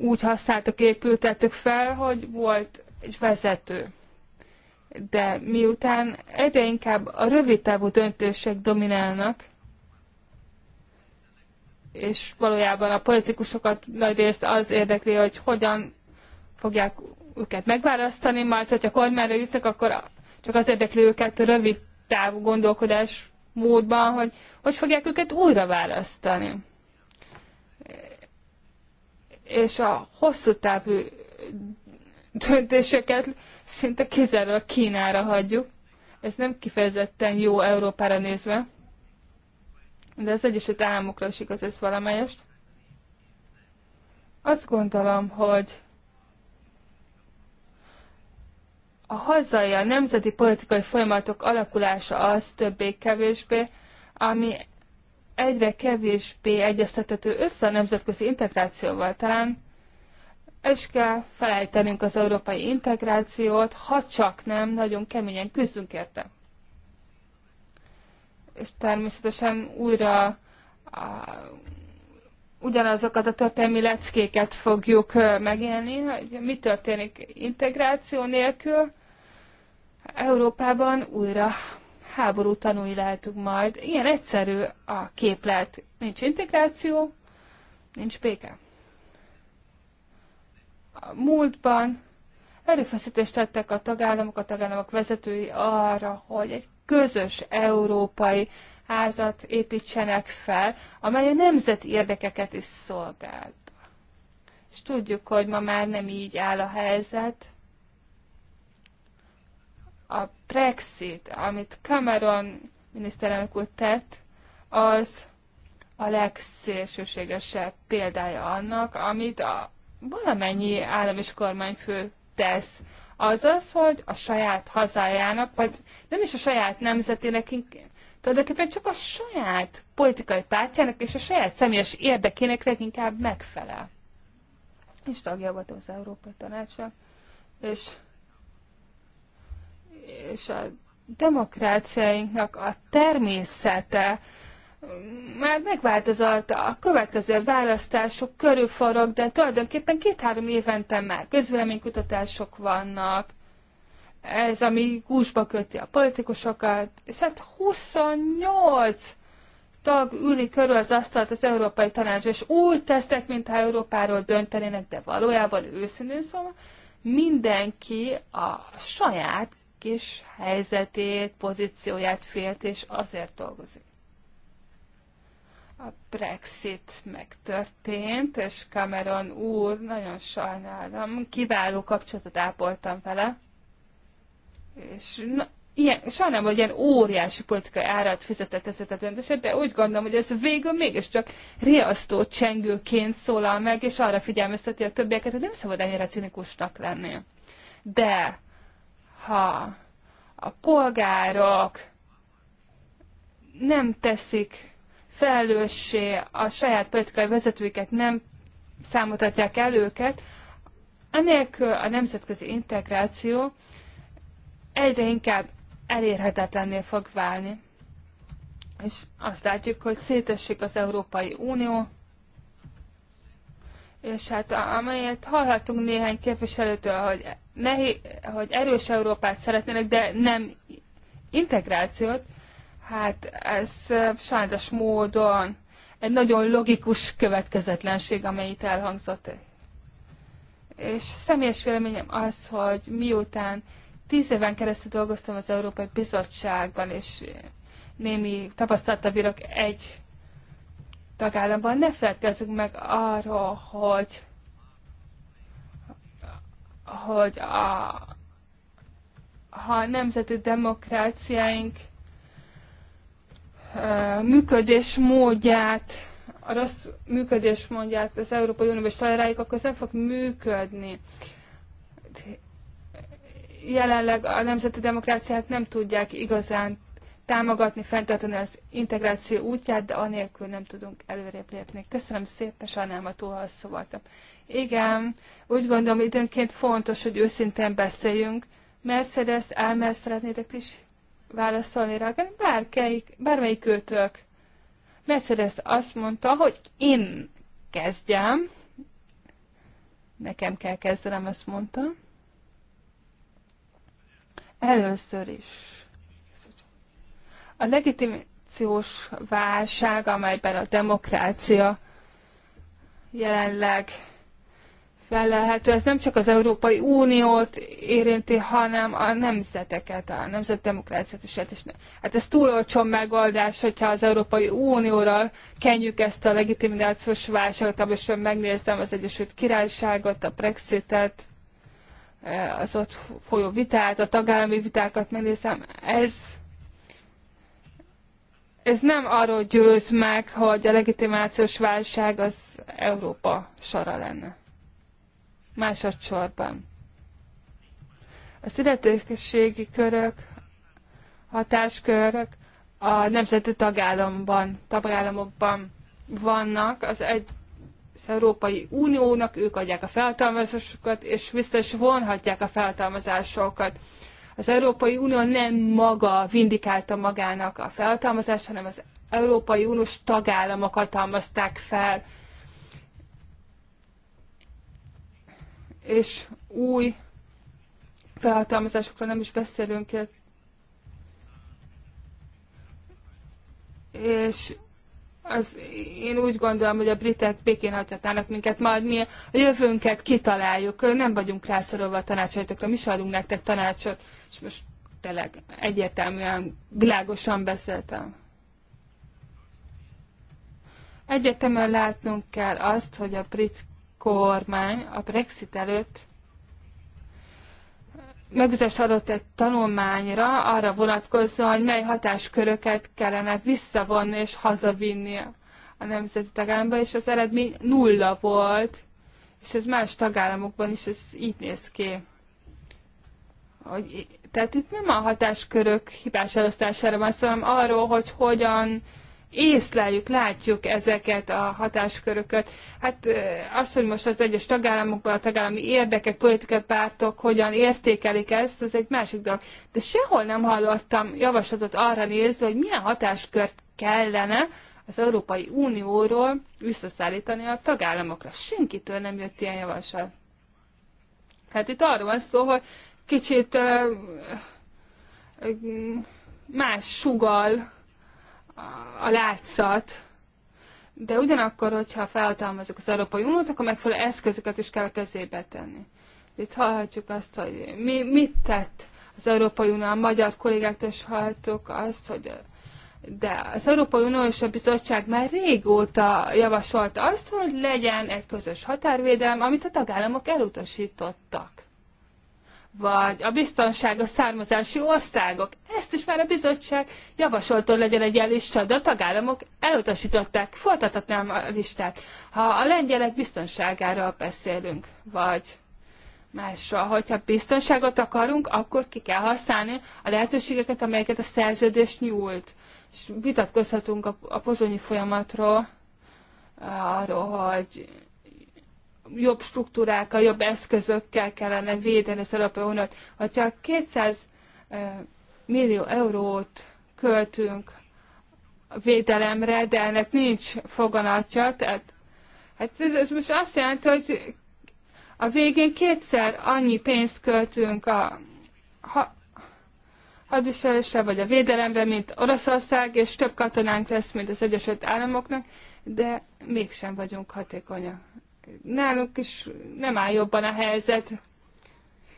úgy használtak épültettük fel, hogy volt egy vezető. De miután egyre inkább a rövidtávú döntések dominálnak, és valójában a politikusokat nagy részt az érdekli, hogy hogyan fogják őket megválasztani, majd hogyha kormányra jutnak, akkor csak az érdekli őket a rövid távú gondolkodás módban, hogy hogy fogják őket újra választani. És a hosszú távú döntéseket szinte kizárólag Kínára hagyjuk. Ez nem kifejezetten jó Európára nézve, de az Egyesült Államokra is igaz ez valamelyest. Azt gondolom, hogy a hazai, a nemzeti politikai folyamatok alakulása az többé-kevésbé, ami egyre kevésbé egyeztethető össze a nemzetközi integrációval. Talán És kell felejtenünk az európai integrációt, ha csak nem, nagyon keményen küzdünk érte. És természetesen újra a ugyanazokat a történelmi leckéket fogjuk megélni, hogy mi történik integráció nélkül. Európában újra háború tanúi lehetünk majd. Ilyen egyszerű a képlet. Nincs integráció, nincs béke. A múltban erőfeszítést tettek a tagállamok, a tagállamok vezetői arra, hogy egy közös európai házat építsenek fel, amely a nemzeti érdekeket is szolgált. És tudjuk, hogy ma már nem így áll a helyzet. A Brexit, amit Cameron miniszterelnök úr tett, az a legszélsőségesebb példája annak, amit a valamennyi állam és kormányfő tesz. Azaz, hogy a saját hazájának, vagy nem is a saját nemzetének, tulajdonképpen csak a saját politikai pártjának és a saját személyes érdekének leginkább megfelel. És tagja volt az Európai Tanácsnak, és, és a demokráciáinknak a természete mm, már megváltozott a következő választások körülforog, de tulajdonképpen két-három évente már közvéleménykutatások vannak, ez, ami gúzsba köti a politikusokat, és hát 28 tag üli körül az asztalt az Európai Tanács, és úgy tesznek, mintha Európáról döntenének, de valójában őszintén szóval mindenki a saját kis helyzetét, pozícióját félt, és azért dolgozik. A Brexit megtörtént, és Cameron úr, nagyon sajnálom, kiváló kapcsolatot ápoltam vele, és na, ilyen, sajnálom, hogy ilyen óriási politikai árat fizetett ezért a döntéset, de úgy gondolom, hogy ez végül mégiscsak riasztó csengőként szólal meg, és arra figyelmezteti a többieket, hogy nem szabad ennyire cinikusnak lenni. De ha a polgárok nem teszik felelőssé a saját politikai vezetőiket, nem számotatják el őket, anélkül a nemzetközi integráció egyre inkább elérhetetlenné fog válni. És azt látjuk, hogy szétesik az Európai Unió, és hát amelyet hallhatunk néhány képviselőtől, hogy, nehéz, hogy erős Európát szeretnének, de nem integrációt, hát ez sajnos módon egy nagyon logikus következetlenség, amely itt elhangzott. És személyes véleményem az, hogy miután Tíz éven keresztül dolgoztam az Európai Bizottságban, és némi tapasztalata bírok egy tagállamban. Ne feledkezzünk meg arról, hogy, hogy a, ha a nemzeti demokráciáink működés módját, a rossz működés módját az Európai Unióban is találjuk, akkor ez nem fog működni jelenleg a nemzeti demokráciát nem tudják igazán támogatni, fenntartani az integráció útját, de anélkül nem tudunk előrébb lépni. Köszönöm szépen, sajnálom a túlhasszó Igen, úgy gondolom időnként fontos, hogy őszintén beszéljünk. Mercedes, Elmer, szeretnétek is válaszolni rá? Bárkelyik, bármelyik őtök. Mercedes azt mondta, hogy én kezdjem. Nekem kell kezdenem, azt mondta. Először is a legitimációs válság, amelyben a demokrácia jelenleg felelhető, ez nem csak az Európai Uniót érinti, hanem a nemzeteket, a nemzetdemokráciát is. Hát, hát ez túl olcsó megoldás, hogyha az Európai Unióra kenjük ezt a legitimációs válságot, abban megnézem az Egyesült Királyságot, a Brexitet, Eh, az ott folyó vitát, a tagállami vitákat megnézem, ez, ez nem arról győz meg, hogy a legitimációs válság az Európa sara lenne. Másodszorban. a születésségi körök, hatáskörök a nemzeti tagállamban, tagállamokban vannak. Az egy az Európai Uniónak, ők adják a feltalmazásokat, és vissza is vonhatják a feltalmazásokat. Az Európai Unió nem maga vindikálta magának a feltalmazást, hanem az Európai Uniós tagállamok hatalmazták fel. És új felhatalmazásokra nem is beszélünk. És az, én úgy gondolom, hogy a britek békén hagyhatnának minket, majd mi a jövőnket kitaláljuk, nem vagyunk rászorulva a tanácsaitokra, mi se adunk nektek tanácsot, és most tényleg egyértelműen, világosan beszéltem. Egyetemen látnunk kell azt, hogy a brit kormány a Brexit előtt megbízást adott egy tanulmányra arra vonatkozóan, hogy mely hatásköröket kellene visszavonni és hazavinni a nemzeti tagállamba, és az eredmény nulla volt, és ez más tagállamokban is ez így néz ki. Hogy, tehát itt nem a hatáskörök hibás elosztására van szó, hanem arról, hogy hogyan észleljük, látjuk ezeket a hatásköröket. Hát az, hogy most az egyes tagállamokban a tagállami érdekek, politikai pártok hogyan értékelik ezt, az egy másik dolog. De sehol nem hallottam javaslatot arra nézve, hogy milyen hatáskört kellene az Európai Unióról visszaszállítani a tagállamokra. Senkitől nem jött ilyen javaslat. Hát itt arról van szó, hogy kicsit uh, más sugal a látszat, de ugyanakkor, hogyha felhatalmazok az Európai Uniót, akkor megfelelő eszközöket is kell a kezébe tenni. Itt hallhatjuk azt, hogy mi, mit tett az Európai Unió, a magyar kollégáktól is hallhatjuk azt, hogy de az Európai Unió és a Bizottság már régóta javasolta azt, hogy legyen egy közös határvédelem, amit a tagállamok elutasítottak vagy a biztonságos származási országok. Ezt is már a bizottság javasolt, hogy legyen egy ilyen lista, de a tagállamok elutasították, folytathatnám a listát. Ha a lengyelek biztonságára beszélünk, vagy másra, hogyha biztonságot akarunk, akkor ki kell használni a lehetőségeket, amelyeket a szerződés nyújt. És vitatkozhatunk a, a pozsonyi folyamatról, arról, hogy jobb struktúrákkal, jobb eszközökkel kellene védeni az Európai Uniót. Ha csak 200 millió eurót költünk védelemre, de ennek nincs foganatja, tehát hát ez, ez most azt jelenti, hogy a végén kétszer annyi pénzt költünk a ha, hadviselésre vagy a védelemre, mint Oroszország, és több katonánk lesz, mint az Egyesült Államoknak, de mégsem vagyunk hatékonyak nálunk is nem áll jobban a helyzet.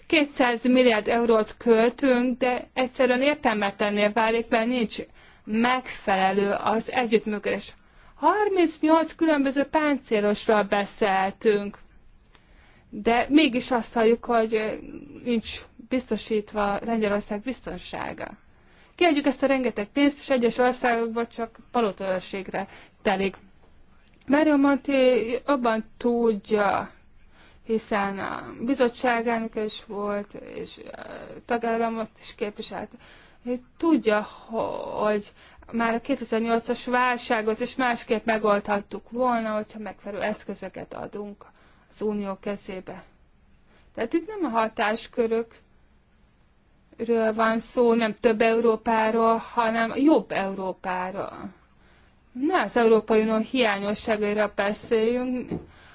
200 milliárd eurót költünk, de egyszerűen értelmetlenné válik, mert nincs megfelelő az együttműködés. 38 különböző páncélosra beszéltünk, de mégis azt halljuk, hogy nincs biztosítva Lengyelország biztonsága. Kiadjuk ezt a rengeteg pénzt, és egyes országokban csak palotőrségre telik. Mário Monti abban tudja, hiszen a bizottságának is volt, és a tagállamot is képviselt. Tudja, hogy már a 2008-as válságot is másképp megoldhattuk volna, hogyha megfelelő eszközöket adunk az unió kezébe. Tehát itt nem a hatáskörökről van szó, nem több Európáról, hanem jobb Európáról ne az Európai Unió hiányosságaira beszéljünk,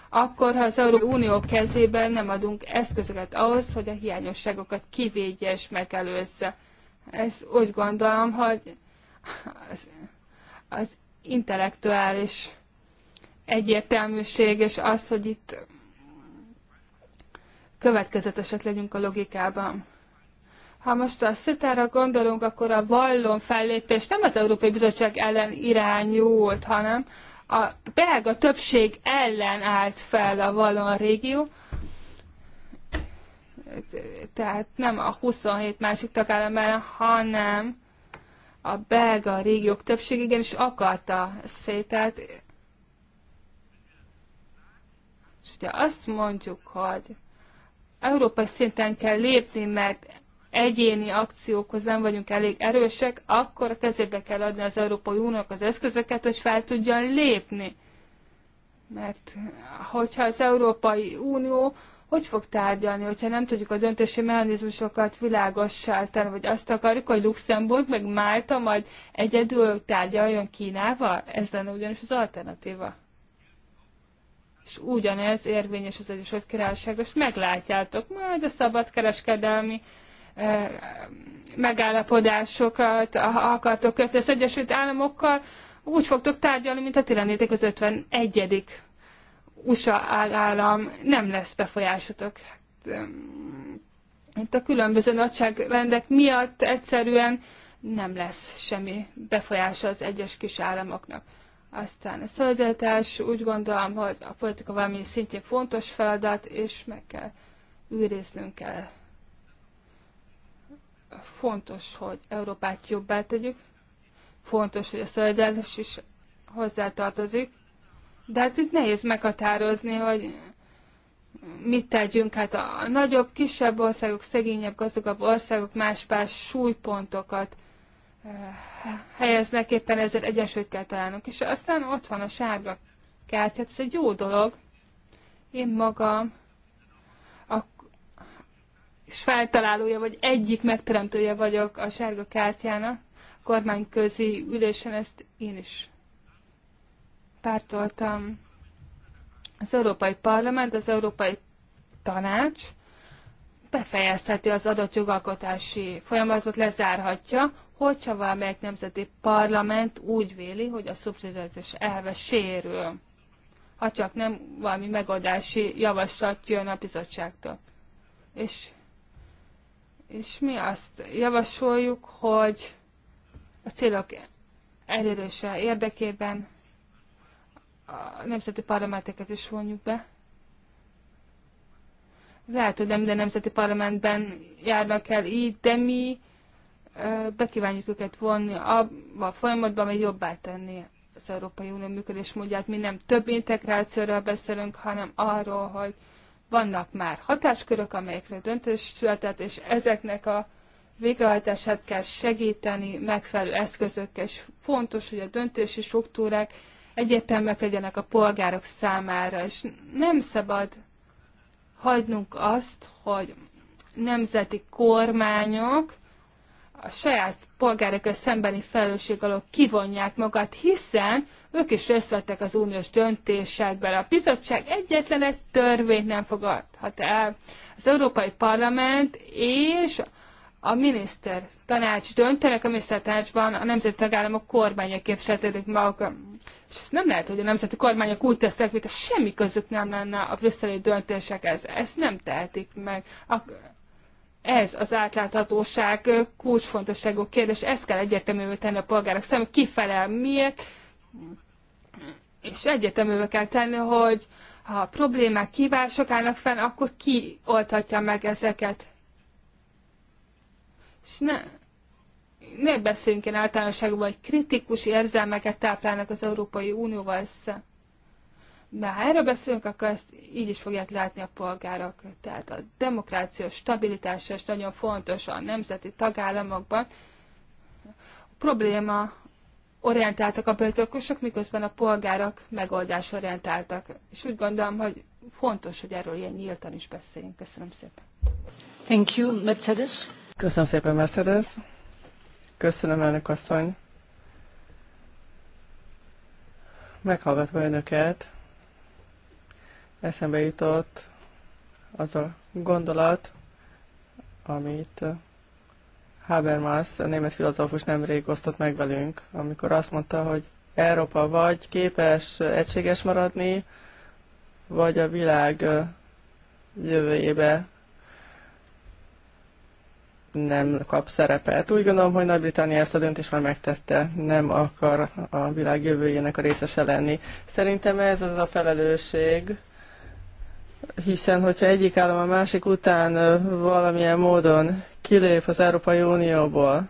akkor, ha az Európai Unió kezében nem adunk eszközöket ahhoz, hogy a hiányosságokat kivédje és megelőzze. Ezt úgy gondolom, hogy az, az intellektuális egyértelműség, és az, hogy itt következetesek legyünk a logikában. Ha most a szitára gondolunk, akkor a vallon fellépés nem az Európai Bizottság ellen irányult, hanem a belga többség ellen állt fel a vallon régió, tehát nem a 27 másik tagállam ellen, hanem a belga régiók többség igenis akarta szételt. És ugye azt mondjuk, hogy európai szinten kell lépni, mert egyéni akciókhoz nem vagyunk elég erősek, akkor a kezébe kell adni az Európai Uniónak az eszközöket, hogy fel tudjon lépni. Mert hogyha az Európai Unió hogy fog tárgyalni, hogyha nem tudjuk a döntési mechanizmusokat világossá tenni, vagy azt akarjuk, hogy Luxemburg meg Málta majd egyedül tárgyaljon Kínával? Ez lenne ugyanis az alternatíva. És ugyanez érvényes az Egyesült Királyságra, és meglátjátok, majd a szabadkereskedelmi kereskedelmi megállapodásokat akartok kötni az Egyesült Államokkal, úgy fogtok tárgyalni, mint a ti lennétek az 51. USA állam, nem lesz befolyásotok. Hát, itt a különböző nagyságrendek miatt egyszerűen nem lesz semmi befolyása az egyes kis államoknak. Aztán a szolidaritás, úgy gondolom, hogy a politika valami szintén fontos feladat, és meg kell űrésznünk kell fontos, hogy Európát jobbá tegyük, fontos, hogy a szolidáris is hozzátartozik, de hát itt nehéz meghatározni, hogy mit tegyünk. Hát a nagyobb, kisebb országok, szegényebb, gazdagabb országok más-más súlypontokat eh, helyeznek, éppen ezért egyensúlyt kell találnunk. És aztán ott van a sárga kártya, ez egy jó dolog. Én magam és feltalálója, vagy egyik megteremtője vagyok a sárga kártyának. A kormányközi ülésen ezt én is pártoltam. Az Európai Parlament, az Európai Tanács befejezheti az adott jogalkotási folyamatot, lezárhatja, hogyha valamelyik nemzeti parlament úgy véli, hogy a szubszidiaritás elve sérül, ha csak nem valami megoldási javaslat jön a bizottságtól. És és mi azt javasoljuk, hogy a célok elérése érdekében a nemzeti parlamenteket is vonjuk be. Lehet, hogy nem minden nemzeti parlamentben járnak el így, de mi bekívánjuk őket vonni abba a folyamatban, hogy jobbá tenni az Európai Unió módját. Mi nem több integrációról beszélünk, hanem arról, hogy vannak már hatáskörök, amelyekre döntés született, és ezeknek a végrehajtását kell segíteni megfelelő eszközökkel, és fontos, hogy a döntési struktúrák egyértelműek legyenek a polgárok számára, és nem szabad hagynunk azt, hogy nemzeti kormányok a saját polgárok szembeni felelősség alól kivonják magát, hiszen ők is részt vettek az uniós döntésekben. A bizottság egyetlen egy törvényt nem fogadhat el. Az Európai Parlament és a miniszter tanács döntenek, a miniszter tanácsban a nemzeti tagállamok kormányok képviseltetik magukat. És ezt nem lehet, hogy a nemzeti kormányok úgy tesznek, mint a semmi közük nem lenne a brüsszeli döntésekhez. Ezt nem tehetik meg. A, ez az átláthatóság kulcsfontosságú kérdés, ezt kell egyeteművé tenni a polgárok számára, ki felel miért, és egyeteművé kell tenni, hogy ha a problémák kívások állnak fenn, akkor ki oldhatja meg ezeket. És ne, ne beszéljünk én általánosságban, hogy kritikus érzelmeket táplálnak az Európai Unióval szemben már erről beszélünk, akkor ezt így is fogják látni a polgárok. Tehát a demokrácia stabilitása is nagyon fontos a nemzeti tagállamokban. A probléma orientáltak a politikusok, miközben a polgárok megoldás orientáltak. És úgy gondolom, hogy fontos, hogy erről ilyen nyíltan is beszéljünk. Köszönöm szépen. Thank you, Mercedes. Köszönöm szépen, Mercedes. Köszönöm, elnök asszony. Meghallgatva önöket, eszembe jutott az a gondolat, amit Habermas, a német filozófus nemrég osztott meg velünk, amikor azt mondta, hogy Európa vagy képes egységes maradni, vagy a világ jövőjébe nem kap szerepet. Úgy gondolom, hogy Nagy-Britannia ezt a döntést már megtette, nem akar a világ jövőjének a részese lenni. Szerintem ez az a felelősség, hiszen hogyha egyik állam a másik után valamilyen módon kilép az Európai Unióból,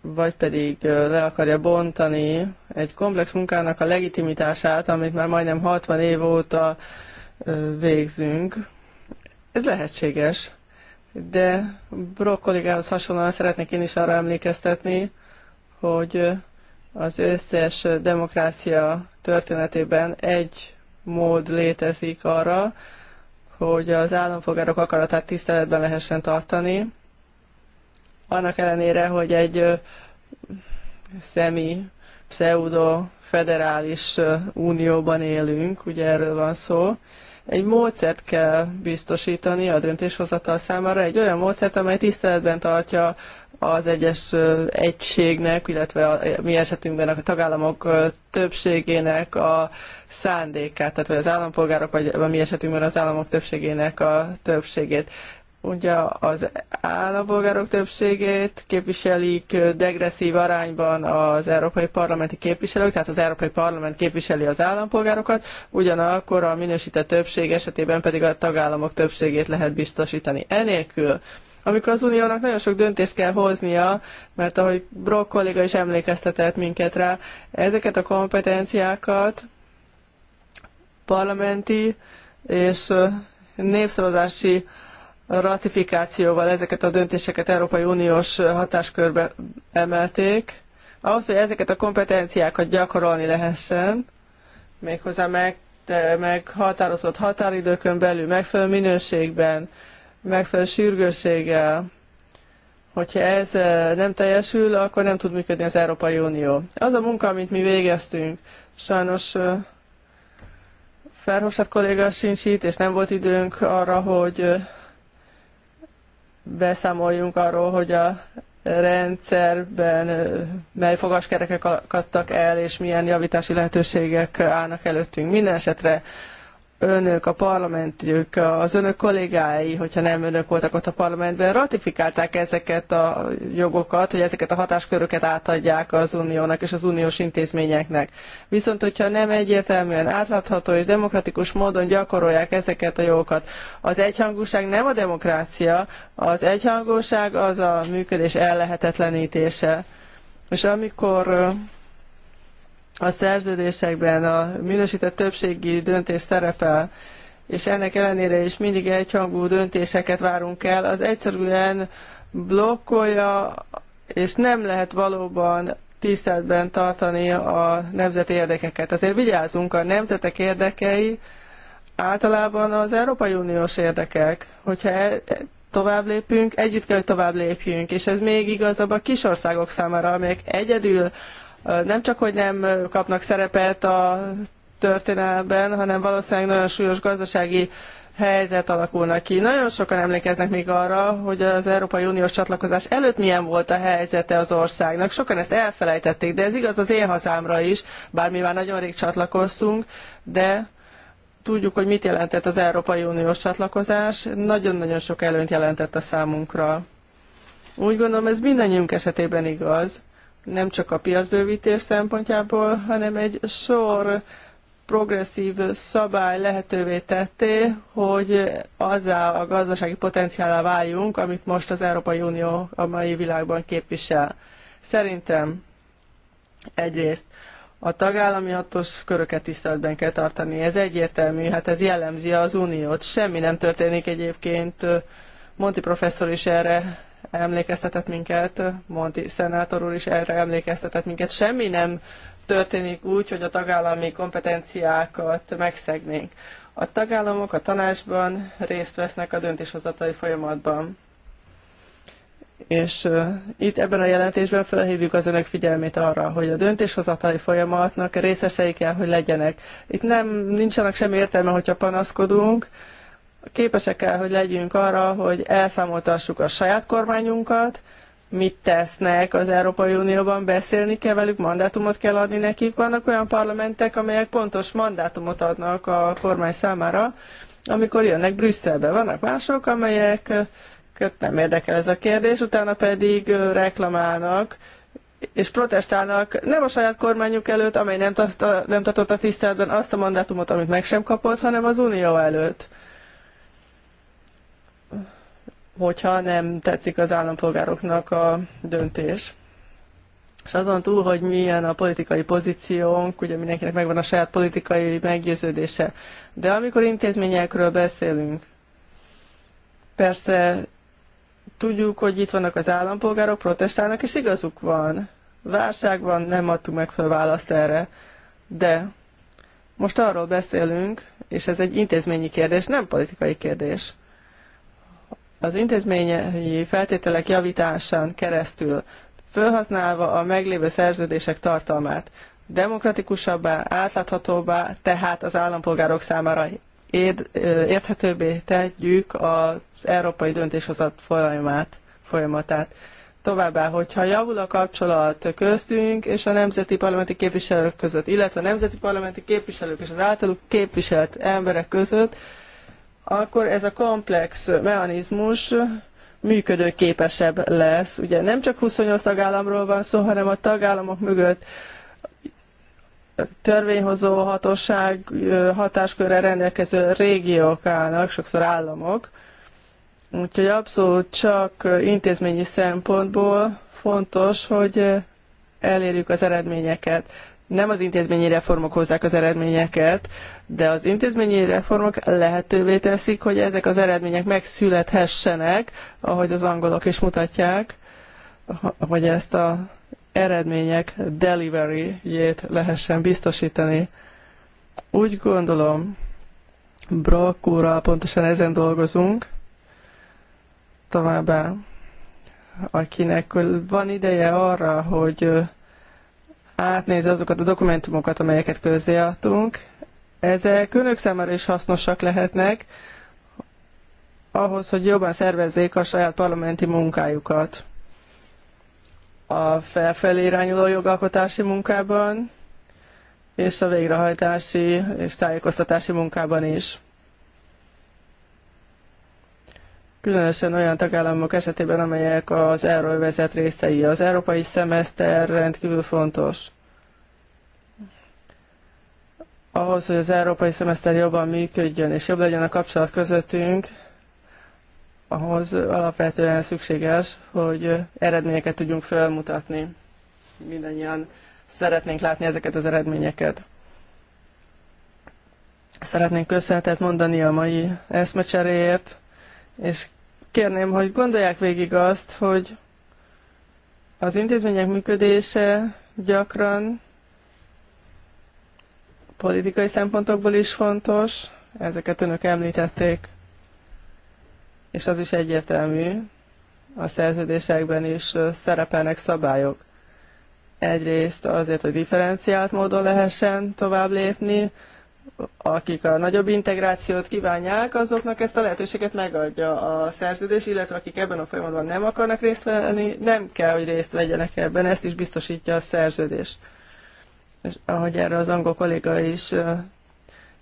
vagy pedig le akarja bontani egy komplex munkának a legitimitását, amit már majdnem 60 év óta végzünk. Ez lehetséges, de Brock kollégához hasonlóan szeretnék én is arra emlékeztetni, hogy az összes demokrácia történetében egy mód létezik arra, hogy az állampolgárok akaratát tiszteletben lehessen tartani, annak ellenére, hogy egy szemi, pseudo federális unióban élünk, ugye erről van szó, egy módszert kell biztosítani a döntéshozatal számára, egy olyan módszert, amely tiszteletben tartja az egyes egységnek, illetve a mi esetünkben a tagállamok többségének a szándékát, tehát vagy az állampolgárok, vagy a mi esetünkben az államok többségének a többségét. Ugye az állampolgárok többségét képviselik degresszív arányban az európai parlamenti képviselők, tehát az európai parlament képviseli az állampolgárokat, ugyanakkor a minősített többség esetében pedig a tagállamok többségét lehet biztosítani. Enélkül amikor az uniónak nagyon sok döntést kell hoznia, mert ahogy Brock kolléga is emlékeztetett minket rá, ezeket a kompetenciákat parlamenti és uh, népszavazási ratifikációval ezeket a döntéseket Európai Uniós hatáskörbe emelték. Ahhoz, hogy ezeket a kompetenciákat gyakorolni lehessen, méghozzá meg, meghatározott határidőkön belül, megfelelő minőségben, megfelelő sürgősséggel. Hogyha ez nem teljesül, akkor nem tud működni az Európai Unió. Az a munka, amit mi végeztünk, sajnos Ferhofstadt kolléga sincs itt, és nem volt időnk arra, hogy beszámoljunk arról, hogy a rendszerben mely fogaskerekek akadtak el, és milyen javítási lehetőségek állnak előttünk. Minden esetre önök, a parlamentjük, az önök kollégái, hogyha nem önök voltak ott a parlamentben, ratifikálták ezeket a jogokat, hogy ezeket a hatásköröket átadják az uniónak és az uniós intézményeknek. Viszont, hogyha nem egyértelműen átlátható és demokratikus módon gyakorolják ezeket a jogokat, az egyhangúság nem a demokrácia, az egyhangúság az a működés ellehetetlenítése. És amikor a szerződésekben a minősített többségi döntés szerepel, és ennek ellenére is mindig egyhangú döntéseket várunk el, az egyszerűen blokkolja, és nem lehet valóban tiszteletben tartani a nemzeti érdekeket. Azért vigyázunk, a nemzetek érdekei általában az Európai Uniós érdekek. Hogyha e, e, tovább lépünk, együtt kell, hogy tovább lépjünk, és ez még igazabb a kisországok számára, amelyek egyedül nem csak, hogy nem kapnak szerepet a történelemben, hanem valószínűleg nagyon súlyos gazdasági helyzet alakulnak ki. Nagyon sokan emlékeznek még arra, hogy az Európai Uniós csatlakozás előtt milyen volt a helyzete az országnak. Sokan ezt elfelejtették, de ez igaz az én hazámra is, bár mi már nagyon rég csatlakoztunk, de tudjuk, hogy mit jelentett az Európai Uniós csatlakozás. Nagyon-nagyon sok előnyt jelentett a számunkra. Úgy gondolom, ez mindannyiunk esetében igaz nem csak a piacbővítés szempontjából, hanem egy sor progresszív szabály lehetővé tetté, hogy azzá a gazdasági potenciállá váljunk, amit most az Európai Unió a mai világban képvisel. Szerintem egyrészt a tagállami hatos köröket tiszteletben kell tartani. Ez egyértelmű, hát ez jellemzi az uniót. Semmi nem történik egyébként. Monti professzor is erre emlékeztetett minket, Monti szenátor úr is erre emlékeztetett minket. Semmi nem történik úgy, hogy a tagállami kompetenciákat megszegnénk. A tagállamok a tanácsban részt vesznek a döntéshozatai folyamatban. És uh, itt ebben a jelentésben felhívjuk az önök figyelmét arra, hogy a döntéshozatali folyamatnak részesei kell, hogy legyenek. Itt nem nincsenek sem értelme, hogyha panaszkodunk, uh, Képesek kell, hogy legyünk arra, hogy elszámoltassuk a saját kormányunkat, mit tesznek az Európai Unióban, beszélni kell velük, mandátumot kell adni nekik. Vannak olyan parlamentek, amelyek pontos mandátumot adnak a kormány számára, amikor jönnek Brüsszelbe. Vannak mások, amelyeket nem érdekel ez a kérdés, utána pedig reklamálnak, és protestálnak nem a saját kormányuk előtt, amely nem, tartotta, nem tartotta tiszteletben azt a mandátumot, amit meg sem kapott, hanem az Unió előtt hogyha nem tetszik az állampolgároknak a döntés. És azon túl, hogy milyen a politikai pozíciónk, ugye mindenkinek megvan a saját politikai meggyőződése. De amikor intézményekről beszélünk, persze tudjuk, hogy itt vannak az állampolgárok, protestálnak, és igazuk van. Válság van, nem adtuk meg fel választ erre. De most arról beszélünk, és ez egy intézményi kérdés, nem politikai kérdés az intézményi feltételek javításán keresztül, felhasználva a meglévő szerződések tartalmát, demokratikusabbá, átláthatóbbá, tehát az állampolgárok számára érthetőbbé tegyük az európai döntéshozat folyamát, folyamatát. Továbbá, hogyha javul a kapcsolat köztünk és a nemzeti parlamenti képviselők között, illetve a nemzeti parlamenti képviselők és az általuk képviselt emberek között, akkor ez a komplex mechanizmus működőképesebb lesz. Ugye nem csak 28 tagállamról van szó, hanem a tagállamok mögött törvényhozó hatóság hatáskörre rendelkező régiók állnak, sokszor államok. Úgyhogy abszolút csak intézményi szempontból fontos, hogy elérjük az eredményeket nem az intézményi reformok hozzák az eredményeket, de az intézményi reformok lehetővé teszik, hogy ezek az eredmények megszülethessenek, ahogy az angolok is mutatják, hogy ezt a eredmények delivery-jét lehessen biztosítani. Úgy gondolom, Brock úrral pontosan ezen dolgozunk, továbbá, akinek van ideje arra, hogy átnézi azokat a dokumentumokat, amelyeket közéadtunk. Ezek önök számára is hasznosak lehetnek, ahhoz, hogy jobban szervezzék a saját parlamenti munkájukat. A felfelé irányuló jogalkotási munkában, és a végrehajtási és tájékoztatási munkában is. különösen olyan tagállamok esetében, amelyek az euróvezet részei. Az európai szemeszter rendkívül fontos. Ahhoz, hogy az európai szemeszter jobban működjön és jobb legyen a kapcsolat közöttünk, ahhoz alapvetően szükséges, hogy eredményeket tudjunk felmutatni. Mindannyian szeretnénk látni ezeket az eredményeket. Szeretnénk köszönetet mondani a mai eszmecseréért, és kérném, hogy gondolják végig azt, hogy az intézmények működése gyakran politikai szempontokból is fontos, ezeket önök említették, és az is egyértelmű, a szerződésekben is szerepelnek szabályok. Egyrészt azért, hogy differenciált módon lehessen tovább lépni, akik a nagyobb integrációt kívánják, azoknak ezt a lehetőséget megadja a szerződés, illetve akik ebben a folyamatban nem akarnak részt venni, nem kell, hogy részt vegyenek ebben, ezt is biztosítja a szerződés. És ahogy erre az angol kolléga is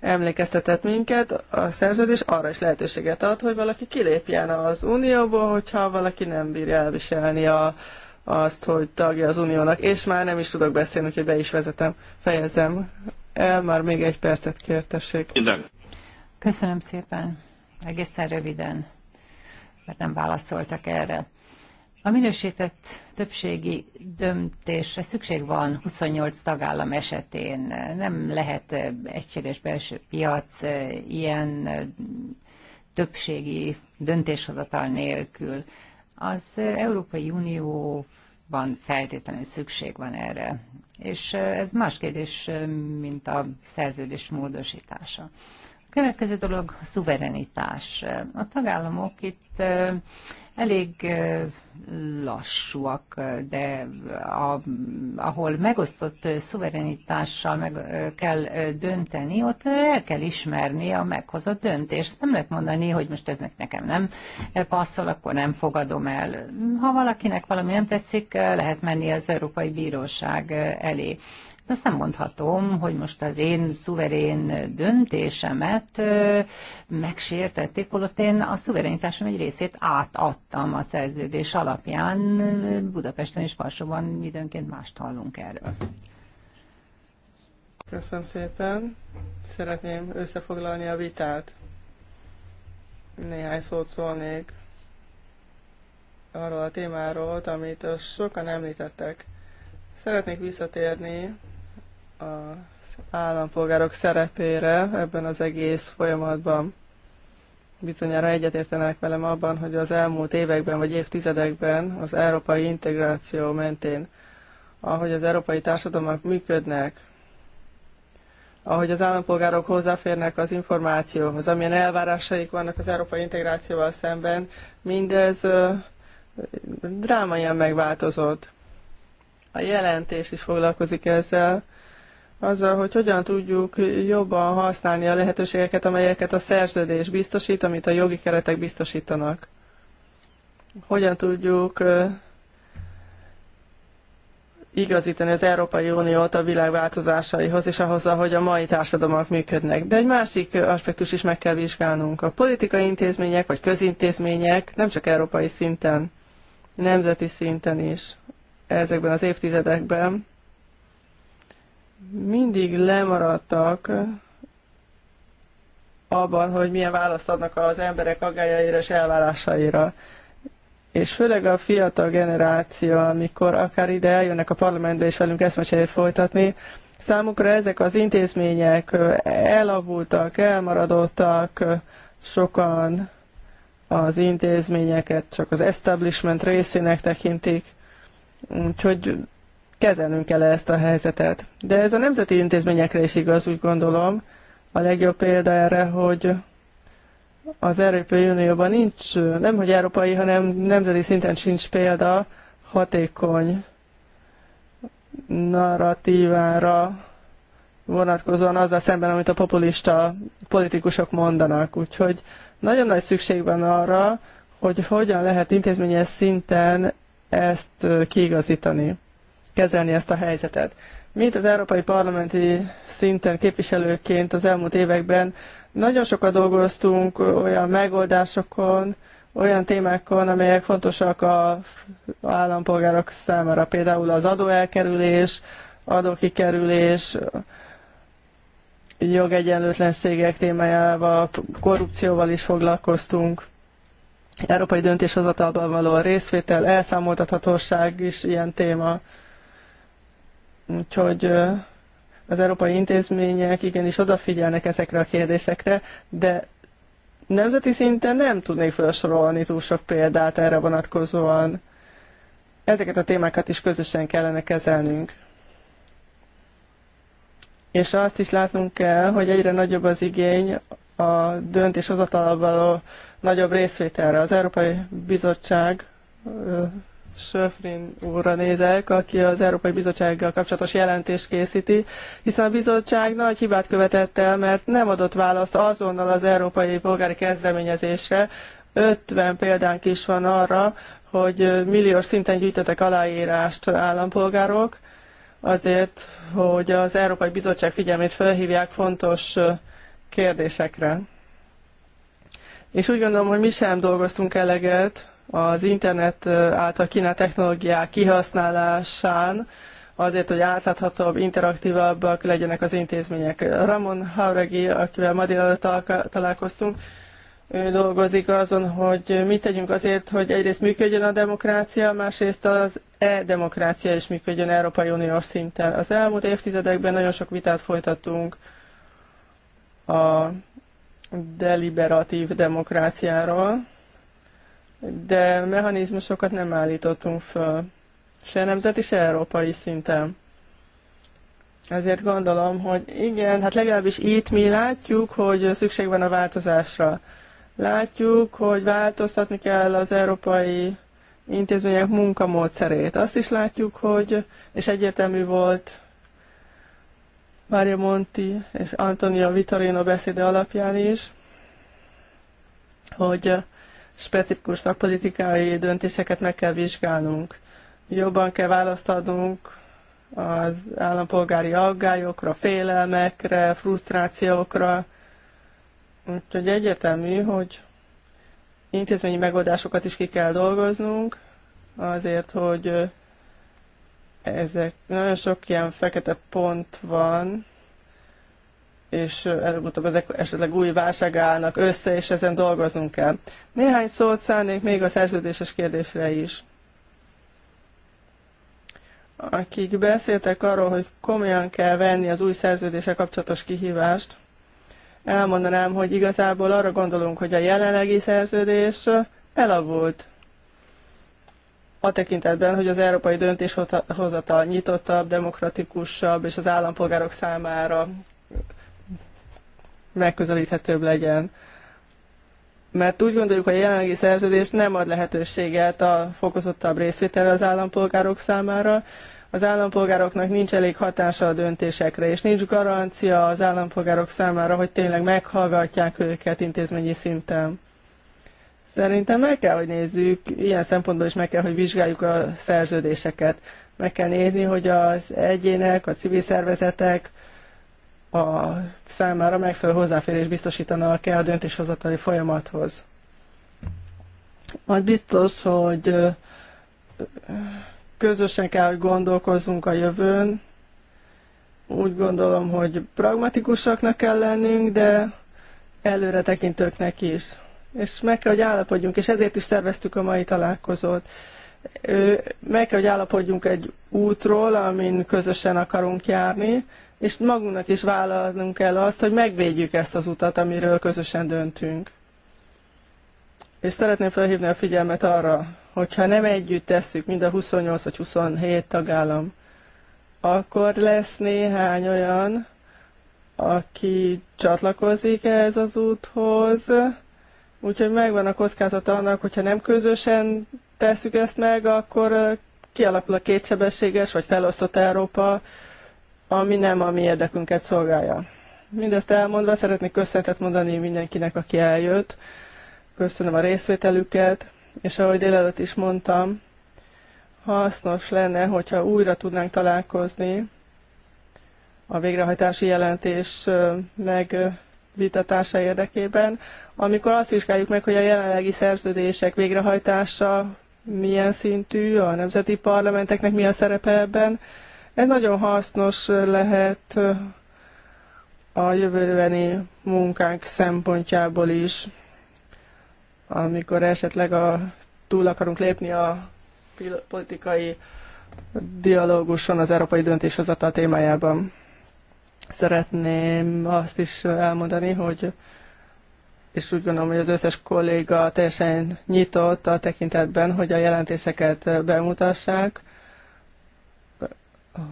emlékeztetett minket, a szerződés arra is lehetőséget ad, hogy valaki kilépjen az unióból, hogyha valaki nem bírja elviselni a, azt, hogy tagja az uniónak, és már nem is tudok beszélni, hogy be is vezetem, fejezem el, már még egy percet kértessék. Minden. Köszönöm szépen. Egészen röviden, mert nem válaszoltak erre. A minősített többségi döntésre szükség van 28 tagállam esetén. Nem lehet egységes belső piac eh, ilyen eh, többségi döntéshozatal nélkül. Az Európai Unió van feltétlenül szükség van erre. És ez más kérdés, mint a szerződés módosítása. A következő dolog szuverenitás. A tagállamok itt elég lassúak, de a, ahol megosztott szuverenitással meg kell dönteni, ott el kell ismerni a meghozott döntést. Nem lehet mondani, hogy most ez nekem nem passzol, akkor nem fogadom el. Ha valakinek valami nem tetszik, lehet menni az Európai Bíróság elé. Azt nem mondhatom, hogy most az én szuverén döntésemet megsértették, holott én a szuverenitásom egy részét átadtam a szerződés alapján. Budapesten és Varsóban időnként mást hallunk erről. Köszönöm szépen. Szeretném összefoglalni a vitát. Néhány szót szólnék arról a témáról, amit sokan említettek. Szeretnék visszatérni az állampolgárok szerepére ebben az egész folyamatban. Bizonyára egyetértenek velem abban, hogy az elmúlt években vagy évtizedekben az európai integráció mentén, ahogy az európai társadalmak működnek, ahogy az állampolgárok hozzáférnek az információhoz, amilyen elvárásaik vannak az európai integrációval szemben, mindez drámaian megváltozott. A jelentés is foglalkozik ezzel, azzal, hogy hogyan tudjuk jobban használni a lehetőségeket, amelyeket a szerződés biztosít, amit a jogi keretek biztosítanak. Hogyan tudjuk igazítani az Európai Uniót a világ változásaihoz, és ahhoz, hogy a mai társadalmak működnek. De egy másik aspektus is meg kell vizsgálnunk. A politikai intézmények, vagy közintézmények nem csak európai szinten, nemzeti szinten is ezekben az évtizedekben mindig lemaradtak abban, hogy milyen választ adnak az emberek aggájaira és elvárásaira. És főleg a fiatal generáció, amikor akár ide eljönnek a parlamentbe és velünk eszmecserét folytatni, számukra ezek az intézmények elavultak, elmaradottak, sokan az intézményeket csak az establishment részének tekintik, Úgyhogy kezelnünk kell ezt a helyzetet. De ez a nemzeti intézményekre is igaz, úgy gondolom. A legjobb példa erre, hogy az Európai Unióban nincs, nem hogy európai, hanem nemzeti szinten sincs példa hatékony narratívára vonatkozóan azzal szemben, amit a populista politikusok mondanak. Úgyhogy nagyon nagy szükség van arra, hogy hogyan lehet intézményes szinten ezt kiigazítani, kezelni ezt a helyzetet. Mint az Európai Parlamenti szinten képviselőként az elmúlt években nagyon sokat dolgoztunk olyan megoldásokon, olyan témákon, amelyek fontosak a állampolgárok számára, például az adóelkerülés, adókikerülés, jogegyenlőtlenségek témájával, korrupcióval is foglalkoztunk európai döntéshozatalban való részvétel, elszámoltathatóság is ilyen téma. Úgyhogy az európai intézmények igenis odafigyelnek ezekre a kérdésekre, de nemzeti szinten nem tudnék felsorolni túl sok példát erre vonatkozóan. Ezeket a témákat is közösen kellene kezelnünk. És azt is látnunk kell, hogy egyre nagyobb az igény a döntéshozatalabban a nagyobb részvételre. Az Európai Bizottság Söfrin úrra nézek, aki az Európai Bizottsággal kapcsolatos jelentést készíti, hiszen a bizottság nagy hibát követett el, mert nem adott választ azonnal az európai polgári kezdeményezésre. 50 példánk is van arra, hogy milliós szinten gyűjtöttek aláírást állampolgárok, azért, hogy az Európai Bizottság figyelmét felhívják fontos kérdésekre. És úgy gondolom, hogy mi sem dolgoztunk eleget az internet által kínált technológiák kihasználásán, azért, hogy átláthatóbb, interaktívabbak legyenek az intézmények. Ramon Hauregi, akivel ma délelőtt találkoztunk, ő dolgozik azon, hogy mit tegyünk azért, hogy egyrészt működjön a demokrácia, másrészt az e-demokrácia is működjön Európai Uniós szinten. Az elmúlt évtizedekben nagyon sok vitát folytattunk a deliberatív demokráciáról, de mechanizmusokat nem állítottunk föl, se nemzeti, se európai szinten. Ezért gondolom, hogy igen, hát legalábbis itt mi látjuk, hogy szükség van a változásra. Látjuk, hogy változtatni kell az európai intézmények munkamódszerét. Azt is látjuk, hogy, és egyértelmű volt Mária Monti és Antonia Vitorino beszéde alapján is, hogy specifikus szakpolitikai döntéseket meg kell vizsgálnunk. Jobban kell választanunk az állampolgári aggályokra, félelmekre, frusztrációkra. Úgyhogy egyértelmű, hogy intézményi megoldásokat is ki kell dolgoznunk, azért, hogy ezek nagyon sok ilyen fekete pont van, és előbb-utóbb ezek esetleg új válság állnak össze, és ezen dolgoznunk kell. Néhány szót szánnék még a szerződéses kérdésre is. Akik beszéltek arról, hogy komolyan kell venni az új szerződése kapcsolatos kihívást, elmondanám, hogy igazából arra gondolunk, hogy a jelenlegi szerződés elavult a tekintetben, hogy az európai döntéshozatal nyitottabb, demokratikusabb és az állampolgárok számára megközelíthetőbb legyen. Mert úgy gondoljuk, hogy a jelenlegi szerződés nem ad lehetőséget a fokozottabb részvételre az állampolgárok számára. Az állampolgároknak nincs elég hatása a döntésekre, és nincs garancia az állampolgárok számára, hogy tényleg meghallgatják őket intézményi szinten Szerintem meg kell, hogy nézzük, ilyen szempontból is meg kell, hogy vizsgáljuk a szerződéseket. Meg kell nézni, hogy az egyének, a civil szervezetek a számára megfelelő hozzáférés biztosítanak-e a döntéshozatali folyamathoz. Majd biztos, hogy közösen kell, hogy gondolkozzunk a jövőn. Úgy gondolom, hogy pragmatikusaknak kell lennünk, de előre tekintőknek is és meg kell, hogy állapodjunk, és ezért is szerveztük a mai találkozót. Meg kell, hogy állapodjunk egy útról, amin közösen akarunk járni, és magunknak is vállalnunk kell azt, hogy megvédjük ezt az utat, amiről közösen döntünk. És szeretném felhívni a figyelmet arra, hogyha nem együtt tesszük, mind a 28 vagy 27 tagállam, akkor lesz néhány olyan, aki csatlakozik ehhez az úthoz, Úgyhogy megvan a kockázata annak, hogyha nem közösen tesszük ezt meg, akkor kialakul a kétsebességes vagy felosztott Európa, ami nem a mi érdekünket szolgálja. Mindezt elmondva szeretnék köszönetet mondani mindenkinek, aki eljött. Köszönöm a részvételüket, és ahogy délelőtt is mondtam, hasznos lenne, hogyha újra tudnánk találkozni a végrehajtási jelentés meg vitatása érdekében, amikor azt vizsgáljuk meg, hogy a jelenlegi szerződések végrehajtása milyen szintű, a nemzeti parlamenteknek mi a szerepe ebben. Ez nagyon hasznos lehet a jövőbeni munkánk szempontjából is, amikor esetleg a, túl akarunk lépni a politikai dialóguson az európai döntéshozatal témájában. Szeretném azt is elmondani, hogy és úgy gondolom, hogy az összes kolléga teljesen nyitott a tekintetben, hogy a jelentéseket bemutassák,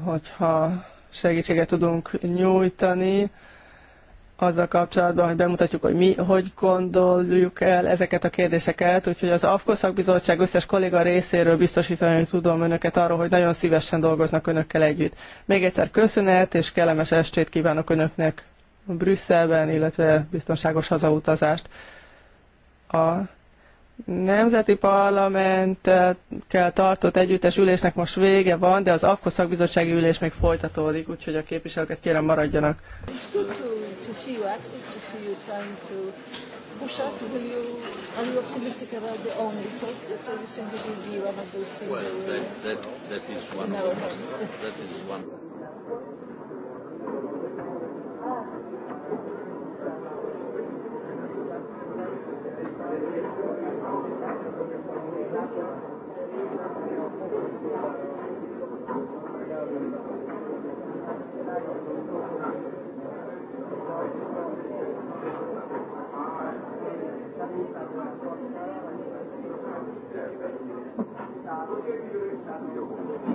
hogyha segítséget tudunk nyújtani, azzal kapcsolatban, hogy bemutatjuk, hogy mi hogy gondoljuk el ezeket a kérdéseket, úgyhogy az AFKO szakbizottság összes kolléga részéről biztosítani tudom önöket arról, hogy nagyon szívesen dolgoznak önökkel együtt. Még egyszer köszönet, és kellemes estét kívánok önöknek Brüsszelben, illetve biztonságos hazautazást. A Nemzeti parlament kell tartott együttes ülésnek most vége van, de az AFKO szakbizottsági ülés még folytatódik, úgyhogy a képviselőket kérem maradjanak. Well, that, that, that is one of the most. That is one. jó.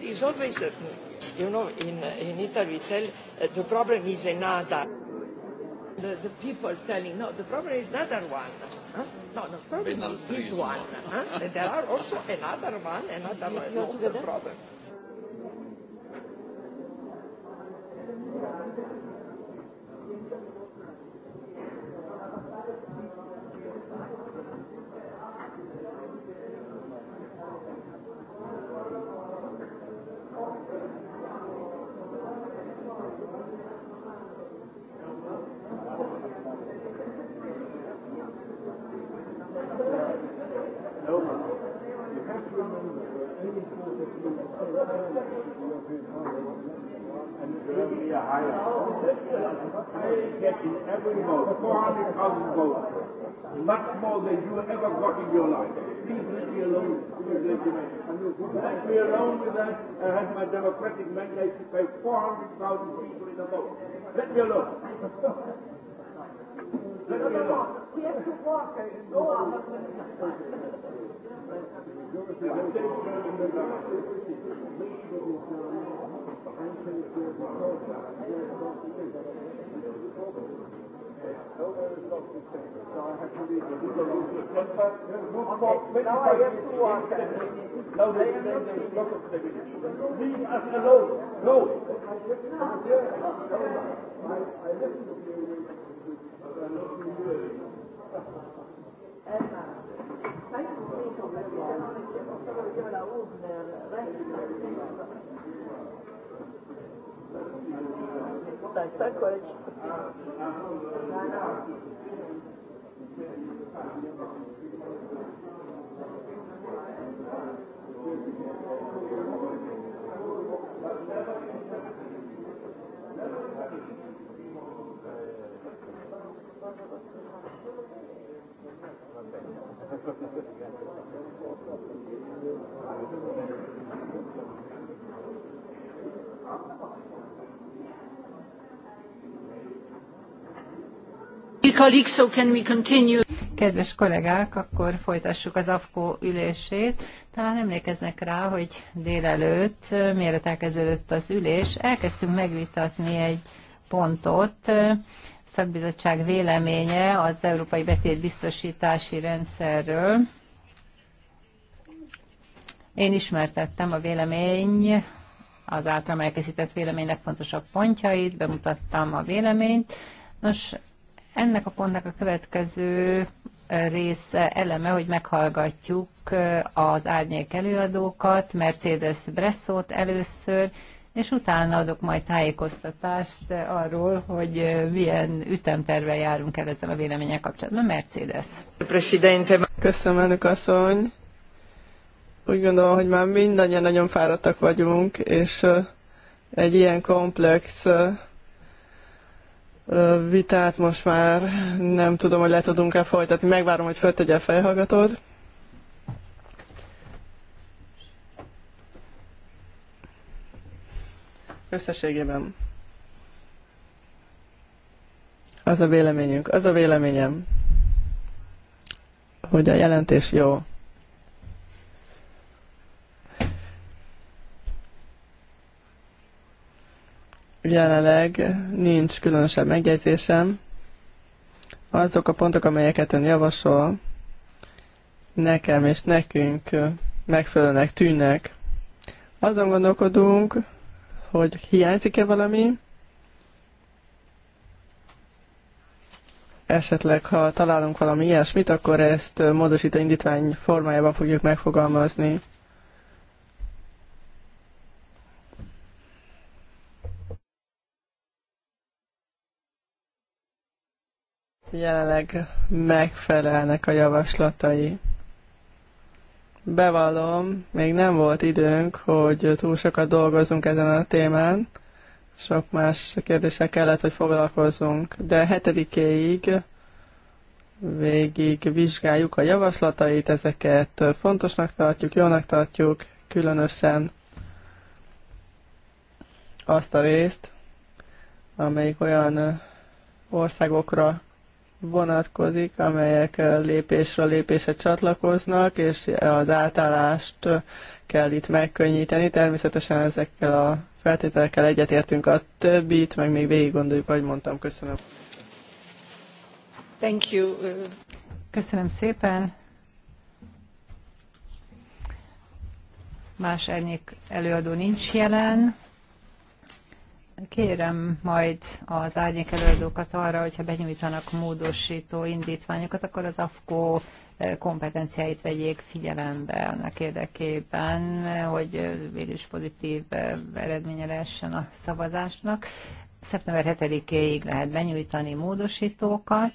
It's always, uh, you know, in, uh, in Italy we tell uh, the problem is another. The, the people telling, no, the problem is another one. Huh? No, the problem is this one. one. huh? and there are also another one, another one. No, the problem. power, much more than you ever got in your life. Please let me alone with that Let me alone with that. I had my democratic mandate to pay 400,000 people in the vote. Let me alone. let me alone. He has to walk go on. Thank you. Now I have to answer. Now they are not Leave us alone. No. I listen to you with a lot of humility. Thank you. Так, так, Колич. Thank you. Kedves kollégák, akkor folytassuk az AFKO ülését. Talán emlékeznek rá, hogy délelőtt, mielőtt elkezdődött az ülés, elkezdtünk megvitatni egy pontot, szakbizottság véleménye az Európai Betétbiztosítási Rendszerről. Én ismertettem a vélemény az általam elkészített véleménynek fontosabb pontjait, bemutattam a véleményt. Nos, ennek a pontnak a következő része eleme, hogy meghallgatjuk az árnyék előadókat, Mercedes Bressot először, és utána adok majd tájékoztatást arról, hogy milyen ütemtervel járunk el ezzel a vélemények kapcsolatban. Mercedes. Köszönöm, elnök asszony. Úgy gondolom, hogy már mindannyian nagyon fáradtak vagyunk, és egy ilyen komplex vitát most már nem tudom, hogy le tudunk-e folytatni. Megvárom, hogy föltegye a fejhallgatód. Összességében. Az a véleményünk, az a véleményem, hogy a jelentés jó. Jelenleg nincs különösebb megjegyzésem. Azok a pontok, amelyeket ön javasol, nekem és nekünk megfelelőnek tűnnek. Azon gondolkodunk, hogy hiányzik-e valami, esetleg, ha találunk valami ilyesmit, akkor ezt módosító indítvány formájában fogjuk megfogalmazni. jelenleg megfelelnek a javaslatai. Bevallom, még nem volt időnk, hogy túl sokat dolgozunk ezen a témán, sok más kérdéssel kellett, hogy foglalkozzunk, de hetedikéig végig vizsgáljuk a javaslatait, ezeket fontosnak tartjuk, jónak tartjuk, különösen azt a részt, amelyik olyan országokra vonatkozik, amelyek lépésről lépésre csatlakoznak, és az átállást kell itt megkönnyíteni. Természetesen ezekkel a feltételekkel egyetértünk a többit, meg még végig gondoljuk, ahogy mondtam. Köszönöm. Thank you. Köszönöm szépen. Más elnyék előadó nincs jelen. Kérem majd az árnyék előadókat arra, hogyha benyújtanak módosító indítványokat, akkor az AFKO eh, kompetenciáit vegyék figyelembe annak érdekében, hogy eh, végülis pozitív eh, eredménye lehessen a szavazásnak. Szeptember 7-éig lehet benyújtani módosítókat,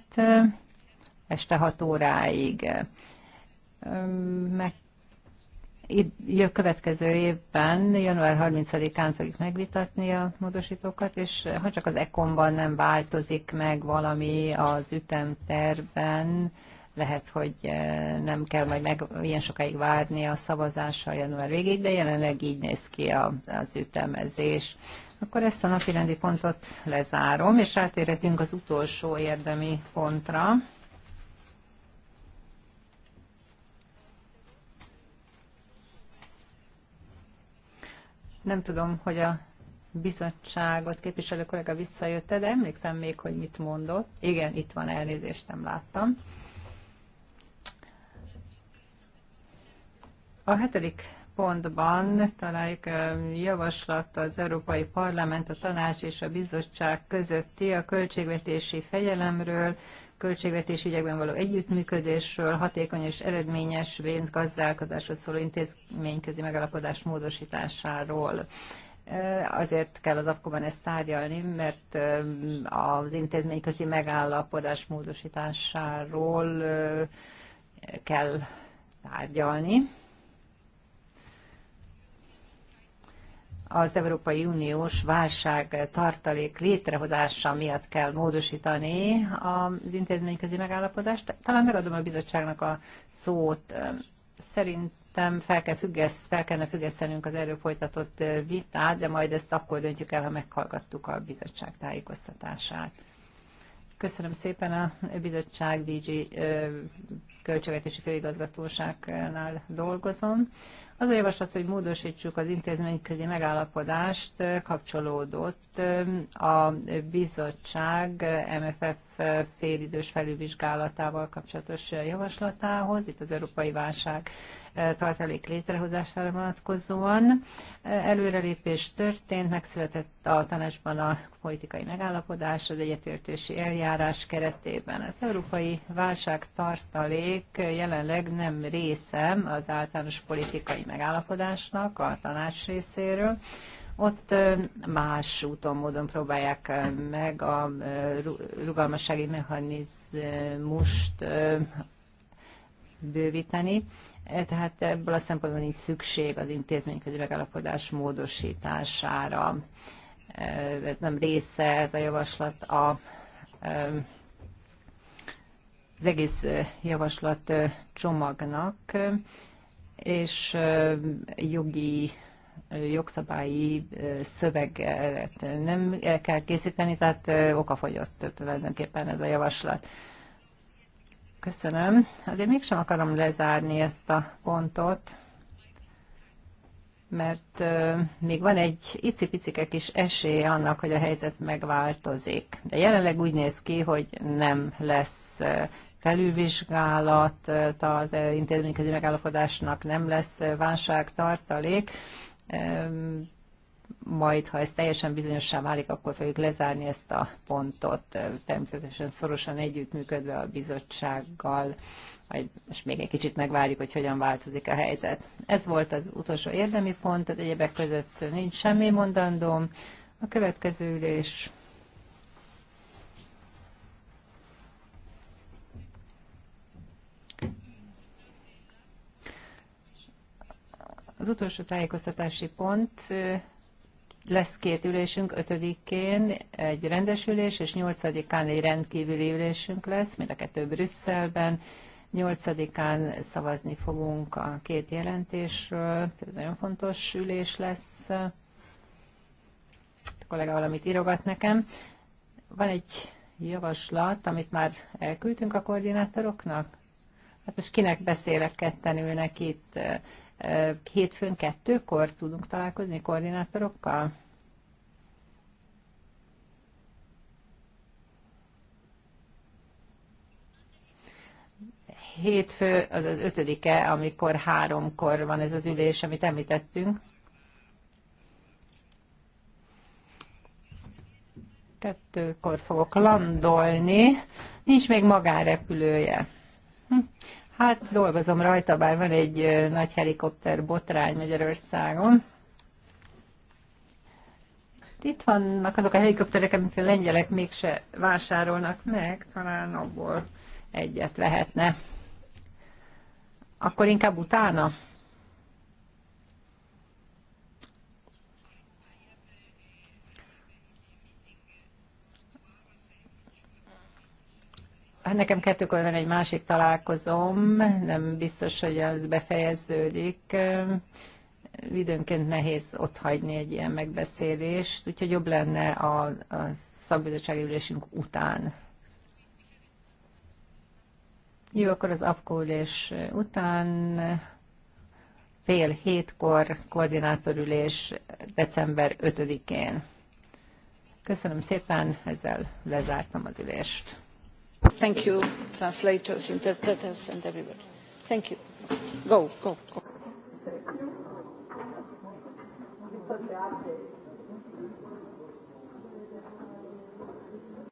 este 6 óráig meg a következő évben, január 30-án fogjuk megvitatni a módosítókat, és ha csak az ekonban nem változik meg valami az ütemterben, lehet, hogy eh, nem kell majd meg ilyen sokáig várni a szavazásra január végéig, de jelenleg így néz ki a, az ütemezés. Akkor ezt a rendi pontot lezárom, és rátérhetünk az utolsó érdemi pontra. Nem tudom, hogy a bizottságot képviselő kollega visszajött -e, de emlékszem még, hogy mit mondott. Igen, itt van elnézést, nem láttam. A hetedik pontban találjuk javaslat az Európai Parlament, a Tanács és a Bizottság közötti a költségvetési fegyelemről, költségvetési ügyekben való együttműködésről, hatékony és eredményes pénzgazdálkodáshoz szóló intézményközi megalapodás módosításáról. Azért kell az apko ezt tárgyalni, mert az intézményközi megállapodás módosításáról kell tárgyalni. az Európai Uniós válság tartalék létrehozása miatt kell módosítani az intézményközi megállapodást. Talán megadom a bizottságnak a szót. Szerintem fel, kell függesz, fel kellene függesztenünk az erről folytatott vitát, de majd ezt akkor döntjük el, ha meghallgattuk a bizottság tájékoztatását. Köszönöm szépen a bizottság DG költségvetési főigazgatóságnál dolgozom. Az a javaslat, hogy módosítsuk az intézményközi megállapodást, kapcsolódott a bizottság eh, MFF eh, félidős felülvizsgálatával kapcsolatos eh, javaslatához, itt az Európai Válság tartalék létrehozására vonatkozóan. Előrelépés történt, megszületett a tanácsban a politikai megállapodás az egyetértési eljárás keretében. Az európai válság tartalék jelenleg nem része az általános politikai megállapodásnak a tanács részéről, ott más úton, módon próbálják meg a rugalmassági mechanizmust bővíteni, e, tehát ebből a szempontból nincs szükség az intézményközi megállapodás módosítására. E, ez nem része, ez a javaslat a az egész javaslat csomagnak, és jogi jogszabályi szöveget nem kell készíteni, tehát okafogyott tulajdonképpen ez a javaslat. Köszönöm. Azért mégsem akarom lezárni ezt a pontot, mert még van egy icipicike kis esély annak, hogy a helyzet megváltozik. De jelenleg úgy néz ki, hogy nem lesz felülvizsgálat, az intézményközi megállapodásnak nem lesz válságtartalék, majd, ha ez teljesen bizonyossá válik, akkor fogjuk lezárni ezt a pontot, természetesen szorosan együttműködve a bizottsággal, majd most még egy kicsit megvárjuk, hogy hogyan változik a helyzet. Ez volt az utolsó érdemi pont, tehát egyebek között nincs semmi mondandóm. A következő ülés Az utolsó tájékoztatási pont lesz két ülésünk, ötödikén egy rendes ülés, és nyolcadikán egy rendkívüli ülésünk lesz, mind a kettő Brüsszelben. Nyolcadikán szavazni fogunk a két jelentésről, ez nagyon fontos ülés lesz. A kollega valamit írogat nekem. Van egy javaslat, amit már elküldtünk a koordinátoroknak. Hát most kinek beszélek, ketten ülnek itt Hétfőn kettőkor tudunk találkozni koordinátorokkal? Hétfő az az ötödike, amikor háromkor van ez az ülés, amit említettünk. kettőkor fogok landolni, nincs még magárepülője. Hm. Hát dolgozom rajta, bár van egy nagy helikopter botrány Magyarországon. Itt vannak azok a helikopterek, amik a lengyelek mégse vásárolnak meg, talán abból egyet lehetne. Akkor inkább utána. Hát nekem kettőkor van egy másik találkozom, nem biztos, hogy az befejeződik. Időnként nehéz ott hagyni egy ilyen megbeszélést, úgyhogy jobb lenne a, a szakbizottsági ülésünk után. Jó, akkor az APKO után fél hétkor koordinátorülés december 5-én. Köszönöm szépen, ezzel lezártam az ülést. Thank you, translators, interpreters and everybody. Thank you. Go, go, go.